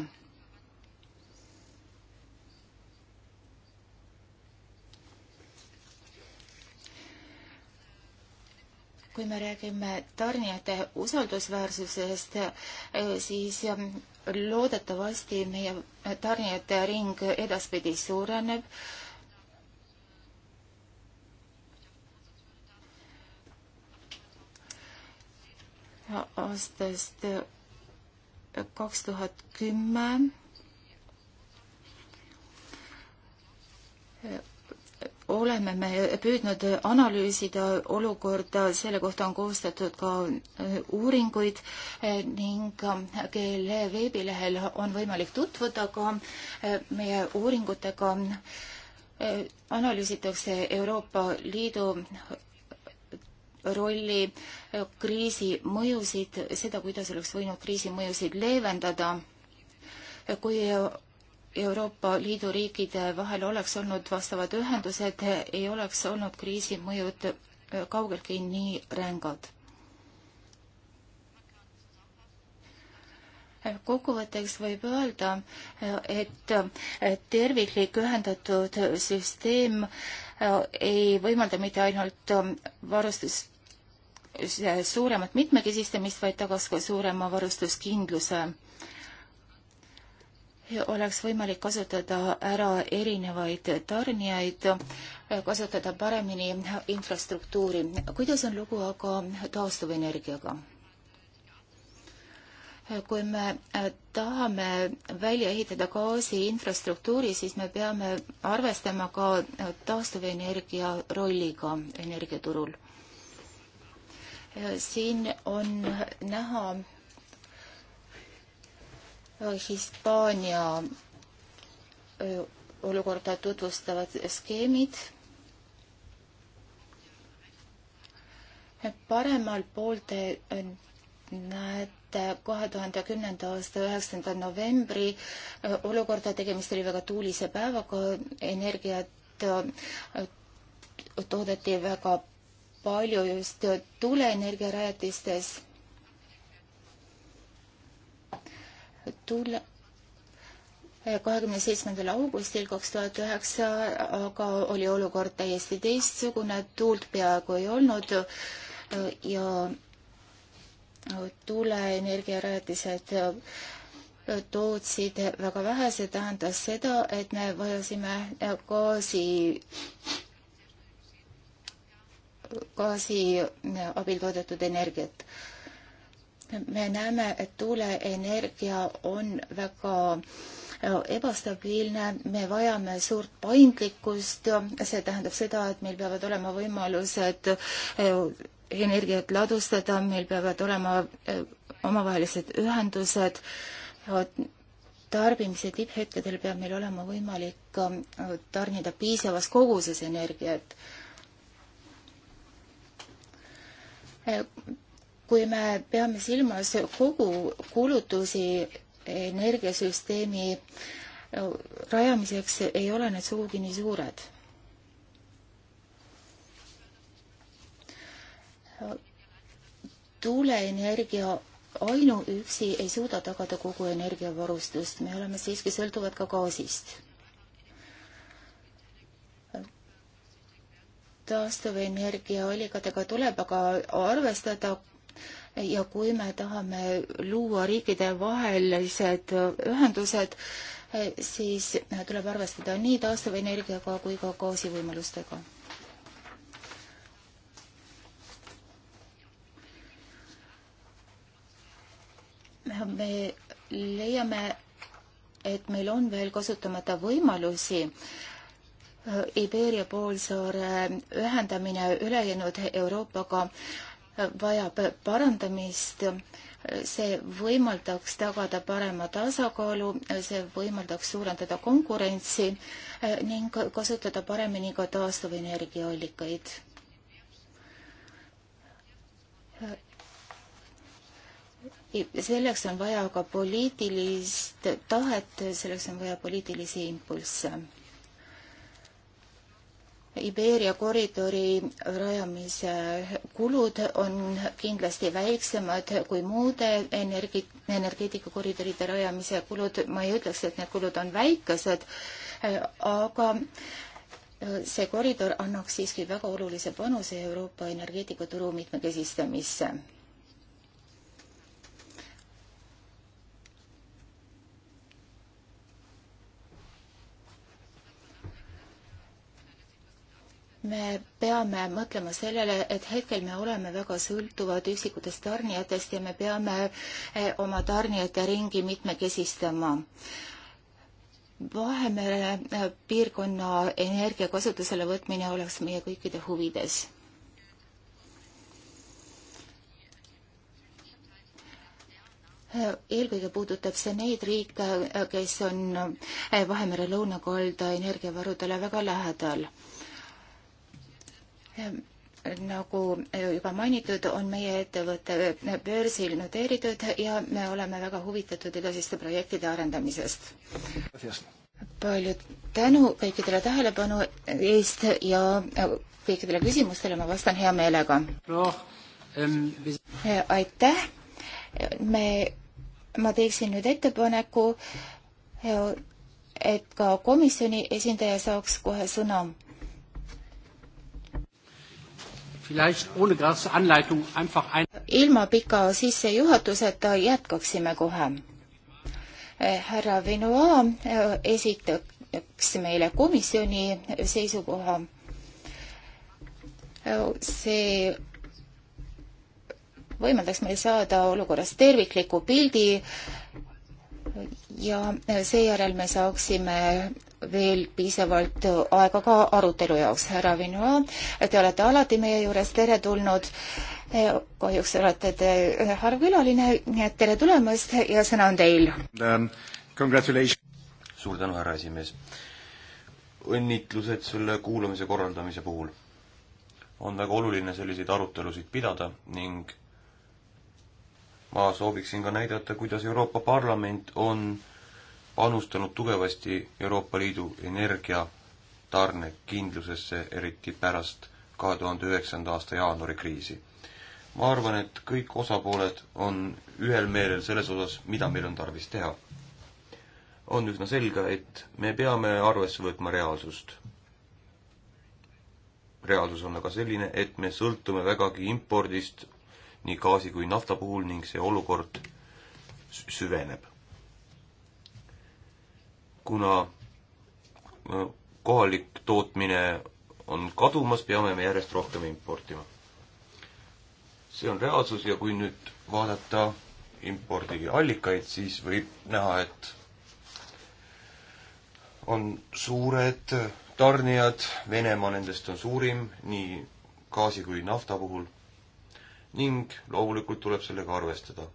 Speaker 2: kui me räägime tarnijate usaldusväärsusest, eh, siis eh, loodetavasti meie tarnijate ring edaspidi suureneb. aastast eh, kaks tuhat kümme oleme me püüdnud analüüsida olukorda, selle kohta on koostatud ka äh, uuringuid äh, ning äh, kelle veebilehel on võimalik tutvuda ka meie uuringutega. analüüsitakse Euroopa Liidu rolli, kriisi mõjusid, seda, kuidas oleks võinud kriisi mõjusid leevendada. kui Euroopa Liidu riikide vahel oleks olnud vastavad ühendused, ei oleks olnud kriisi mõjud äh, kaugeltki nii rängad. kokkuvõtteks võib öelda, äh, et äh, terviklik ühendatud süsteem ei võimalda mitte ainult varustust suuremat mitmekesistamist, vaid tagas ka suurema varustuskindluse oleks võimalik kasutada ära erinevaid tarnijaid, kasutada paremini infrastruktuuri. kuidas on lugu aga taastuvenergiaga? kui me äh, tahame välja ehitada gaasi infrastruktuuri, siis me peame arvestama ka äh, taastuvenergia rolliga energiaturul. Äh, siin on näha Äh, Hispaania äh, olukorda tutvustavad skeemid. paremal pool te äh, näete kahe tuhande kümnenda aasta üheksanda novembri olukorda, tegemist oli väga tuulise päevaga, energiat toodeti väga palju just tuuleenergiarajatistes tulla äh, kahekümne seitsmendal augustil kaks tuhat üheksa, aga oli olukord täiesti teistsugune, tuult peaaegu ei olnud äh, ja äh, tuuleenergiarajatised tootsid väga vähe, see tähendas seda, et me vajasime gaasi gaasi abil toodetud energiat me näeme, et tuuleenergia on väga äh, ebastabiilne, me vajame suurt paindlikkust, see tähendab seda, et meil peavad olema võimalused äh, energiat ladustada, meil peavad olema äh, omavahelised ühendused, tarbimise tipphetkedel peab meil olema võimalik tarnida piisavas koguses energiat kui me peame silmas kogu kulutusi energiasüsteemi rajamiseks, ei ole need sugugi nii suured. tuuleenergia ainuüksi ei suuda tagada kogu energiavarustust, me oleme siiski sõltuvad ka gaasist taastuvenergia allikatega tuleb aga arvestada ja kui me tahame luua riikide vahelised ühendused, siis tuleb arvestada nii taastuvenergiaga kui ka gaasivõimalustega. me leiame, et meil on veel kasutamata võimalusi Iberia poolsaare ühendamine ülejäänud Euroopaga vajab parandamist. see võimaldaks tagada parema tasakaalu, see võimaldaks suurendada konkurentsi ning kasutada paremini ka taastuvenergiaallikaid selleks on vaja ka poliitilist tahet, selleks on vaja poliitilisi impulsse. Iberia koridori rajamise kulud on kindlasti väiksemad kui muude energi-, energeetikakoridoride rajamise kulud, ma ei ütleks, et need kulud on väikesed, aga see koridor annaks siiski väga olulise panuse Euroopa energeetikaturu mitmekesistamisse me peame mõtlema sellele, et hetkel me oleme väga sõltuvad üksikutest tarnijatest ja me peame eh, oma tarnijate ringi mitmekesistama. Vahemere eh, piirkonna energia kasutusele võtmine oleks meie kõikide huvides. Eh, eelkõige puudutab see neid riike, kes on Vahemere lõunakolda energiavarudele väga lähedal nagu juba mainitud, on meie ettevõte börsil noteeritud ja me oleme väga huvitatud edasiste projektide arendamisest. palju tänu kõikidele tähelepanu eest ja kõikidele küsimustele ma vastan hea meelega no,. Um... aitäh, me, ma teeksin nüüd ettepaneku, et ka komisjoni esindaja saaks kohe sõna ilma pika sissejuhatuseta jätkaksime kohe. Eh, härra Vinoa eh, esitaks meile komisjoni seisukoha. Eh, see võimaldaks meil saada olukorrast tervikliku pildi ja seejärel me saaksime veel piisavalt aega ka arutelu jaoks, härra Vinoa. Te olete alati meie juures teretulnud. Eh, kahjuks olete te harv külaline, nii et tere tulemast ja sõna on teil
Speaker 1: um,. suur tänu, härra esimees. õnnitlused selle kuulamise korraldamise puhul. on väga oluline selliseid arutelusid pidada ning ma sooviksin ka näidata, kuidas Euroopa Parlament on panustanud tugevasti Euroopa Liidu energiatarnekindlusesse, eriti pärast kahe tuhande üheksanda aasta jaanuari kriisi. ma arvan, et kõik osapooled on ühel meelel selles osas, mida meil on tarvis teha. on üsna selge, et me peame arvesse võtma reaalsust. reaalsus on aga selline, et me sõltume vägagi impordist nii gaasi kui nafta puhul ning see olukord süveneb kuna äh, kohalik tootmine on kadumas, peame me järjest rohkem importima. see on reaalsus ja kui nüüd vaadata impordiallikaid, siis võib näha, et on suured tarnijad, Venemaa nendest on suurim nii gaasi kui nafta puhul ning loomulikult tuleb sellega arvestada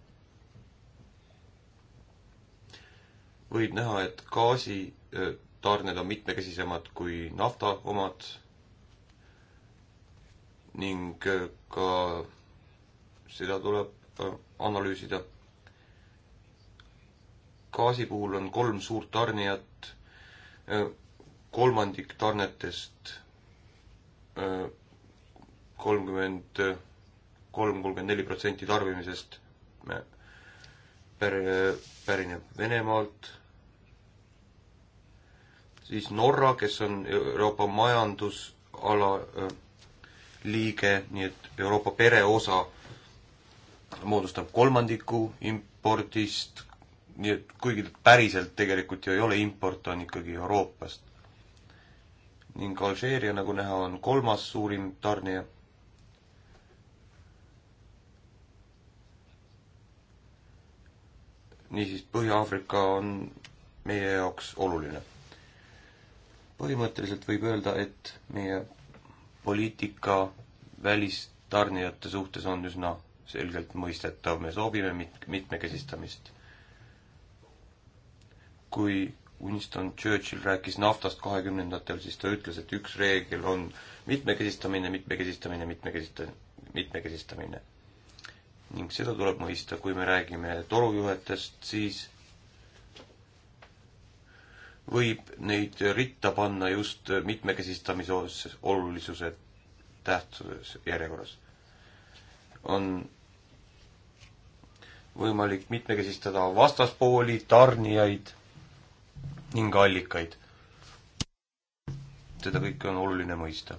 Speaker 1: võib näha, et gaasitarned äh, on mitmekesisemad kui nafta omad ning äh, ka seda tuleb äh, analüüsida. gaasi puhul on kolm suurt tarnijat, kolmandik tarnetest kolmkümmend kolm, kolmkümmend neli protsenti tarbimisest pär-, pärineb Venemaalt siis Norra, kes on Euroopa majandusala äh, liige, nii et Euroopa pere osa moodustab kolmandiku impordist, nii et kuigi päriselt tegelikult ju ei ole import, on ikkagi Euroopast. ning Alžeeria, nagu näha, on kolmas suurim tarnija. niisiis, Põhja-Aafrika on meie jaoks oluline põhimõtteliselt võib öelda, et meie poliitika välistarnijate suhtes on üsna selgelt mõistetav, me soovime mit-, mitmekesistamist. kui Winston Churchill rääkis naftast kahekümnendatel, siis ta ütles, et üks reegel on mitmekesistamine, mitmekesistamine, mitmekesista-, mitmekesistamine. ning seda tuleb mõista, kui me räägime torujuhetest, siis võib neid ritta panna just mitmekesistamise olulisuse tähtsuses järjekorras. on võimalik mitmekesistada vastaspooli, tarnijaid ning allikaid. seda kõike on oluline mõista.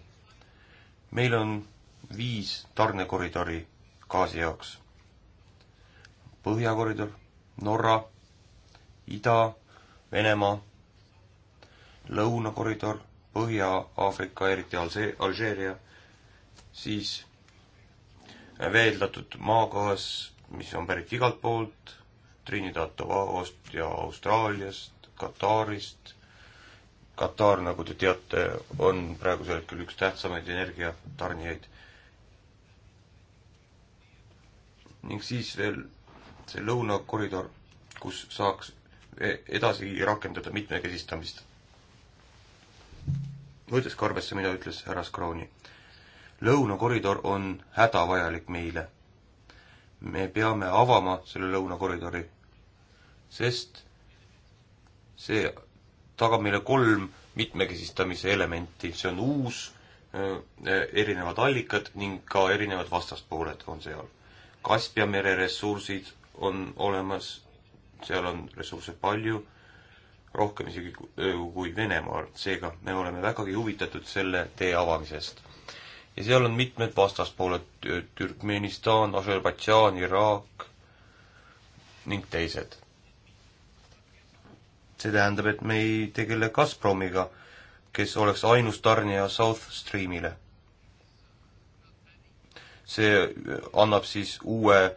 Speaker 1: meil on viis tarnekoridori gaasi jaoks. põhjakoridor, Norra, Ida, Venemaa lõunakoridor, Põhja-Aafrika, eriti Alžeeria, siis veeldatud maagaas, mis on pärit igalt poolt, Trinidad Tobagost ja Austraaliast, Katarist. Katar, nagu te teate, on praegusel hetkel üks tähtsamaid energiatarnijaid. ning siis veel see lõunakoridor, kus saaks e-, edasi rakendada mitmekesistamist võttes ka arvesse, mida ütles härra Skroni. lõunakoridor on hädavajalik meile. me peame avama selle lõunakoridori, sest see tagab meile kolm mitmekesistamise elementi, see on uus, äh, erinevad allikad ning ka erinevad vastaspooled on seal. Kaspia mere ressursid on olemas, seal on ressursse palju rohkem isegi kui Venemaal, seega me oleme vägagi huvitatud selle tee avamisest. ja seal on mitmed vastaspooled, Türkmenistan, Aserbaidžaan, Iraak ning teised. see tähendab, et me ei tegele Gazpromiga, kes oleks ainus tarnija South Streamile. see annab siis uue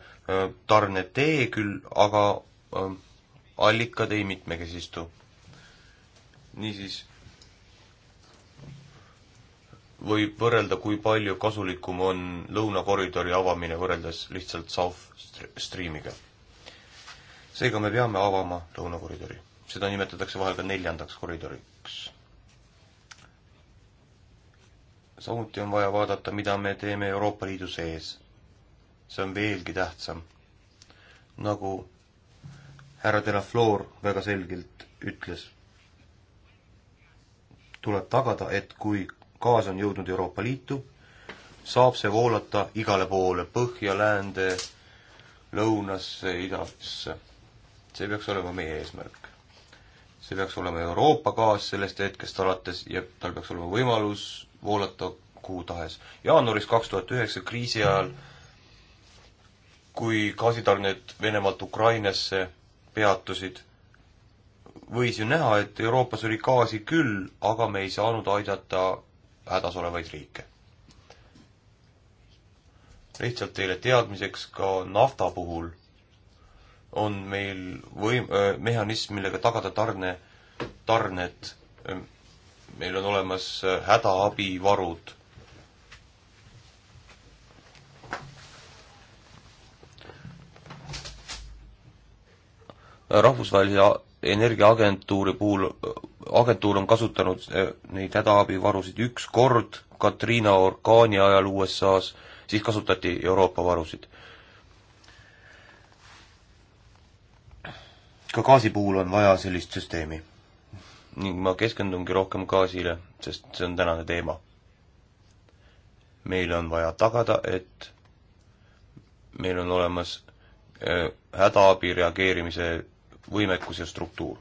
Speaker 1: tarnetee küll, aga allikad ei mitmekesistu niisiis võib võrrelda, kui palju kasulikum on lõunakoridori avamine võrreldes lihtsalt South Streamiga. seega me peame avama lõunakoridori, seda nimetatakse vahel ka neljandaks koridoriks. samuti on vaja vaadata, mida me teeme Euroopa Liidu sees. see on veelgi tähtsam. nagu härra Delaflor väga selgelt ütles tuleb tagada, et kui gaas on jõudnud Euroopa Liitu, saab see voolata igale poole, põhja, läände, lõunasse, idasse. see peaks olema meie eesmärk. see peaks olema Euroopa gaas sellest hetkest alates ja tal peaks olema võimalus voolata kuhu tahes. jaanuaris kaks tuhat üheksa kriisi ajal, kui gaasitarned Venemaalt Ukrainasse peatusid, võis ju näha, et Euroopas oli gaasi küll, aga me ei saanud aidata hädas olevaid riike. lihtsalt teile teadmiseks, ka nafta puhul on meil võim-, mehhanism, millega tagada tarne, tarned. meil on olemas hädaabivarud. rahvusvahelise energiaagentuuri puhul, agentuur on kasutanud eh, neid hädaabivarusid üks kord Katrina orkaani ajal USA-s, siis kasutati Euroopa varusid. ka gaasi puhul on vaja sellist süsteemi. ning ma keskendungi rohkem gaasile, sest see on tänane teema. meil on vaja tagada, et meil on olemas eh, hädaabi reageerimise võimekus ja struktuur.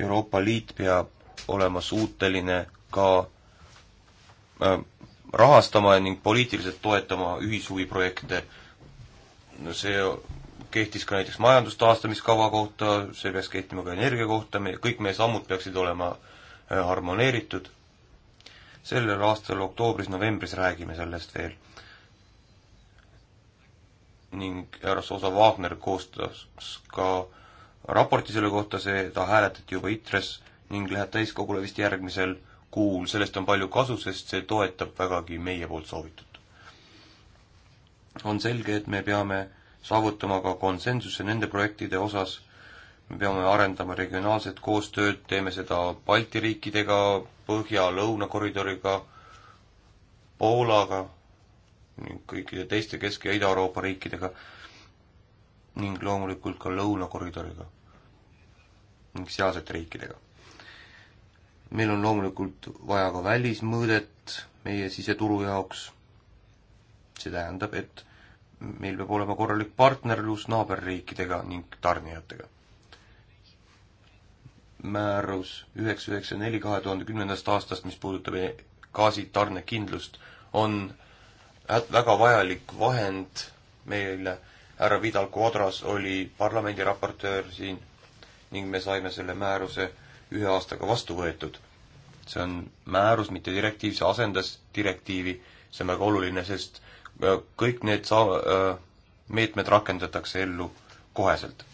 Speaker 1: Euroopa Liit peab olema suuteline ka äh, rahastama ning poliitiliselt toetama ühishuviprojekte. see kehtis ka näiteks majandustaastamiskava kohta, see peaks kehtima ka energia kohta, me, kõik meie sammud peaksid olema äh, harmoneeritud. sellel aastal oktoobris-novembris räägime sellest veel. ning härra Zosa Wagner koostas ka raporti selle kohta, seda hääletati juba ITRES ning läheb täiskogule vist järgmisel kuul, sellest on palju kasu, sest see toetab vägagi meie poolt soovitut. on selge, et me peame saavutama ka konsensuse nende projektide osas, me peame arendama regionaalset koostööd, teeme seda Balti riikidega, Põhja-Lõuna koridoriga, Poolaga ning kõikide teiste Kesk- ja Ida-Euroopa riikidega ning loomulikult ka Lõunakoridoriga ning sealsete riikidega. meil on loomulikult vaja ka välismõõdet meie siseturu jaoks, see tähendab, et meil peab olema korralik partnerlus naaberriikidega ning tarnijatega. määrus üheksa üheksa neli kahe tuhande kümnendast aastast, mis puudutab e- gaasitarnekindlust, on väga vajalik vahend meile, härra Vidal Quadras oli parlamendi raportöör siin ning me saime selle määruse ühe aastaga vastu võetud. see on määrus, mitte direktiiv, see asendas direktiivi, see on väga oluline, sest äh, kõik need saa-, äh, meetmed rakendatakse ellu koheselt.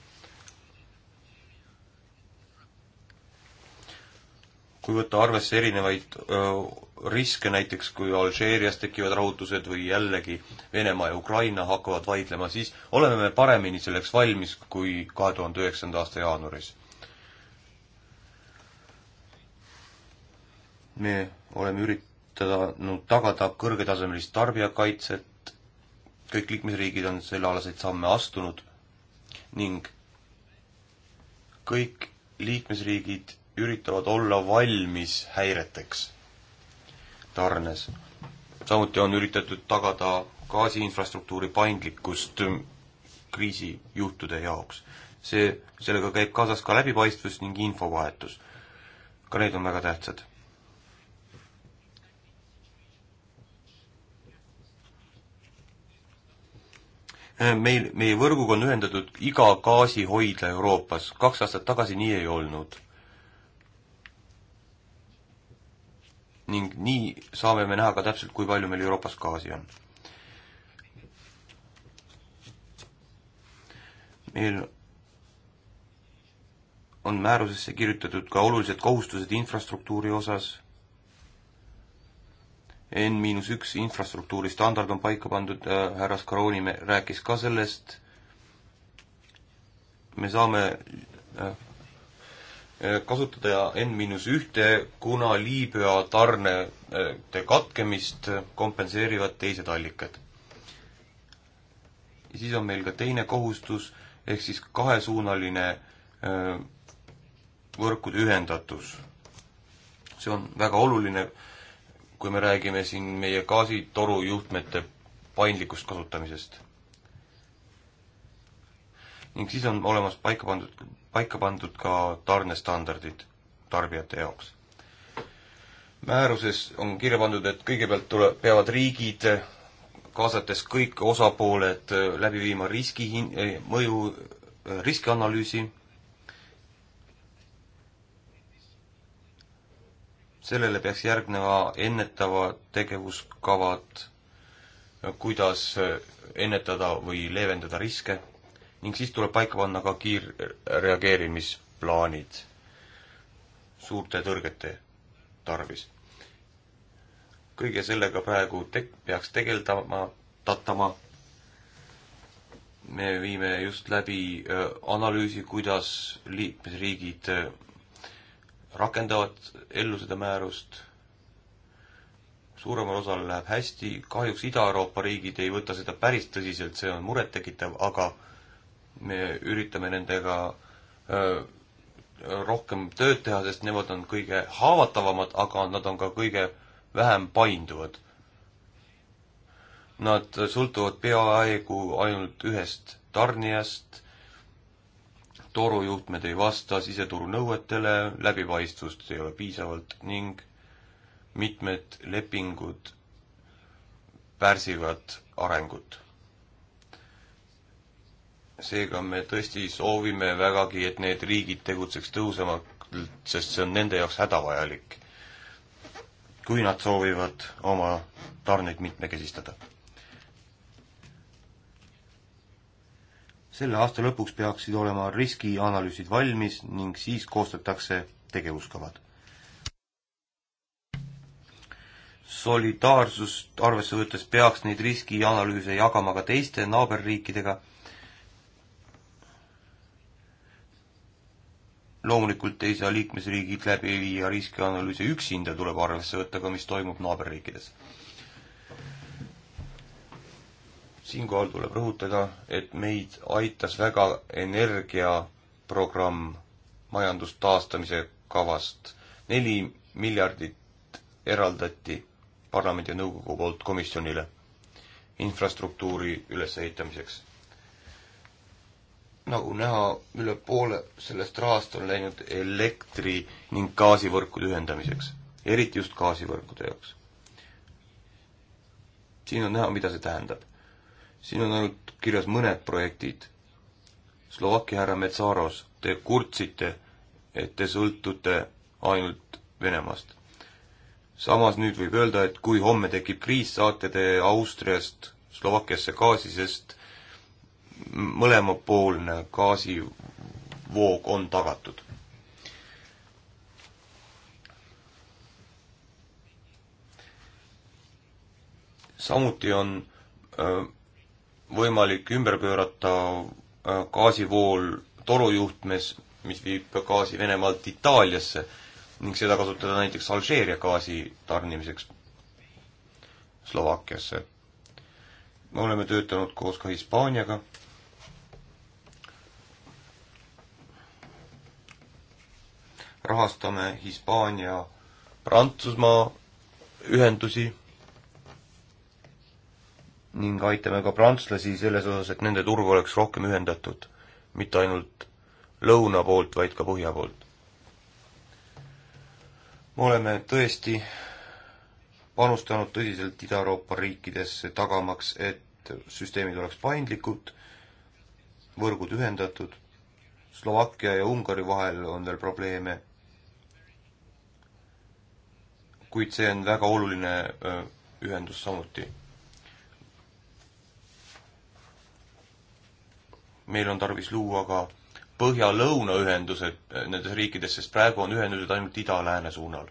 Speaker 1: kui võtta arvesse erinevaid öö, äh, riske, näiteks kui Alžeerias tekivad rahutused või jällegi Venemaa ja Ukraina hakkavad vaidlema, siis oleme me paremini selleks valmis kui kahe tuhande üheksanda aasta jaanuaris. me oleme üritanud tagada kõrgetasemelist tarbijakaitset, kõik liikmesriigid on sellealaseid samme astunud ning kõik liikmesriigid üritavad olla valmis häireteks tarnes. samuti on üritatud tagada gaasiinfrastruktuuri paindlikkust kriisijuhtude jaoks. see, sellega käib kaasas ka läbipaistvus ning infovahetus. ka need on väga tähtsad. meil, meie võrguga on ühendatud iga gaasihoidla Euroopas, kaks aastat tagasi nii ei olnud ning nii saame me näha ka täpselt, kui palju meil Euroopas gaasi on. meil on määrusesse kirjutatud ka olulised kohustused infrastruktuuri osas. N miinus üks infrastruktuuri standard on paika pandud, äh, härra Scaroni rääkis ka sellest. me saame äh, Äh, kasutada N-1, kuna Liibüa tarnete katkemist kompenseerivad teised allikad. ja siis on meil ka teine kohustus, ehk siis kahesuunaline äh, võrkude ühendatus. see on väga oluline, kui me räägime siin meie gaasitoru juhtmete paindlikust kasutamisest. ning siis on olemas paika pandud paika pandud ka tarnestandardid tarbijate jaoks. määruses on kirja pandud, et kõigepealt tule-, peavad riigid, kaasates kõik osapooled, läbi viima riski hin-, eh, mõju, eh, riskianalüüsi, sellele peaks järgneva ennetava tegevuskavad, kuidas ennetada või leevendada riske ning siis tuleb paika panna ka kiirreageerimisplaanid suurte tõrgete tarvis. kõige sellega praegu tek-, peaks tegeldama, tatama. me viime just läbi öö, analüüsi, kuidas liikmesriigid öö, rakendavad ellu seda määrust suuremal osal läheb hästi, kahjuks Ida-Euroopa riigid ei võta seda päris tõsiselt, see on murettekitav, aga me üritame nendega rohkem tööd teha, sest nemad on kõige haavatavamad, aga nad on ka kõige vähem painduvad. Nad sõltuvad peaaegu ainult ühest tarnijast, torujuhtmed ei vasta siseturu nõuetele, läbipaistvust ei ole piisavalt ning mitmed lepingud pärsivad arengut seega me tõesti soovime vägagi, et need riigid tegutseks tõhusamalt, sest see on nende jaoks hädavajalik, kui nad soovivad oma tarneid mitmekesistada. selle aasta lõpuks peaksid olema riskianalüüsid valmis ning siis koostatakse tegevuskavad. solidaarsust arvesse võttes peaks neid riskianalüüse jagama ka teiste naaberriikidega loomulikult ei saa liikmesriigid läbi viia riskianalüüse üksinda, tuleb arvesse võtta ka, mis toimub naaberriikides. siinkohal tuleb rõhutada, et meid aitas väga energiaprogramm majandustaastamise kavast. neli miljardit eraldati parlamendi ja nõukogu poolt komisjonile infrastruktuuri ülesehitamiseks nagu näha, üle poole sellest rahast on läinud elektri ning gaasivõrkude ühendamiseks, eriti just gaasivõrkude jaoks. siin on näha, mida see tähendab. siin on ainult kirjas mõned projektid. Slovakkia härra Metsaros, te kurtsite, et te sõltute ainult Venemaast. samas nüüd võib öelda, et kui homme tekib kriis, saate te Austriast Slovakkiasse gaasi, sest mõlemapoolne gaasivoog on tagatud. samuti on võimalik ümber pöörata gaasivool torujuhtmes, mis viib gaasi Venemaalt Itaaliasse ning seda kasutada näiteks Alžeeria gaasi tarnimiseks Slovakkiasse. me oleme töötanud koos ka Hispaaniaga rahastame Hispaania, Prantsusmaa ühendusi ning aitame ka prantslasi selles osas, et nende turg oleks rohkem ühendatud, mitte ainult lõuna poolt, vaid ka põhja poolt. me oleme tõesti panustanud tõsiselt Ida-Euroopa riikidesse, tagamaks, et süsteemid oleks paindlikud, võrgud ühendatud, Slovakkia ja Ungari vahel on veel probleeme kuid see on väga oluline ühendus samuti. meil on tarvis luua ka põhja-lõuna ühendused nendes riikides, sest praegu on ühendused ainult ida-lääne suunal.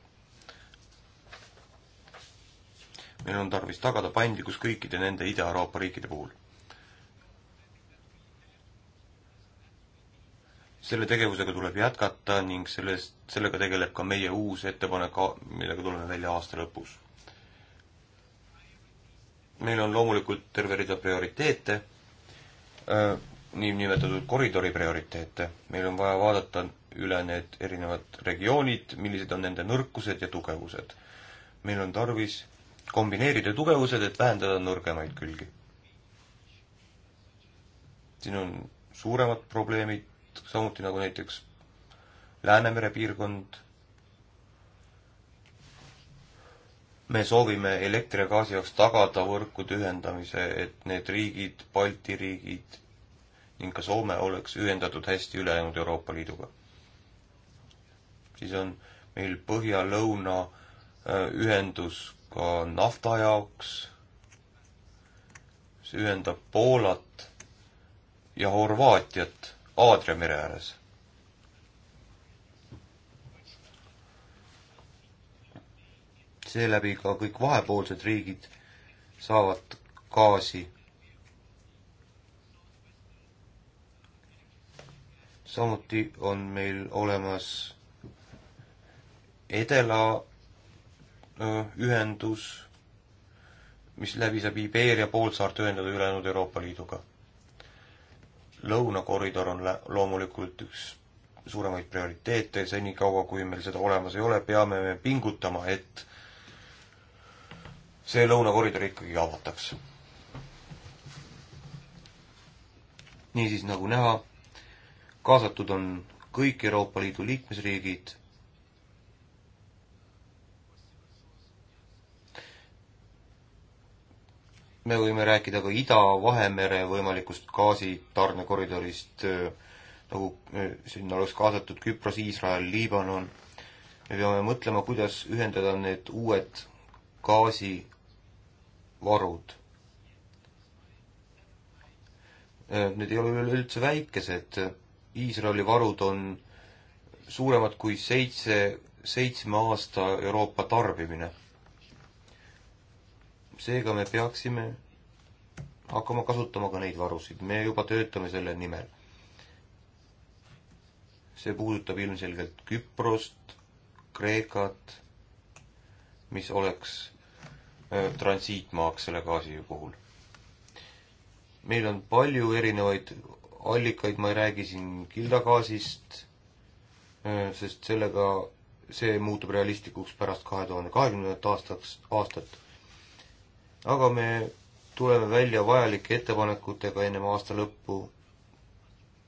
Speaker 1: meil on tarvis tagada paindlikkus kõikide nende Ida-Euroopa riikide puhul selle tegevusega tuleb jätkata ning sellest, sellega tegeleb ka meie uus ettepanek, millega tuleme välja aasta lõpus. meil on loomulikult terve rida prioriteete äh,, niinimetatud koridori prioriteete, meil on vaja vaadata üle need erinevad regioonid, millised on nende nõrkused ja tugevused. meil on tarvis kombineerida tugevused, et vähendada nõrgemaid külgi. siin on suuremad probleemid, samuti nagu näiteks Läänemere piirkond. me soovime elektri ja gaasi jaoks tagada võrkude ühendamise, et need riigid, Balti riigid ning ka Soome oleks ühendatud hästi ülejäänud Euroopa Liiduga. siis on meil põhja-lõuna äh, ühendus ka nafta jaoks. see ühendab Poolat ja Horvaatiat Aadria mere ääres. seeläbi ka kõik vahepoolsed riigid saavad gaasi. samuti on meil olemas edelaühendus, mis läbi saab Iberia poolsaart ühendada ülejäänud Euroopa Liiduga lõunakoridor on loomulikult üks suuremaid prioriteete, senikaua kui meil seda olemas ei ole, peame me pingutama, et see lõunakoridor ikkagi avataks. niisiis, nagu näha, kaasatud on kõik Euroopa Liidu liikmesriigid me võime rääkida ka Ida-Vahemere võimalikust gaasitarnekoridorist, nagu sinna oleks kaasatud Küpros, Iisrael, Liibanon. me peame mõtlema, kuidas ühendada need uued gaasivarud. Need ei ole üleüldse väikesed, Iisraeli varud on suuremad kui seitse, seitsme aasta Euroopa tarbimine seega me peaksime hakkama kasutama ka neid varusid, me juba töötame selle nimel. see puudutab ilmselgelt Küprost, Kreekat, mis oleks äh, transiitmaaks selle gaasi puhul. meil on palju erinevaid allikaid, ma ei räägi siin kildagaasist, äh, sest sellega, see muutub realistlikuks pärast kahe tuhande kahekümnendat aastaks, aastat aga me tuleme välja vajalike ettepanekutega ennem aasta lõppu,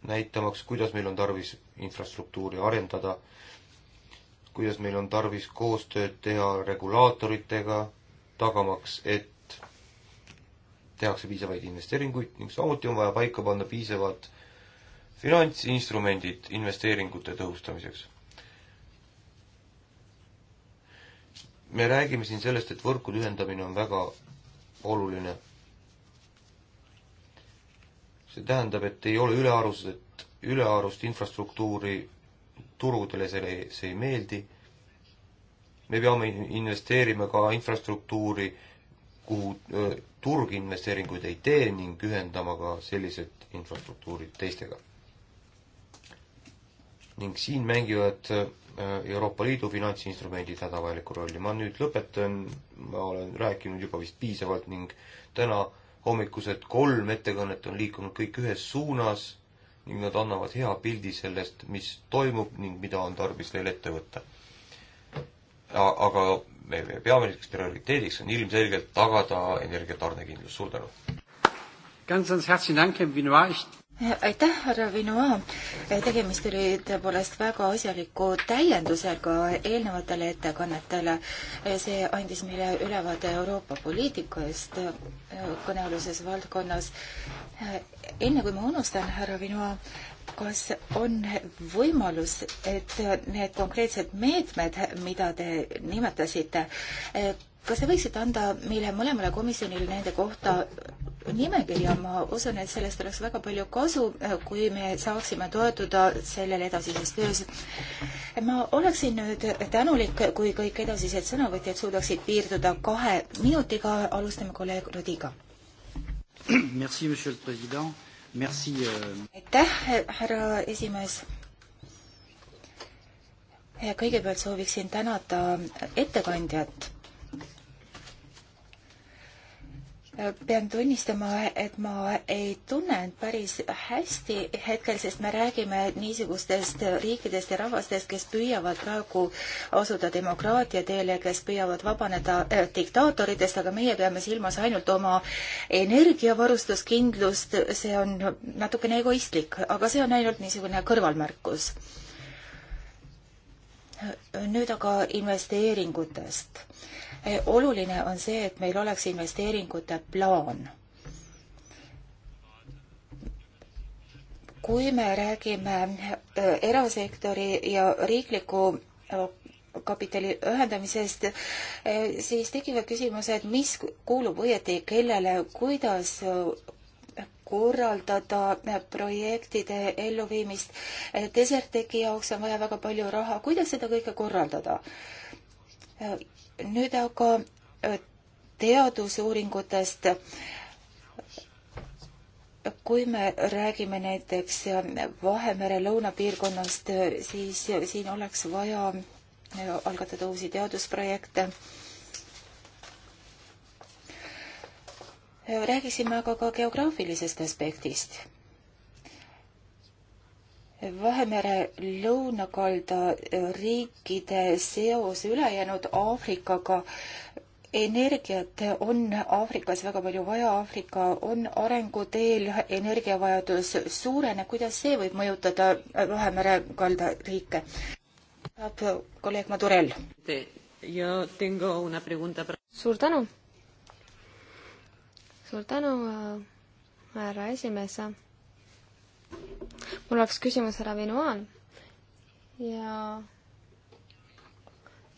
Speaker 1: näitamaks, kuidas meil on tarvis infrastruktuuri arendada, kuidas meil on tarvis koostööd teha regulaatoritega, tagamaks, et tehakse piisavaid investeeringuid ning samuti on vaja paika panna piisavad finantsinstrumendid investeeringute tõhustamiseks. me räägime siin sellest, et võrkude ühendamine on väga oluline. see tähendab, et ei ole ülearused, ülearust infrastruktuuri turudele, selle, see ei meeldi. me peame investeerima ka infrastruktuuri, kuhu turg investeeringuid ei tee ning ühendama ka sellised infrastruktuurid teistega. ning siin mängivad Äh, Euroopa Liidu finantsinstrumendid hädavajalikku rolli. ma nüüd lõpetan, ma olen rääkinud juba vist piisavalt ning täna hommikused kolm ettekannet on liikunud kõik ühes suunas ning nad annavad hea pildi sellest, mis toimub ning mida on tarvis veel ette võtta. aga meie peamiseks prioriteediks on ilmselgelt tagada energiatarnekindlus. suur tänu!
Speaker 2: aitäh, härra Vinoa. tegemist oli tõepoolest väga asjaliku täiendusega eelnevatele ettekannetele. see andis meile ülevaade Euroopa poliitikast äh, kõnealuses valdkonnas. Äh, enne kui ma unustan, härra Vinoa, kas on võimalus, et need konkreetsed meetmed, mida te nimetasite, kas te võiksite anda meile mõlemale komisjonile nende kohta nimekirja, ma usun, et sellest oleks väga palju kasu, kui me saaksime toetuda sellele edasises töös. ma oleksin nüüd tänulik, kui kõik edasised sõnavõtjad suudaksid piirduda kahe minutiga, alustame kolleeg Rodiga.
Speaker 3: Merci,
Speaker 2: monsieur le president Euh. aitäh, härra esimees. kõigepealt sooviksin tänada ettekandjat pean tunnistama, et ma ei tunne end päris hästi hetkel, sest me räägime niisugustest riikidest ja rahvastest, kes püüavad praegu asuda demokraatia teele, kes püüavad vabaneda äh, diktaatoritest, aga meie peame silmas ainult oma energiavarustuskindlust, see on natukene egoistlik, aga see on ainult niisugune kõrvalmärkus. nüüd aga investeeringutest Eh, oluline on see, et meil oleks investeeringute plaan. kui me räägime eh, erasektori ja riikliku eh, kapitali ühendamisest, siis tekivad küsimused, mis kuulub õieti kellele, kuidas korraldada projektide elluviimist. Deserteki jaoks on vaja väga palju raha, kuidas seda kõike korraldada? nüüd aga äh, teadusuuringutest. kui me räägime näiteks äh, Vahemere lõunapiirkonnast, äh, siis siin oleks vaja algatada uusi teadusprojekte. räägiksime aga ka geograafilisest aspektist Vahemere lõunakalda riikide seos ülejäänud Aafrikaga energiat on Aafrikas väga palju vaja, Aafrika on arenguteel, energiavajadus suureneb, kuidas see võib mõjutada Vahemere kalda
Speaker 3: riike? kolleeg Madurell. suur tänu. suur tänu, äh, härra esimees mul oleks küsimus härra Vinoan ja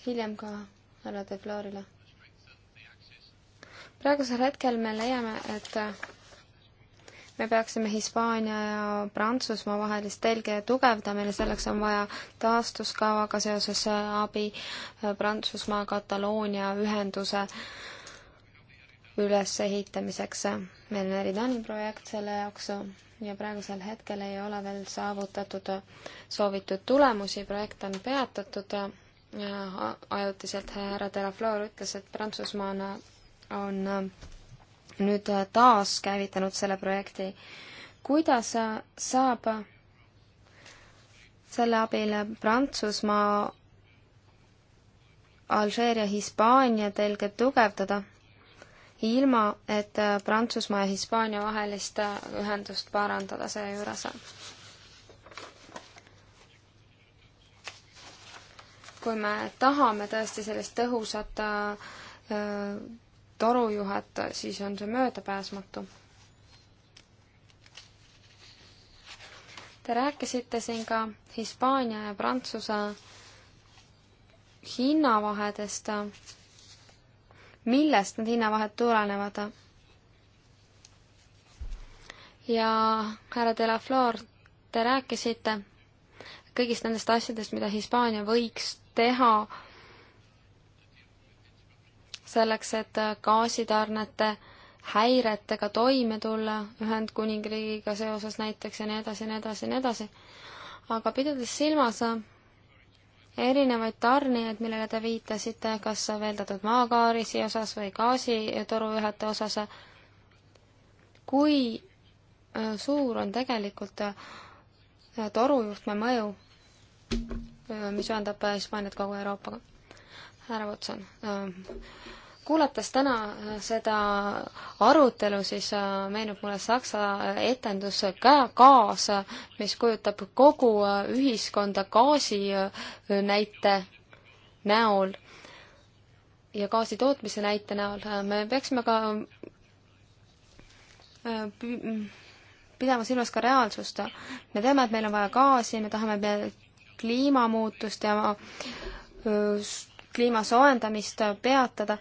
Speaker 3: hiljem ka härra De Florile. praegusel hetkel me leiame, et me peaksime Hispaania ja Prantsusmaa vahelist telge tugevdama ja selleks on vaja taastuskavaga seoses abi Prantsusmaa-Kataloonia ühenduse ülesehitamiseks. meil on Eridani projekt selle jaoks ja praegusel hetkel ei ole veel saavutatud soovitud tulemusi, projekt on peatatud ja ajutiselt härra Delaflor ütles, et Prantsusmaa on, on äh, nüüd äh, taaskäivitanud selle projekti. kuidas äh, saab selle abil Prantsusmaa, Alžeeria, Hispaania telge tugevdada? ilma et äh, Prantsusmaa ja Hispaania vahelist äh, ühendust parandada seejuures. kui me tahame tõesti sellist tõhusat äh, torujuhet, siis on see möödapääsmatu. Te rääkisite siin ka Hispaania ja Prantsuse hinnavahedest millest need hinnavahed tulenevad. ja härra De La Flor, te rääkisite kõigist nendest asjadest, mida Hispaania võiks teha selleks, et gaasitarnete häiretega toime tulla Ühendkuningriigiga seoses näiteks ja nii edasi ja nii edasi ja nii edasi. aga pidades silmas erinevaid tarnijaid, millele te viitasite, kas veeldatud maagaarisi osas või gaasitoruühete osas. kui äh, suur on tegelikult äh, torujuhtme mõju, äh, mis ühendab Hispaaniat kogu Euroopaga? härra Vutson kuulates täna äh, seda arutelu, siis äh, meenub mulle saksa äh, etendus Gaas, mis kujutab kogu ühiskonda gaasi näite näol ja gaasi tootmise näite näol. me peaksime ka pidama silmas ka reaalsust. me teame, et meil on vaja gaasi, me tahame kliimamuutust ja öö, kliima soojendamist peatada.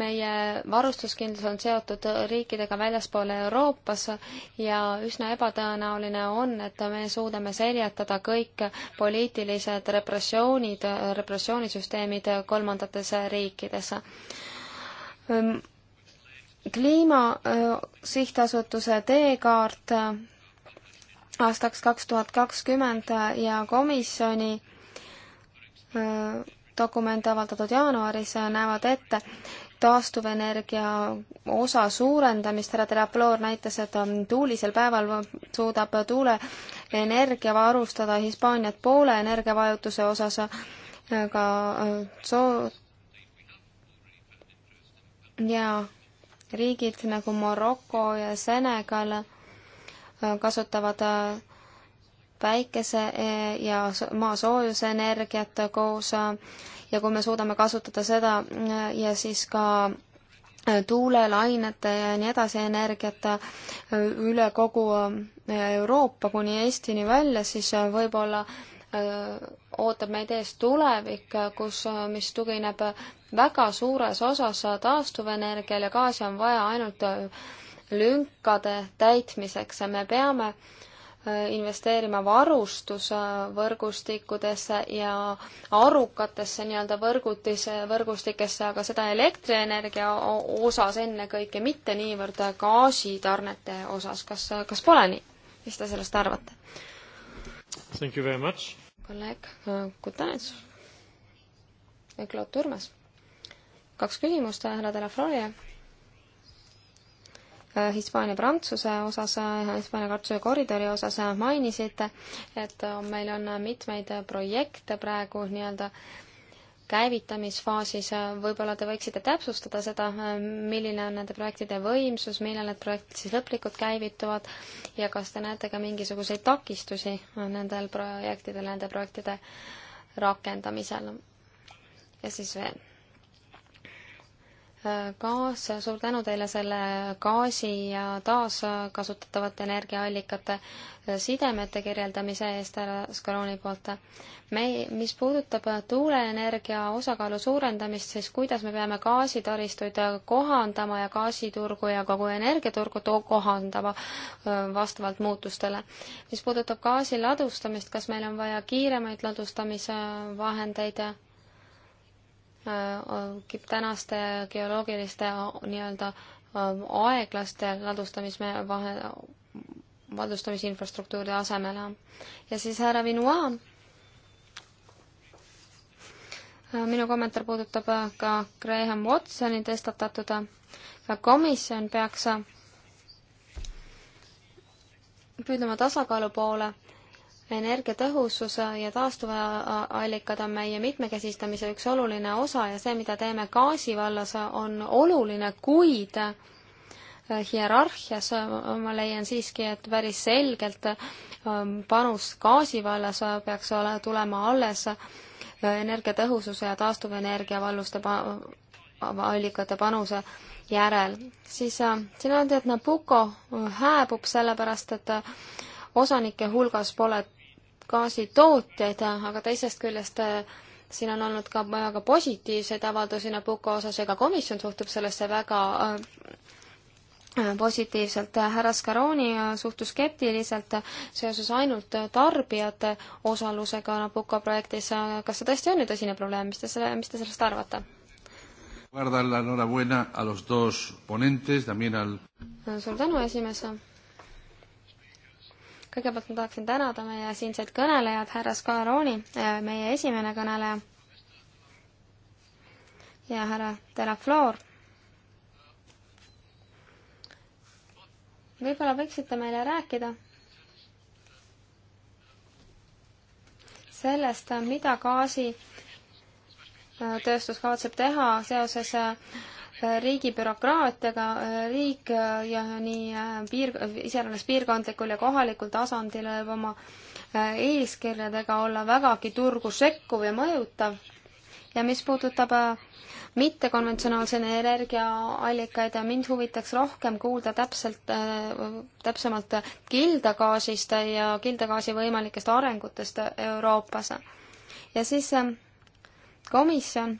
Speaker 3: meie varustuskindlus on seotud riikidega väljaspool Euroopas ja üsna ebatõenäoline on, et me suudame seljatada kõik poliitilised repressioonid, repressioonisüsteemid kolmandates riikides ehm, kliima sihtasutuse teekaart aastaks kaks tuhat kakskümmend ja komisjoni dokument avaldatud jaanuaris, näevad ette taastuvenergia osa suurendamist, härra Teraploor näitas, et tuulisel päeval suudab tuuleenergia varustada Hispaaniat poole energiavajutuse osas, aga äh, soo- ja riigid nagu Maroko ja Senegal äh, kasutavad äh, päikese e, ja maa soojusenergiat koos ja kui me suudame kasutada seda e, ja siis ka e, tuulelainete ja nii edasi energiat üle kogu Euroopa kuni Eestini välja, siis võib-olla ootab meid ees tulevik, kus, mis tugineb väga suures osas taastuvenergiale, gaasi on vaja ainult lünkade täitmiseks ja me peame äh, investeerima varustusvõrgustikkudesse ja arukatesse nii-öelda võrgutise, võrgustikesse, aga seda elektrienergia osas ennekõike, mitte niivõrd gaasitarnete osas. kas, kas pole nii? mis te sellest arvate? Thank you very much. kolleeg äh, Kutanets. Claude Turmas. kaks küsimust härra Telefroile Hispaania-Prantsuse osas, Hispaania-Prantsuse koridori osas mainisite, et meil on mitmeid projekte praegu nii-öelda käivitamisfaasis, võib-olla te võiksite täpsustada seda, milline on nende projektide võimsus, millal need projektid siis lõplikult käivituvad ja kas te näete ka mingisuguseid takistusi nendel projektidel, nende projektide rakendamisel? ja siis veel gaas, suur tänu teile selle gaasi ja taaskasutatavate energiaallikate äh, sidemete kirjeldamise eest härra Skaroni poolt. me, mis puudutab tuuleenergia osakaalu suurendamist, siis kuidas me peame gaasitaristuid kohandama ja gaasiturgu ja kogu energiaturgu kohandama äh, vastavalt muutustele. mis puudutab gaasi ladustamist, kas meil on vaja kiiremaid ladustamisvahendeid Äh, äh, tänaste geoloogiliste äh, nii-öelda aeglaste ladustamisme vahe, ladustamisinfrastruktuuri asemele. ja siis härra Vinoa. minu kommentaar puudutab ka Graham Watsoni tõstatatud, ka komisjon peaks püüdlema tasakaalu poole energiatõhususe ja taastuvallikad on meie mitmekesistamise üks oluline osa ja see, mida teeme gaasi vallas, on oluline, kuid äh, hierarhias äh, ma leian siiski, et päris selgelt ähm, panus gaasi vallas äh, peaks ole, tulema alles energiatõhususe ja taastuvenergia valluste pa-, allikate panuse järel. siis siin öeldi, et Nabucco hääbub sellepärast, et osanike hulgas pole gaasitootjaid, aga teisest küljest äh, siin on olnud ka väga positiivseid avaldusi Nabucco osas ja ka komisjon suhtub sellesse väga äh, äh, positiivselt. härra Scaroni suhtus skeptiliselt seoses ainult tarbijate osalusega Nabucco projektis. kas see tõesti on nüüd tõsine probleem, mis te selle, mis te sellest arvate? suur tänu, esimees kõigepealt ma tahaksin tänada meie siinseid kõnelejad, härra Scaroni, äh, meie esimene kõneleja ja härra Delaflor. võib-olla võiksite meile rääkida sellest, mida gaasi äh, tööstus kavatseb teha seoses äh, riigi bürokraatiaga, riik ja nii äh, piir, iseäranis piirkondlikul ja kohalikul tasandil võib oma äh, eeskirjadega olla vägagi turgu sekkuv ja mõjutav. ja mis puudutab äh, mittekonventsionaalse energiaallikaid ja mind huvitaks rohkem kuulda täpselt, täpsemalt kildagaasist ja kildagaasi võimalikest arengutest Euroopas. ja siis komisjon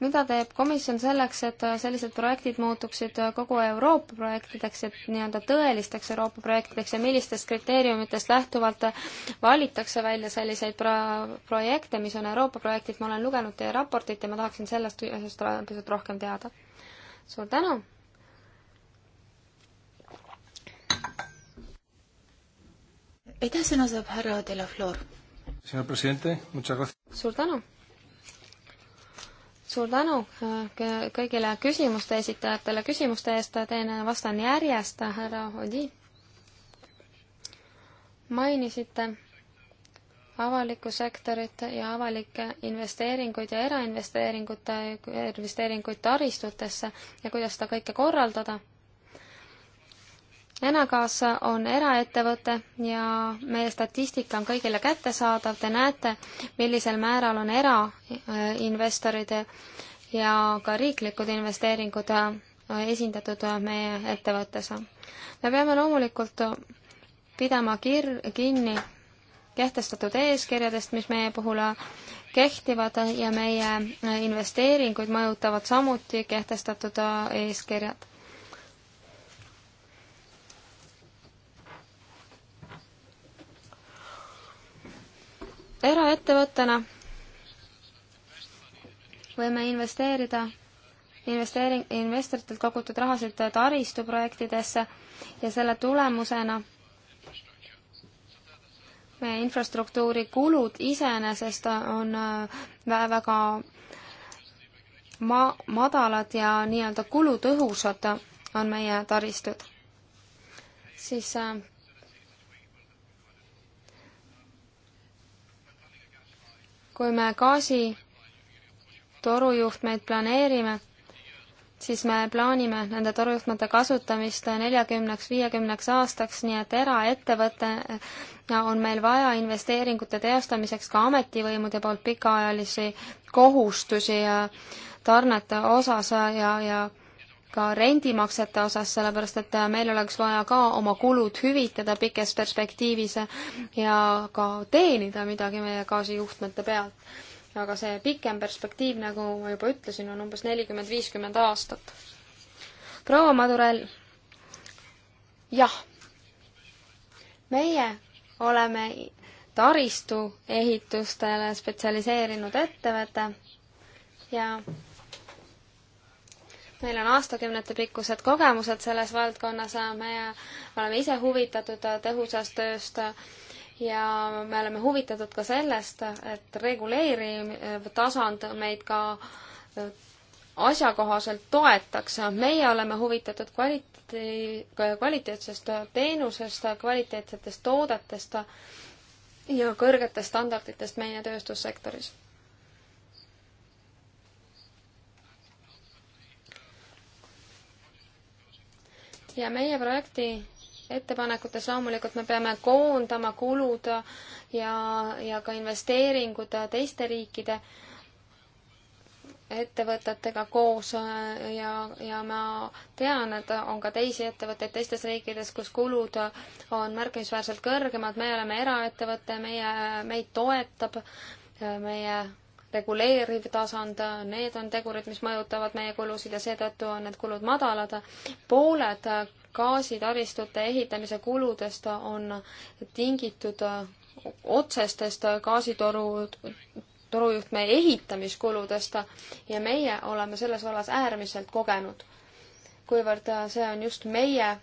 Speaker 3: mida teeb komisjon selleks, et äh, sellised projektid muutuksid äh, kogu Euroopa projektideks, et nii-öelda tõelisteks Euroopa projektideks ja millistest kriteeriumitest lähtuvalt äh, valitakse välja selliseid pro-, projekte, mis on Euroopa projektid, ma olen lugenud teie raportit ja ma tahaksin sellest asjast pisut rohkem teada. suur tänu! aitäh, sõna saab härra De La Flor. suur tänu! suur tänu äh, kõigile küsimuste esitajatele küsimuste eest, teen, äh, vastan järjest, härra Odi. mainisite avalikku sektorit ja avalikke investeeringuid ja erainvesteeringute, äh, investeeringuid taristutesse ja kuidas seda kõike korraldada Enakaas on eraettevõte ja meie statistika on kõigile kättesaadav, te näete, millisel määral on erainvestorid ja ka riiklikud investeeringud äh, esindatud äh, meie ettevõttes. me peame loomulikult pidama kir-, kinni kehtestatud eeskirjadest, mis meie puhul äh, kehtivad ja meie investeeringuid mõjutavad samuti kehtestatud eeskirjad. eraettevõttena võime investeerida investeering, investoritelt kogutud rahasid taristuprojektidesse ja selle tulemusena meie infrastruktuuri kulud iseenesest on äh, väga ma-, madalad ja nii-öelda kulutõhusad on meie taristud. siis äh, kui me gaasitorujuhtmeid planeerime, siis me plaanime nende torujuhtmete kasutamist neljakümneks, viiekümneks aastaks, nii et eraettevõte on meil vaja investeeringute teostamiseks ka ametivõimude poolt pikaajalisi kohustusi ja tarnete osas ja, ja ka rendimaksete osas, sellepärast et meil oleks vaja ka oma kulud hüvitada pikes perspektiivis ja ka teenida midagi meie gaasijuhtmete pealt. aga see pikem perspektiiv, nagu ma juba ütlesin, on umbes nelikümmend, viiskümmend aastat. proua Madurell. jah. meie oleme taristuehitustele spetsialiseerinud ettevõte ja Neil on aastakümnete pikkused kogemused selles valdkonnas, me oleme ise huvitatud tõhusast tööst ja me oleme huvitatud ka sellest, et reguleeriv tasand meid ka asjakohaselt toetaks. meie oleme huvitatud kvaliteedi, kvaliteetsest teenusest, kvaliteetsetest toodetest ja kõrgetest standarditest meie tööstussektoris ja meie projekti ettepanekutes loomulikult me peame koondama kulud ja, ja ka investeeringud teiste riikide ettevõtetega koos ja, ja ma tean, et on ka teisi ettevõtteid teistes riikides, kus kulud on märkimisväärselt kõrgemad, me oleme eraettevõte, meie, meid toetab meie reguleeriv tasand, need on tegurid, mis mõjutavad meie kulusid ja seetõttu on need kulud madalad. pooled gaasitaristute ehitamise kuludest on tingitud otsestest gaasitoru, torujuhtme ehitamiskuludest ja meie oleme selles vallas äärmiselt kogenud. kuivõrd see on just meie äh,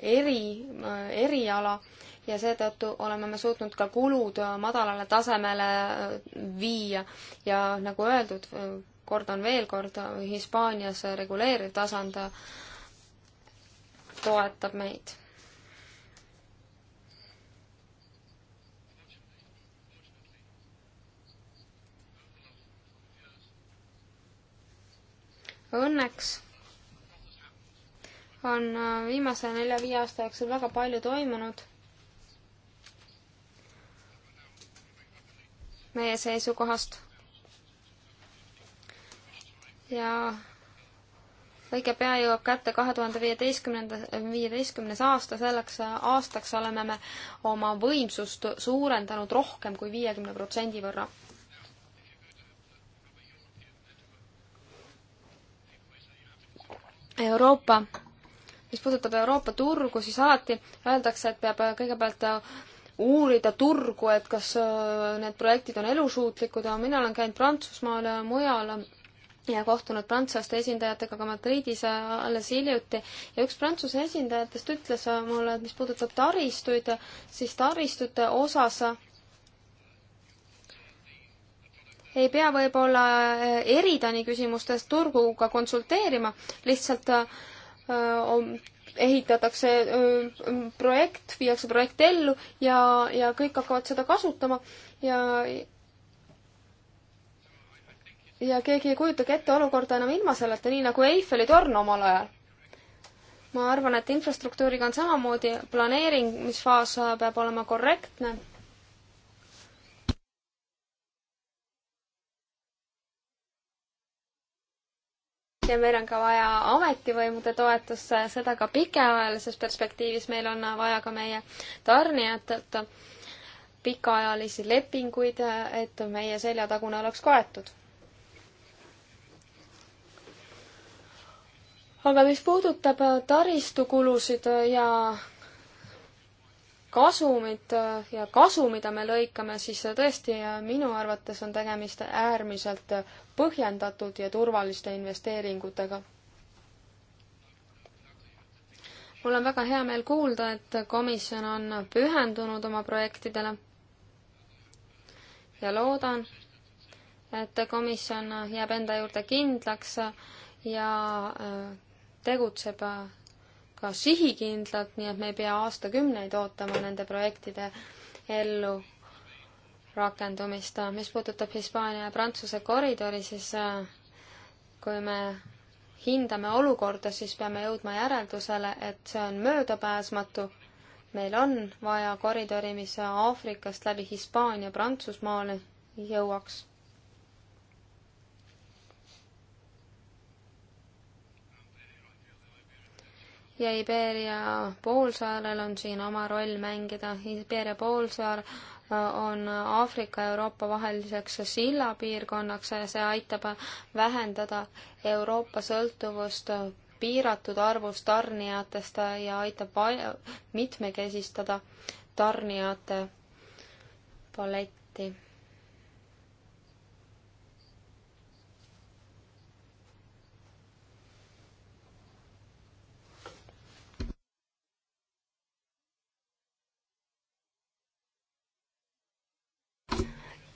Speaker 3: eri, äh, eriala, ja seetõttu oleme me suutnud ka kulud madalale tasemele äh, viia ja nagu öeldud, äh, kordan veel kord, Hispaanias reguleeriv tasand äh, toetab meid õnneks on viimase nelja-viie aasta jooksul väga palju toimunud meie seisukohast. ja õige pea jõuab kätte kahe tuhande viieteistkümnenda, viieteistkümnes aasta, selleks aastaks oleme me oma võimsust suurendanud rohkem kui viiekümne protsendi võrra. Euroopa, mis puudutab Euroopa turgu, siis alati öeldakse, et peab kõigepealt uurida turgu, et kas äh, need projektid on elusuutlikud ja mina olen käinud Prantsusmaal ja mujal ja kohtunud prantslaste esindajatega ka Madridis alles hiljuti ja üks Prantsuse esindajatest ütles mulle, et mis puudutab taristuid, siis taristute osas ei pea võib-olla äh, Eridani küsimustes turguga konsulteerima, lihtsalt äh, ehitatakse projekt, viiakse projekt ellu ja, ja kõik hakkavad seda kasutama ja ja keegi ei kujutagi ette olukorda enam ilma selleta, nii nagu Eiffeli torn omal ajal. ma arvan, et infrastruktuuriga on samamoodi, planeerimisfaas peab olema korrektne ja meil on ka vaja ametivõimude toetust, seda ka pikaajalises perspektiivis, meil on vaja ka meie tarnijatelt pikaajalisi lepinguid, et meie seljatagune oleks kaetud. aga mis puudutab taristukulusid ja kasumid äh, ja kasu, mida me lõikame, siis äh, tõesti äh, minu arvates on tegemist äärmiselt põhjendatud ja turvaliste investeeringutega. mul on väga hea meel kuulda, et komisjon on pühendunud oma projektidele ja loodan, et komisjon jääb enda juurde kindlaks ja tegutseb ka sihikindlalt, nii et me ei pea aastakümneid ootama nende projektide ellu rakendumist. mis puudutab Hispaania ja Prantsuse koridori, siis äh, kui me hindame olukorda, siis peame jõudma järeldusele, et see on möödapääsmatu. meil on vaja koridori, mis Aafrikast läbi Hispaania Prantsusmaale jõuaks ja Iberia poolsaarel on siin oma roll mängida. Iberia poolsaar äh, on Aafrika ja Euroopa vaheliseks sillapiirkonnaks ja see aitab vähendada Euroopa sõltuvust piiratud arvust tarnijatest ja aitab mitmekesistada tarnijate paletti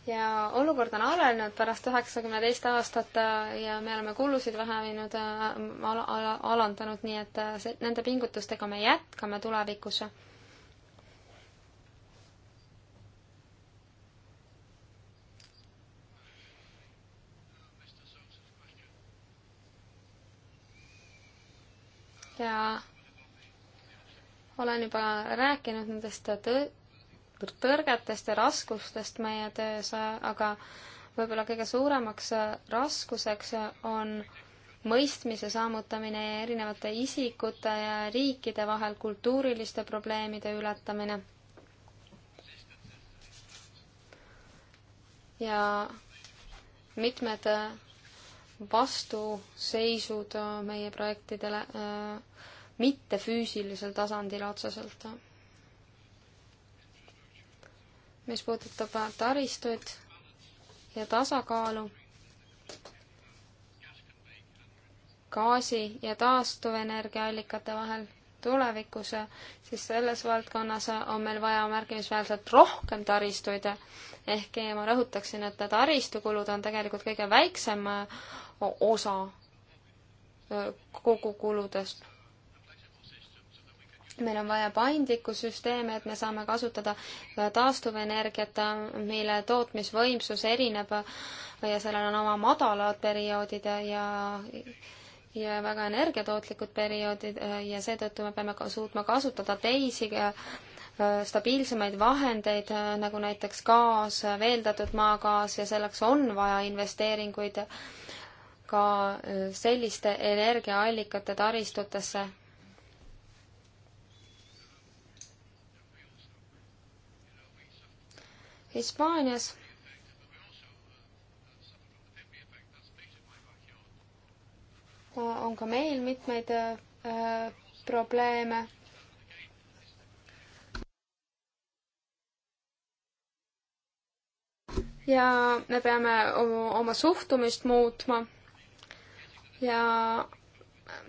Speaker 3: ja olukord on arenenud pärast üheksakümne teist aastat äh, ja me oleme kulusid vähenenud al, äh, al, alandanud, nii et äh, see, nende pingutustega me jätkame tulevikus. ja olen juba rääkinud nendest tõ-, tõrgetest ja raskustest meie töös, aga võib-olla kõige suuremaks äh, raskuseks on mõistmise saamutamine erinevate isikute ja riikide vahel kultuuriliste probleemide ületamine. ja mitmed äh, vastuseisud äh, meie projektidele mittefüüsilisel tasandil otseselt mis puudutab taristuid ja tasakaalu, gaasi ja taastuvenergiaallikate vahel tulevikus, siis selles valdkonnas on meil vaja märkimisväärselt rohkem taristuid. ehkki ma rõhutaksin, et taristukulud on tegelikult kõige väiksem osa kogukuludest meil on vaja paindlikku süsteemi, et me saame kasutada äh, taastuvenergiat, äh, mille tootmisvõimsus erineb äh, ja sellel on oma madalad perioodid ja ja väga energiatootlikud perioodid ja seetõttu me peame ka suutma kasutada teisi stabiilsemaid vahendeid, nagu näiteks gaas, veeldatud maagaas ja selleks on vaja investeeringuid ka selliste energiaallikate taristutesse, Hispaanias. on ka meil mitmeid äh, probleeme ja me peame oma suhtumist muutma ja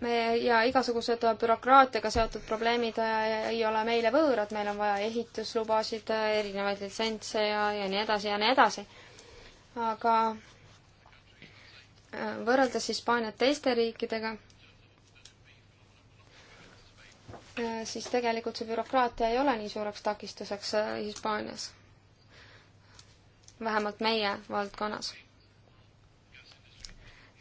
Speaker 3: me ja igasugused bürokraatiaga seotud probleemid äh, ei ole meile võõrad, meil on vaja ehituslubasid, äh, erinevaid litsentse ja, ja nii edasi ja nii edasi. aga äh, võrreldes Hispaaniat teiste riikidega, siis tegelikult see bürokraatia ei ole nii suureks takistuseks Hispaanias. vähemalt meie valdkonnas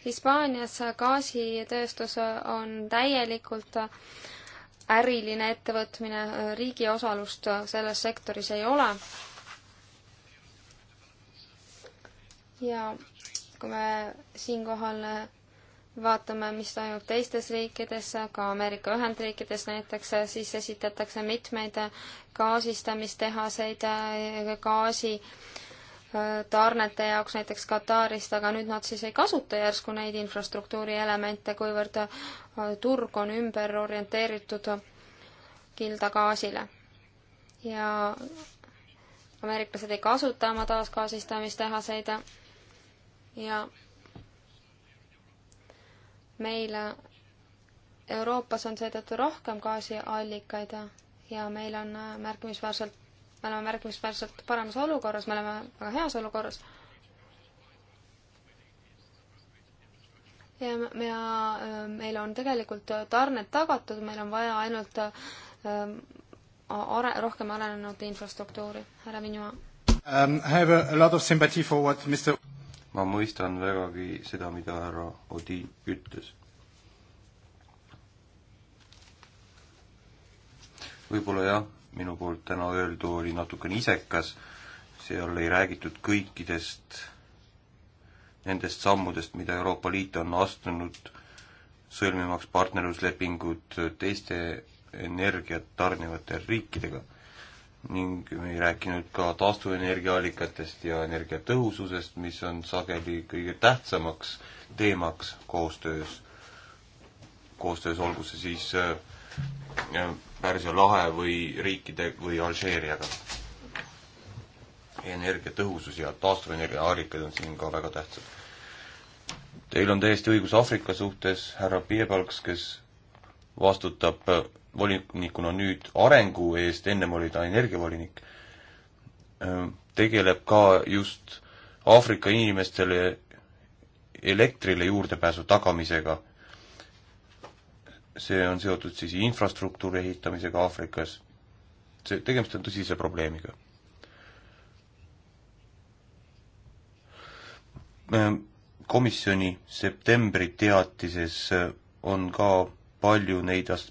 Speaker 3: Hispaanias gaasitööstus on täielikult äriline ettevõtmine, riigi osalust selles sektoris ei ole. ja kui me siinkohal vaatame, mis toimub teistes riikides, ka Ameerika Ühendriikides näiteks, siis esitatakse mitmeid gaasistamistehaseid, gaasi tarnete jaoks näiteks Katarist, aga nüüd nad siis ei kasuta järsku neid infrastruktuuri elemente, kuivõrd äh, turg on ümber orienteeritud kildagaasile. ja ameeriklased ei kasuta oma taasgaasistamistehaseid ja meil Euroopas on seetõttu rohkem gaasiallikaid ja meil on märkimisväärselt me oleme märkimisväärselt paremas olukorras, me oleme väga heas olukorras. ja, ja ähm, meil on tegelikult tarned tagatud, meil on vaja ainult ähm, are-, rohkem arenenud infrastruktuuri. härra Vinua
Speaker 1: um,. I have a, a lot of sympathy for what Mr ma mõistan vägagi seda, mida härra Odi ütles võib-olla jah, minu poolt täna öeldu oli natukene isekas, seal ei räägitud kõikidest nendest sammudest, mida Euroopa Liit on astunud, sõlmimaks partnerluslepingud teiste energiat tarnivate riikidega. ning me ei rääkinud ka taastuvenergiaallikatest ja energiatõhususest, mis on sageli kõige tähtsamaks teemaks koostöös, koostöös olgu see siis äh, Pärsia lahe või riikide või Alžeeriaga. energiatõhusus ja taastuvenergia allikad on siin ka väga tähtsad. Teil on täiesti õigus Aafrika suhtes, härra Piebalgs, kes vastutab äh, volinikuna nüüd arengu eest, ennem oli ta energiavolinik, äh, tegeleb ka just Aafrika inimestele elektrile juurdepääsu tagamisega see on seotud siis infrastruktuuri ehitamisega Aafrikas, see, tegemist on tõsise probleemiga. komisjoni septembri teatises äh, on ka palju neid as-,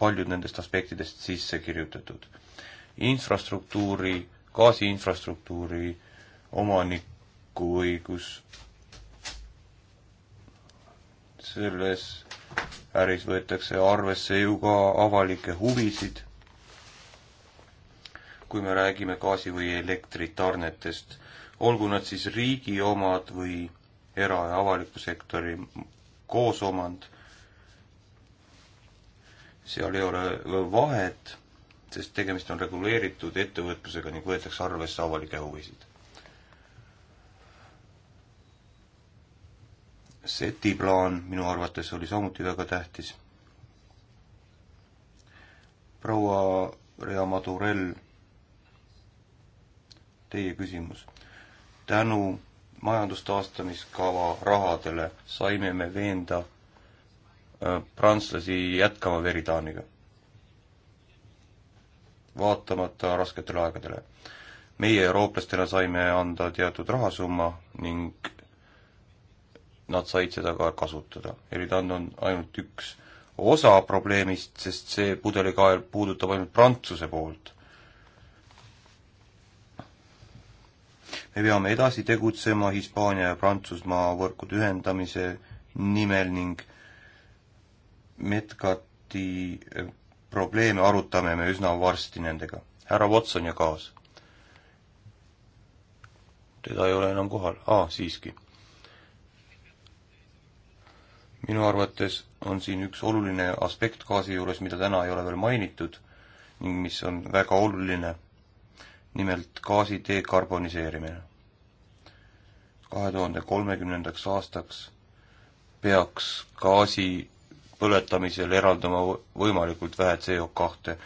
Speaker 1: paljud nendest aspektidest sisse kirjutatud. infrastruktuuri, gaasiinfrastruktuuri omanikuõigus selles äris võetakse arvesse ju ka avalikke huvisid, kui me räägime gaasi- või elektritarnetest, olgu nad siis riigi omad või era- ja avaliku sektori koosomand, seal ei ole vahet, sest tegemist on reguleeritud ettevõtlusega ning võetakse arvesse avalikke huvisid seti plaan minu arvates oli samuti väga tähtis. proua Rea Madurell, teie küsimus. tänu majandustaastamiskava rahadele saime me veenda äh, prantslasi jätkama Veritaaniga, vaatamata rasketele aegadele. meie eurooplastena saime anda teatud rahasumma ning nad said seda ka kasutada. Eridan on ainult üks osa probleemist, sest see pudelikael puudutab ainult Prantsuse poolt. me peame edasi tegutsema Hispaania ja Prantsusmaa võrkude ühendamise nimel ning Medcati eh, probleeme arutame me üsna varsti nendega. härra Watson ja kaas. teda ei ole enam kohal, aa, siiski minu arvates on siin üks oluline aspekt gaasi juures, mida täna ei ole veel mainitud ning mis on väga oluline, nimelt gaasi dekarboniseerimine. kahe tuhande kolmekümnendaks aastaks peaks gaasi põletamisel eraldama võimalikult vähe CO2.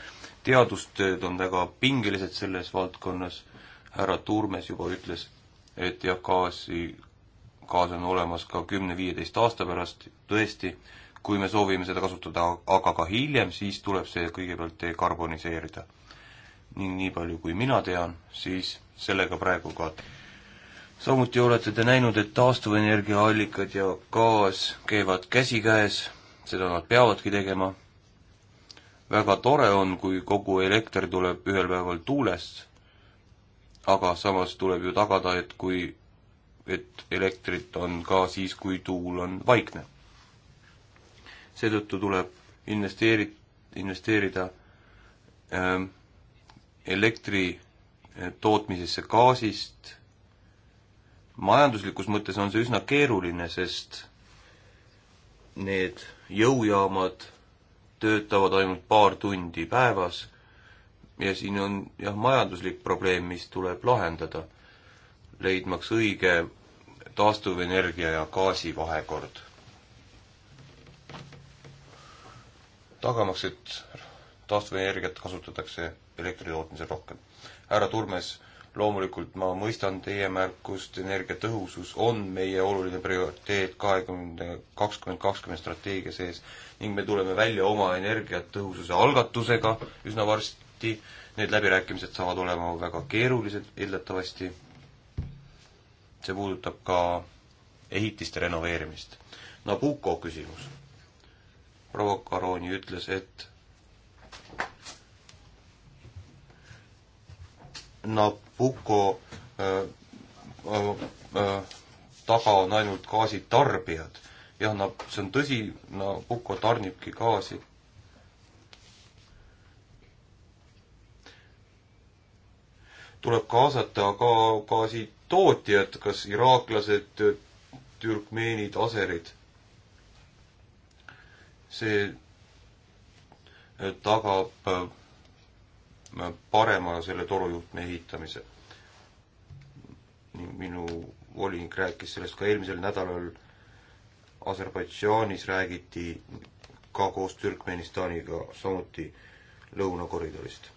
Speaker 1: teadustööd on väga pingelised selles valdkonnas, härra Turmes juba ütles, et jah, gaasi gaas on olemas ka kümne-viieteist aasta pärast, tõesti, kui me soovime seda kasutada, aga ka hiljem, siis tuleb see kõigepealt dekarboniseerida. ning nii palju, kui mina tean, siis sellega praegu ka. samuti olete te näinud, et taastuvenergiaallikad ja gaas käivad käsikäes, seda nad peavadki tegema. väga tore on, kui kogu elekter tuleb ühel päeval tuulest, aga samas tuleb ju tagada, et kui et elektrit on ka siis, kui tuul on vaikne. seetõttu tuleb investeeri-, investeerida ähm, elektri äh, tootmisesse gaasist, majanduslikus mõttes on see üsna keeruline, sest need jõujaamad töötavad ainult paar tundi päevas ja siin on jah, majanduslik probleem, mis tuleb lahendada leidmaks õige taastuvenergia ja gaasi vahekord. tagamaks, et taastuvenergiat kasutatakse elektri tootmisel rohkem. härra Turmes, loomulikult ma mõistan teie märkust, energiatõhusus on meie oluline prioriteet kahekümne, kakskümmend kakskümmend strateegia sees ning me tuleme välja oma energiatõhususe algatusega üsna varsti. Need läbirääkimised saavad olema väga keerulised, eeldatavasti see puudutab ka ehitiste renoveerimist. Nabucco küsimus. proua Karoni ütles, et Nabucco äh, äh, äh, taga on ainult gaasitarbijad. jah, nad, see on tõsi, Nabucco tarnibki gaasi. tuleb kaasata ka gaasi tootjad, kas iraaklased, türkmeenid, aserid. see tagab äh, parema selle torujuhtme ehitamise. minu volinik rääkis sellest ka eelmisel nädalal. Aserbaidžaanis räägiti ka koos Türkmenistaniga samuti lõunakoridorist.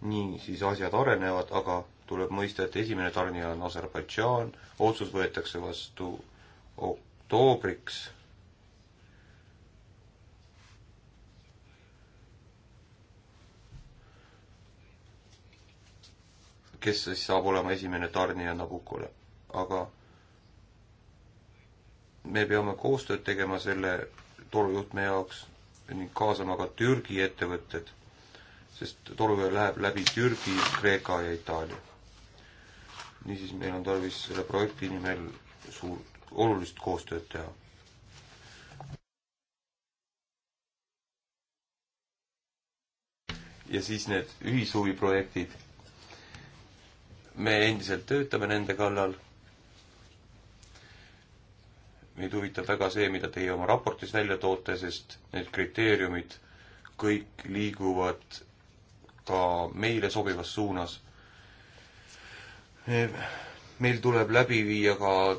Speaker 1: nii siis asjad arenevad, aga tuleb mõista, et esimene tarnija on Aserbaidžaan, otsus võetakse vastu oktoobriks. kes siis saab olema esimene tarnija Nabukole, aga me peame koostööd tegema selle torujuhtme jaoks ning kaasama ka Türgi ettevõtted, sest toru läheb läbi Türgi, Kreeka ja Itaalia niisiis meil on tarvis selle projekti nimel suur, olulist koostööd teha. ja siis need ühishuviprojektid. me endiselt töötame nende kallal. meid huvitab väga see, mida teie oma raportis välja toote, sest need kriteeriumid kõik liiguvad ka meile sobivas suunas meil tuleb läbi viia ka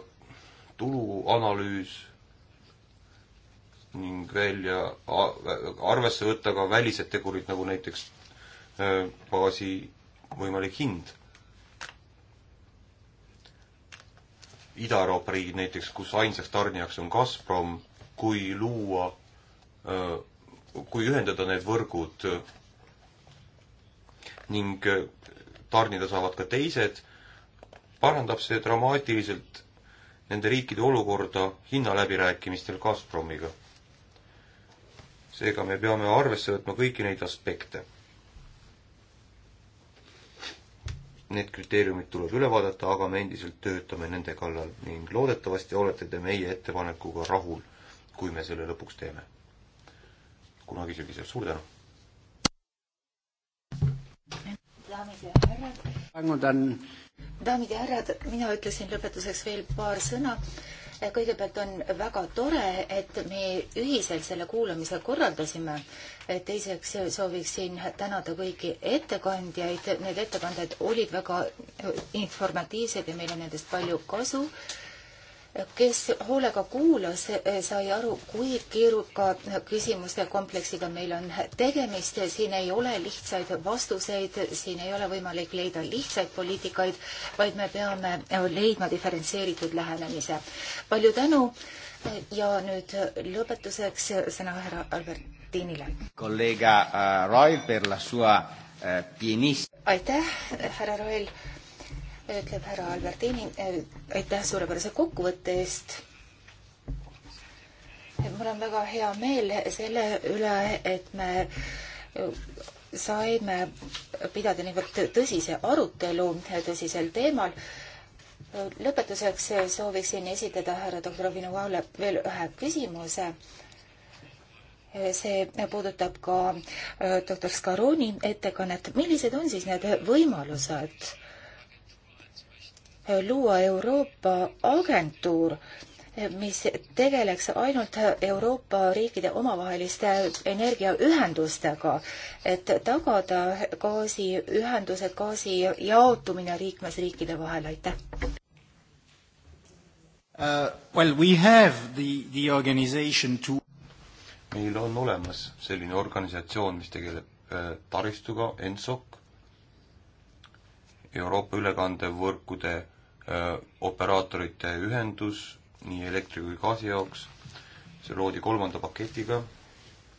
Speaker 1: tuluanalüüs ning välja, arvesse võtta ka välised tegurid, nagu näiteks gaasi e, võimalik hind. Ida-Euroopa riigid näiteks, kus ainsaks tarnijaks on Gazprom, kui luua, e, kui ühendada need võrgud ning tarnida saavad ka teised parandab see dramaatiliselt nende riikide olukorda hinnaläbirääkimistel Gazpromiga. seega me peame arvesse võtma kõiki neid aspekte. Need kriteeriumid tuleb üle vaadata, aga me endiselt töötame nende kallal ning loodetavasti olete te meie ettepanekuga rahul, kui me selle lõpuks teeme. kunagi sügisel, suur tänu! daamid ja härrad
Speaker 2: daamid ja härrad, mina ütlesin lõpetuseks veel paar sõna. kõigepealt on väga tore, et me ühiselt selle kuulamise korraldasime. teiseks sooviksin tänada kõiki ettekandjaid, need ettekanded olid väga informatiivsed ja meil on nendest palju kasu kes hoolega kuulas, sai aru, kui keeruka küsimuste kompleksiga meil on tegemist. siin ei ole lihtsaid vastuseid, siin ei ole võimalik leida lihtsaid poliitikaid, vaid me peame leidma diferentseeritud lähenemise. palju tänu ja nüüd lõpetuseks sõna härra Albertinile.
Speaker 1: kolleeg äh, Roil per la sua äh, pianist.
Speaker 2: aitäh, härra Roil ütleb härra Albertini. Äh, aitäh suurepärase kokkuvõtte eest. mul on väga hea meel selle üle, et me äh, saime pidada niivõrd tõsise arutelu tõsisel teemal. lõpetuseks sooviksin esitada härra doktor Ovinovale veel ühe küsimuse see puudutab ka äh, doktor Scaroni ettekannet. millised on siis need võimalused Äh, luua Euroopa agentuur, mis tegeleks ainult Euroopa riikide omavaheliste energiaühendustega, et tagada gaasiühendused, gaasi jaotumine liikmesriikide vahel, aitäh uh,?
Speaker 1: Well, we have the, the organization to meil on olemas selline organisatsioon, mis tegeleb äh, taristuga, ENSOK, Euroopa ülekandevõrkude Äh, operaatorite ühendus nii elektri kui gaasi jaoks. see loodi kolmanda paketiga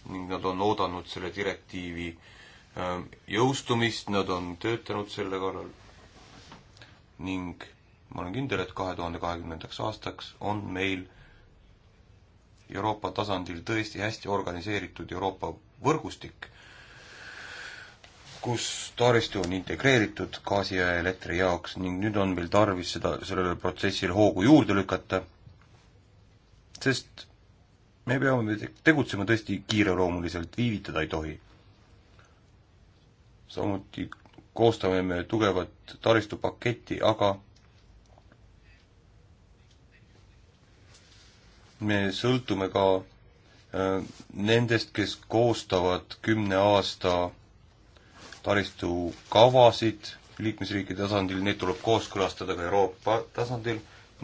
Speaker 1: ning nad on oodanud selle direktiivi ähm, jõustumist, nad on töötanud selle kallal ning ma olen kindel, et kahe tuhande kahekümnendaks aastaks on meil Euroopa tasandil tõesti hästi organiseeritud Euroopa võrgustik kus taristu on integreeritud gaasi ja elektri jaoks ning nüüd on meil tarvis seda, sellele protsessile hoogu juurde lükata, sest me peame tegutsema tõesti kiireloomuliselt, viivitada ei tohi. samuti koostame me tugevat taristupaketti, aga me sõltume ka äh, nendest, kes koostavad kümne aasta taristukavasid liikmesriigi tasandil, neid tuleb kooskõlastada ka Euroopa tasandil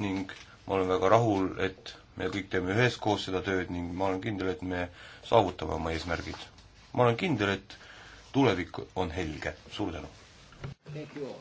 Speaker 1: ning ma olen väga rahul, et me kõik teeme üheskoos seda tööd ning ma olen kindel, et me saavutame oma eesmärgid. ma olen kindel, et tulevik on helge. suur tänu!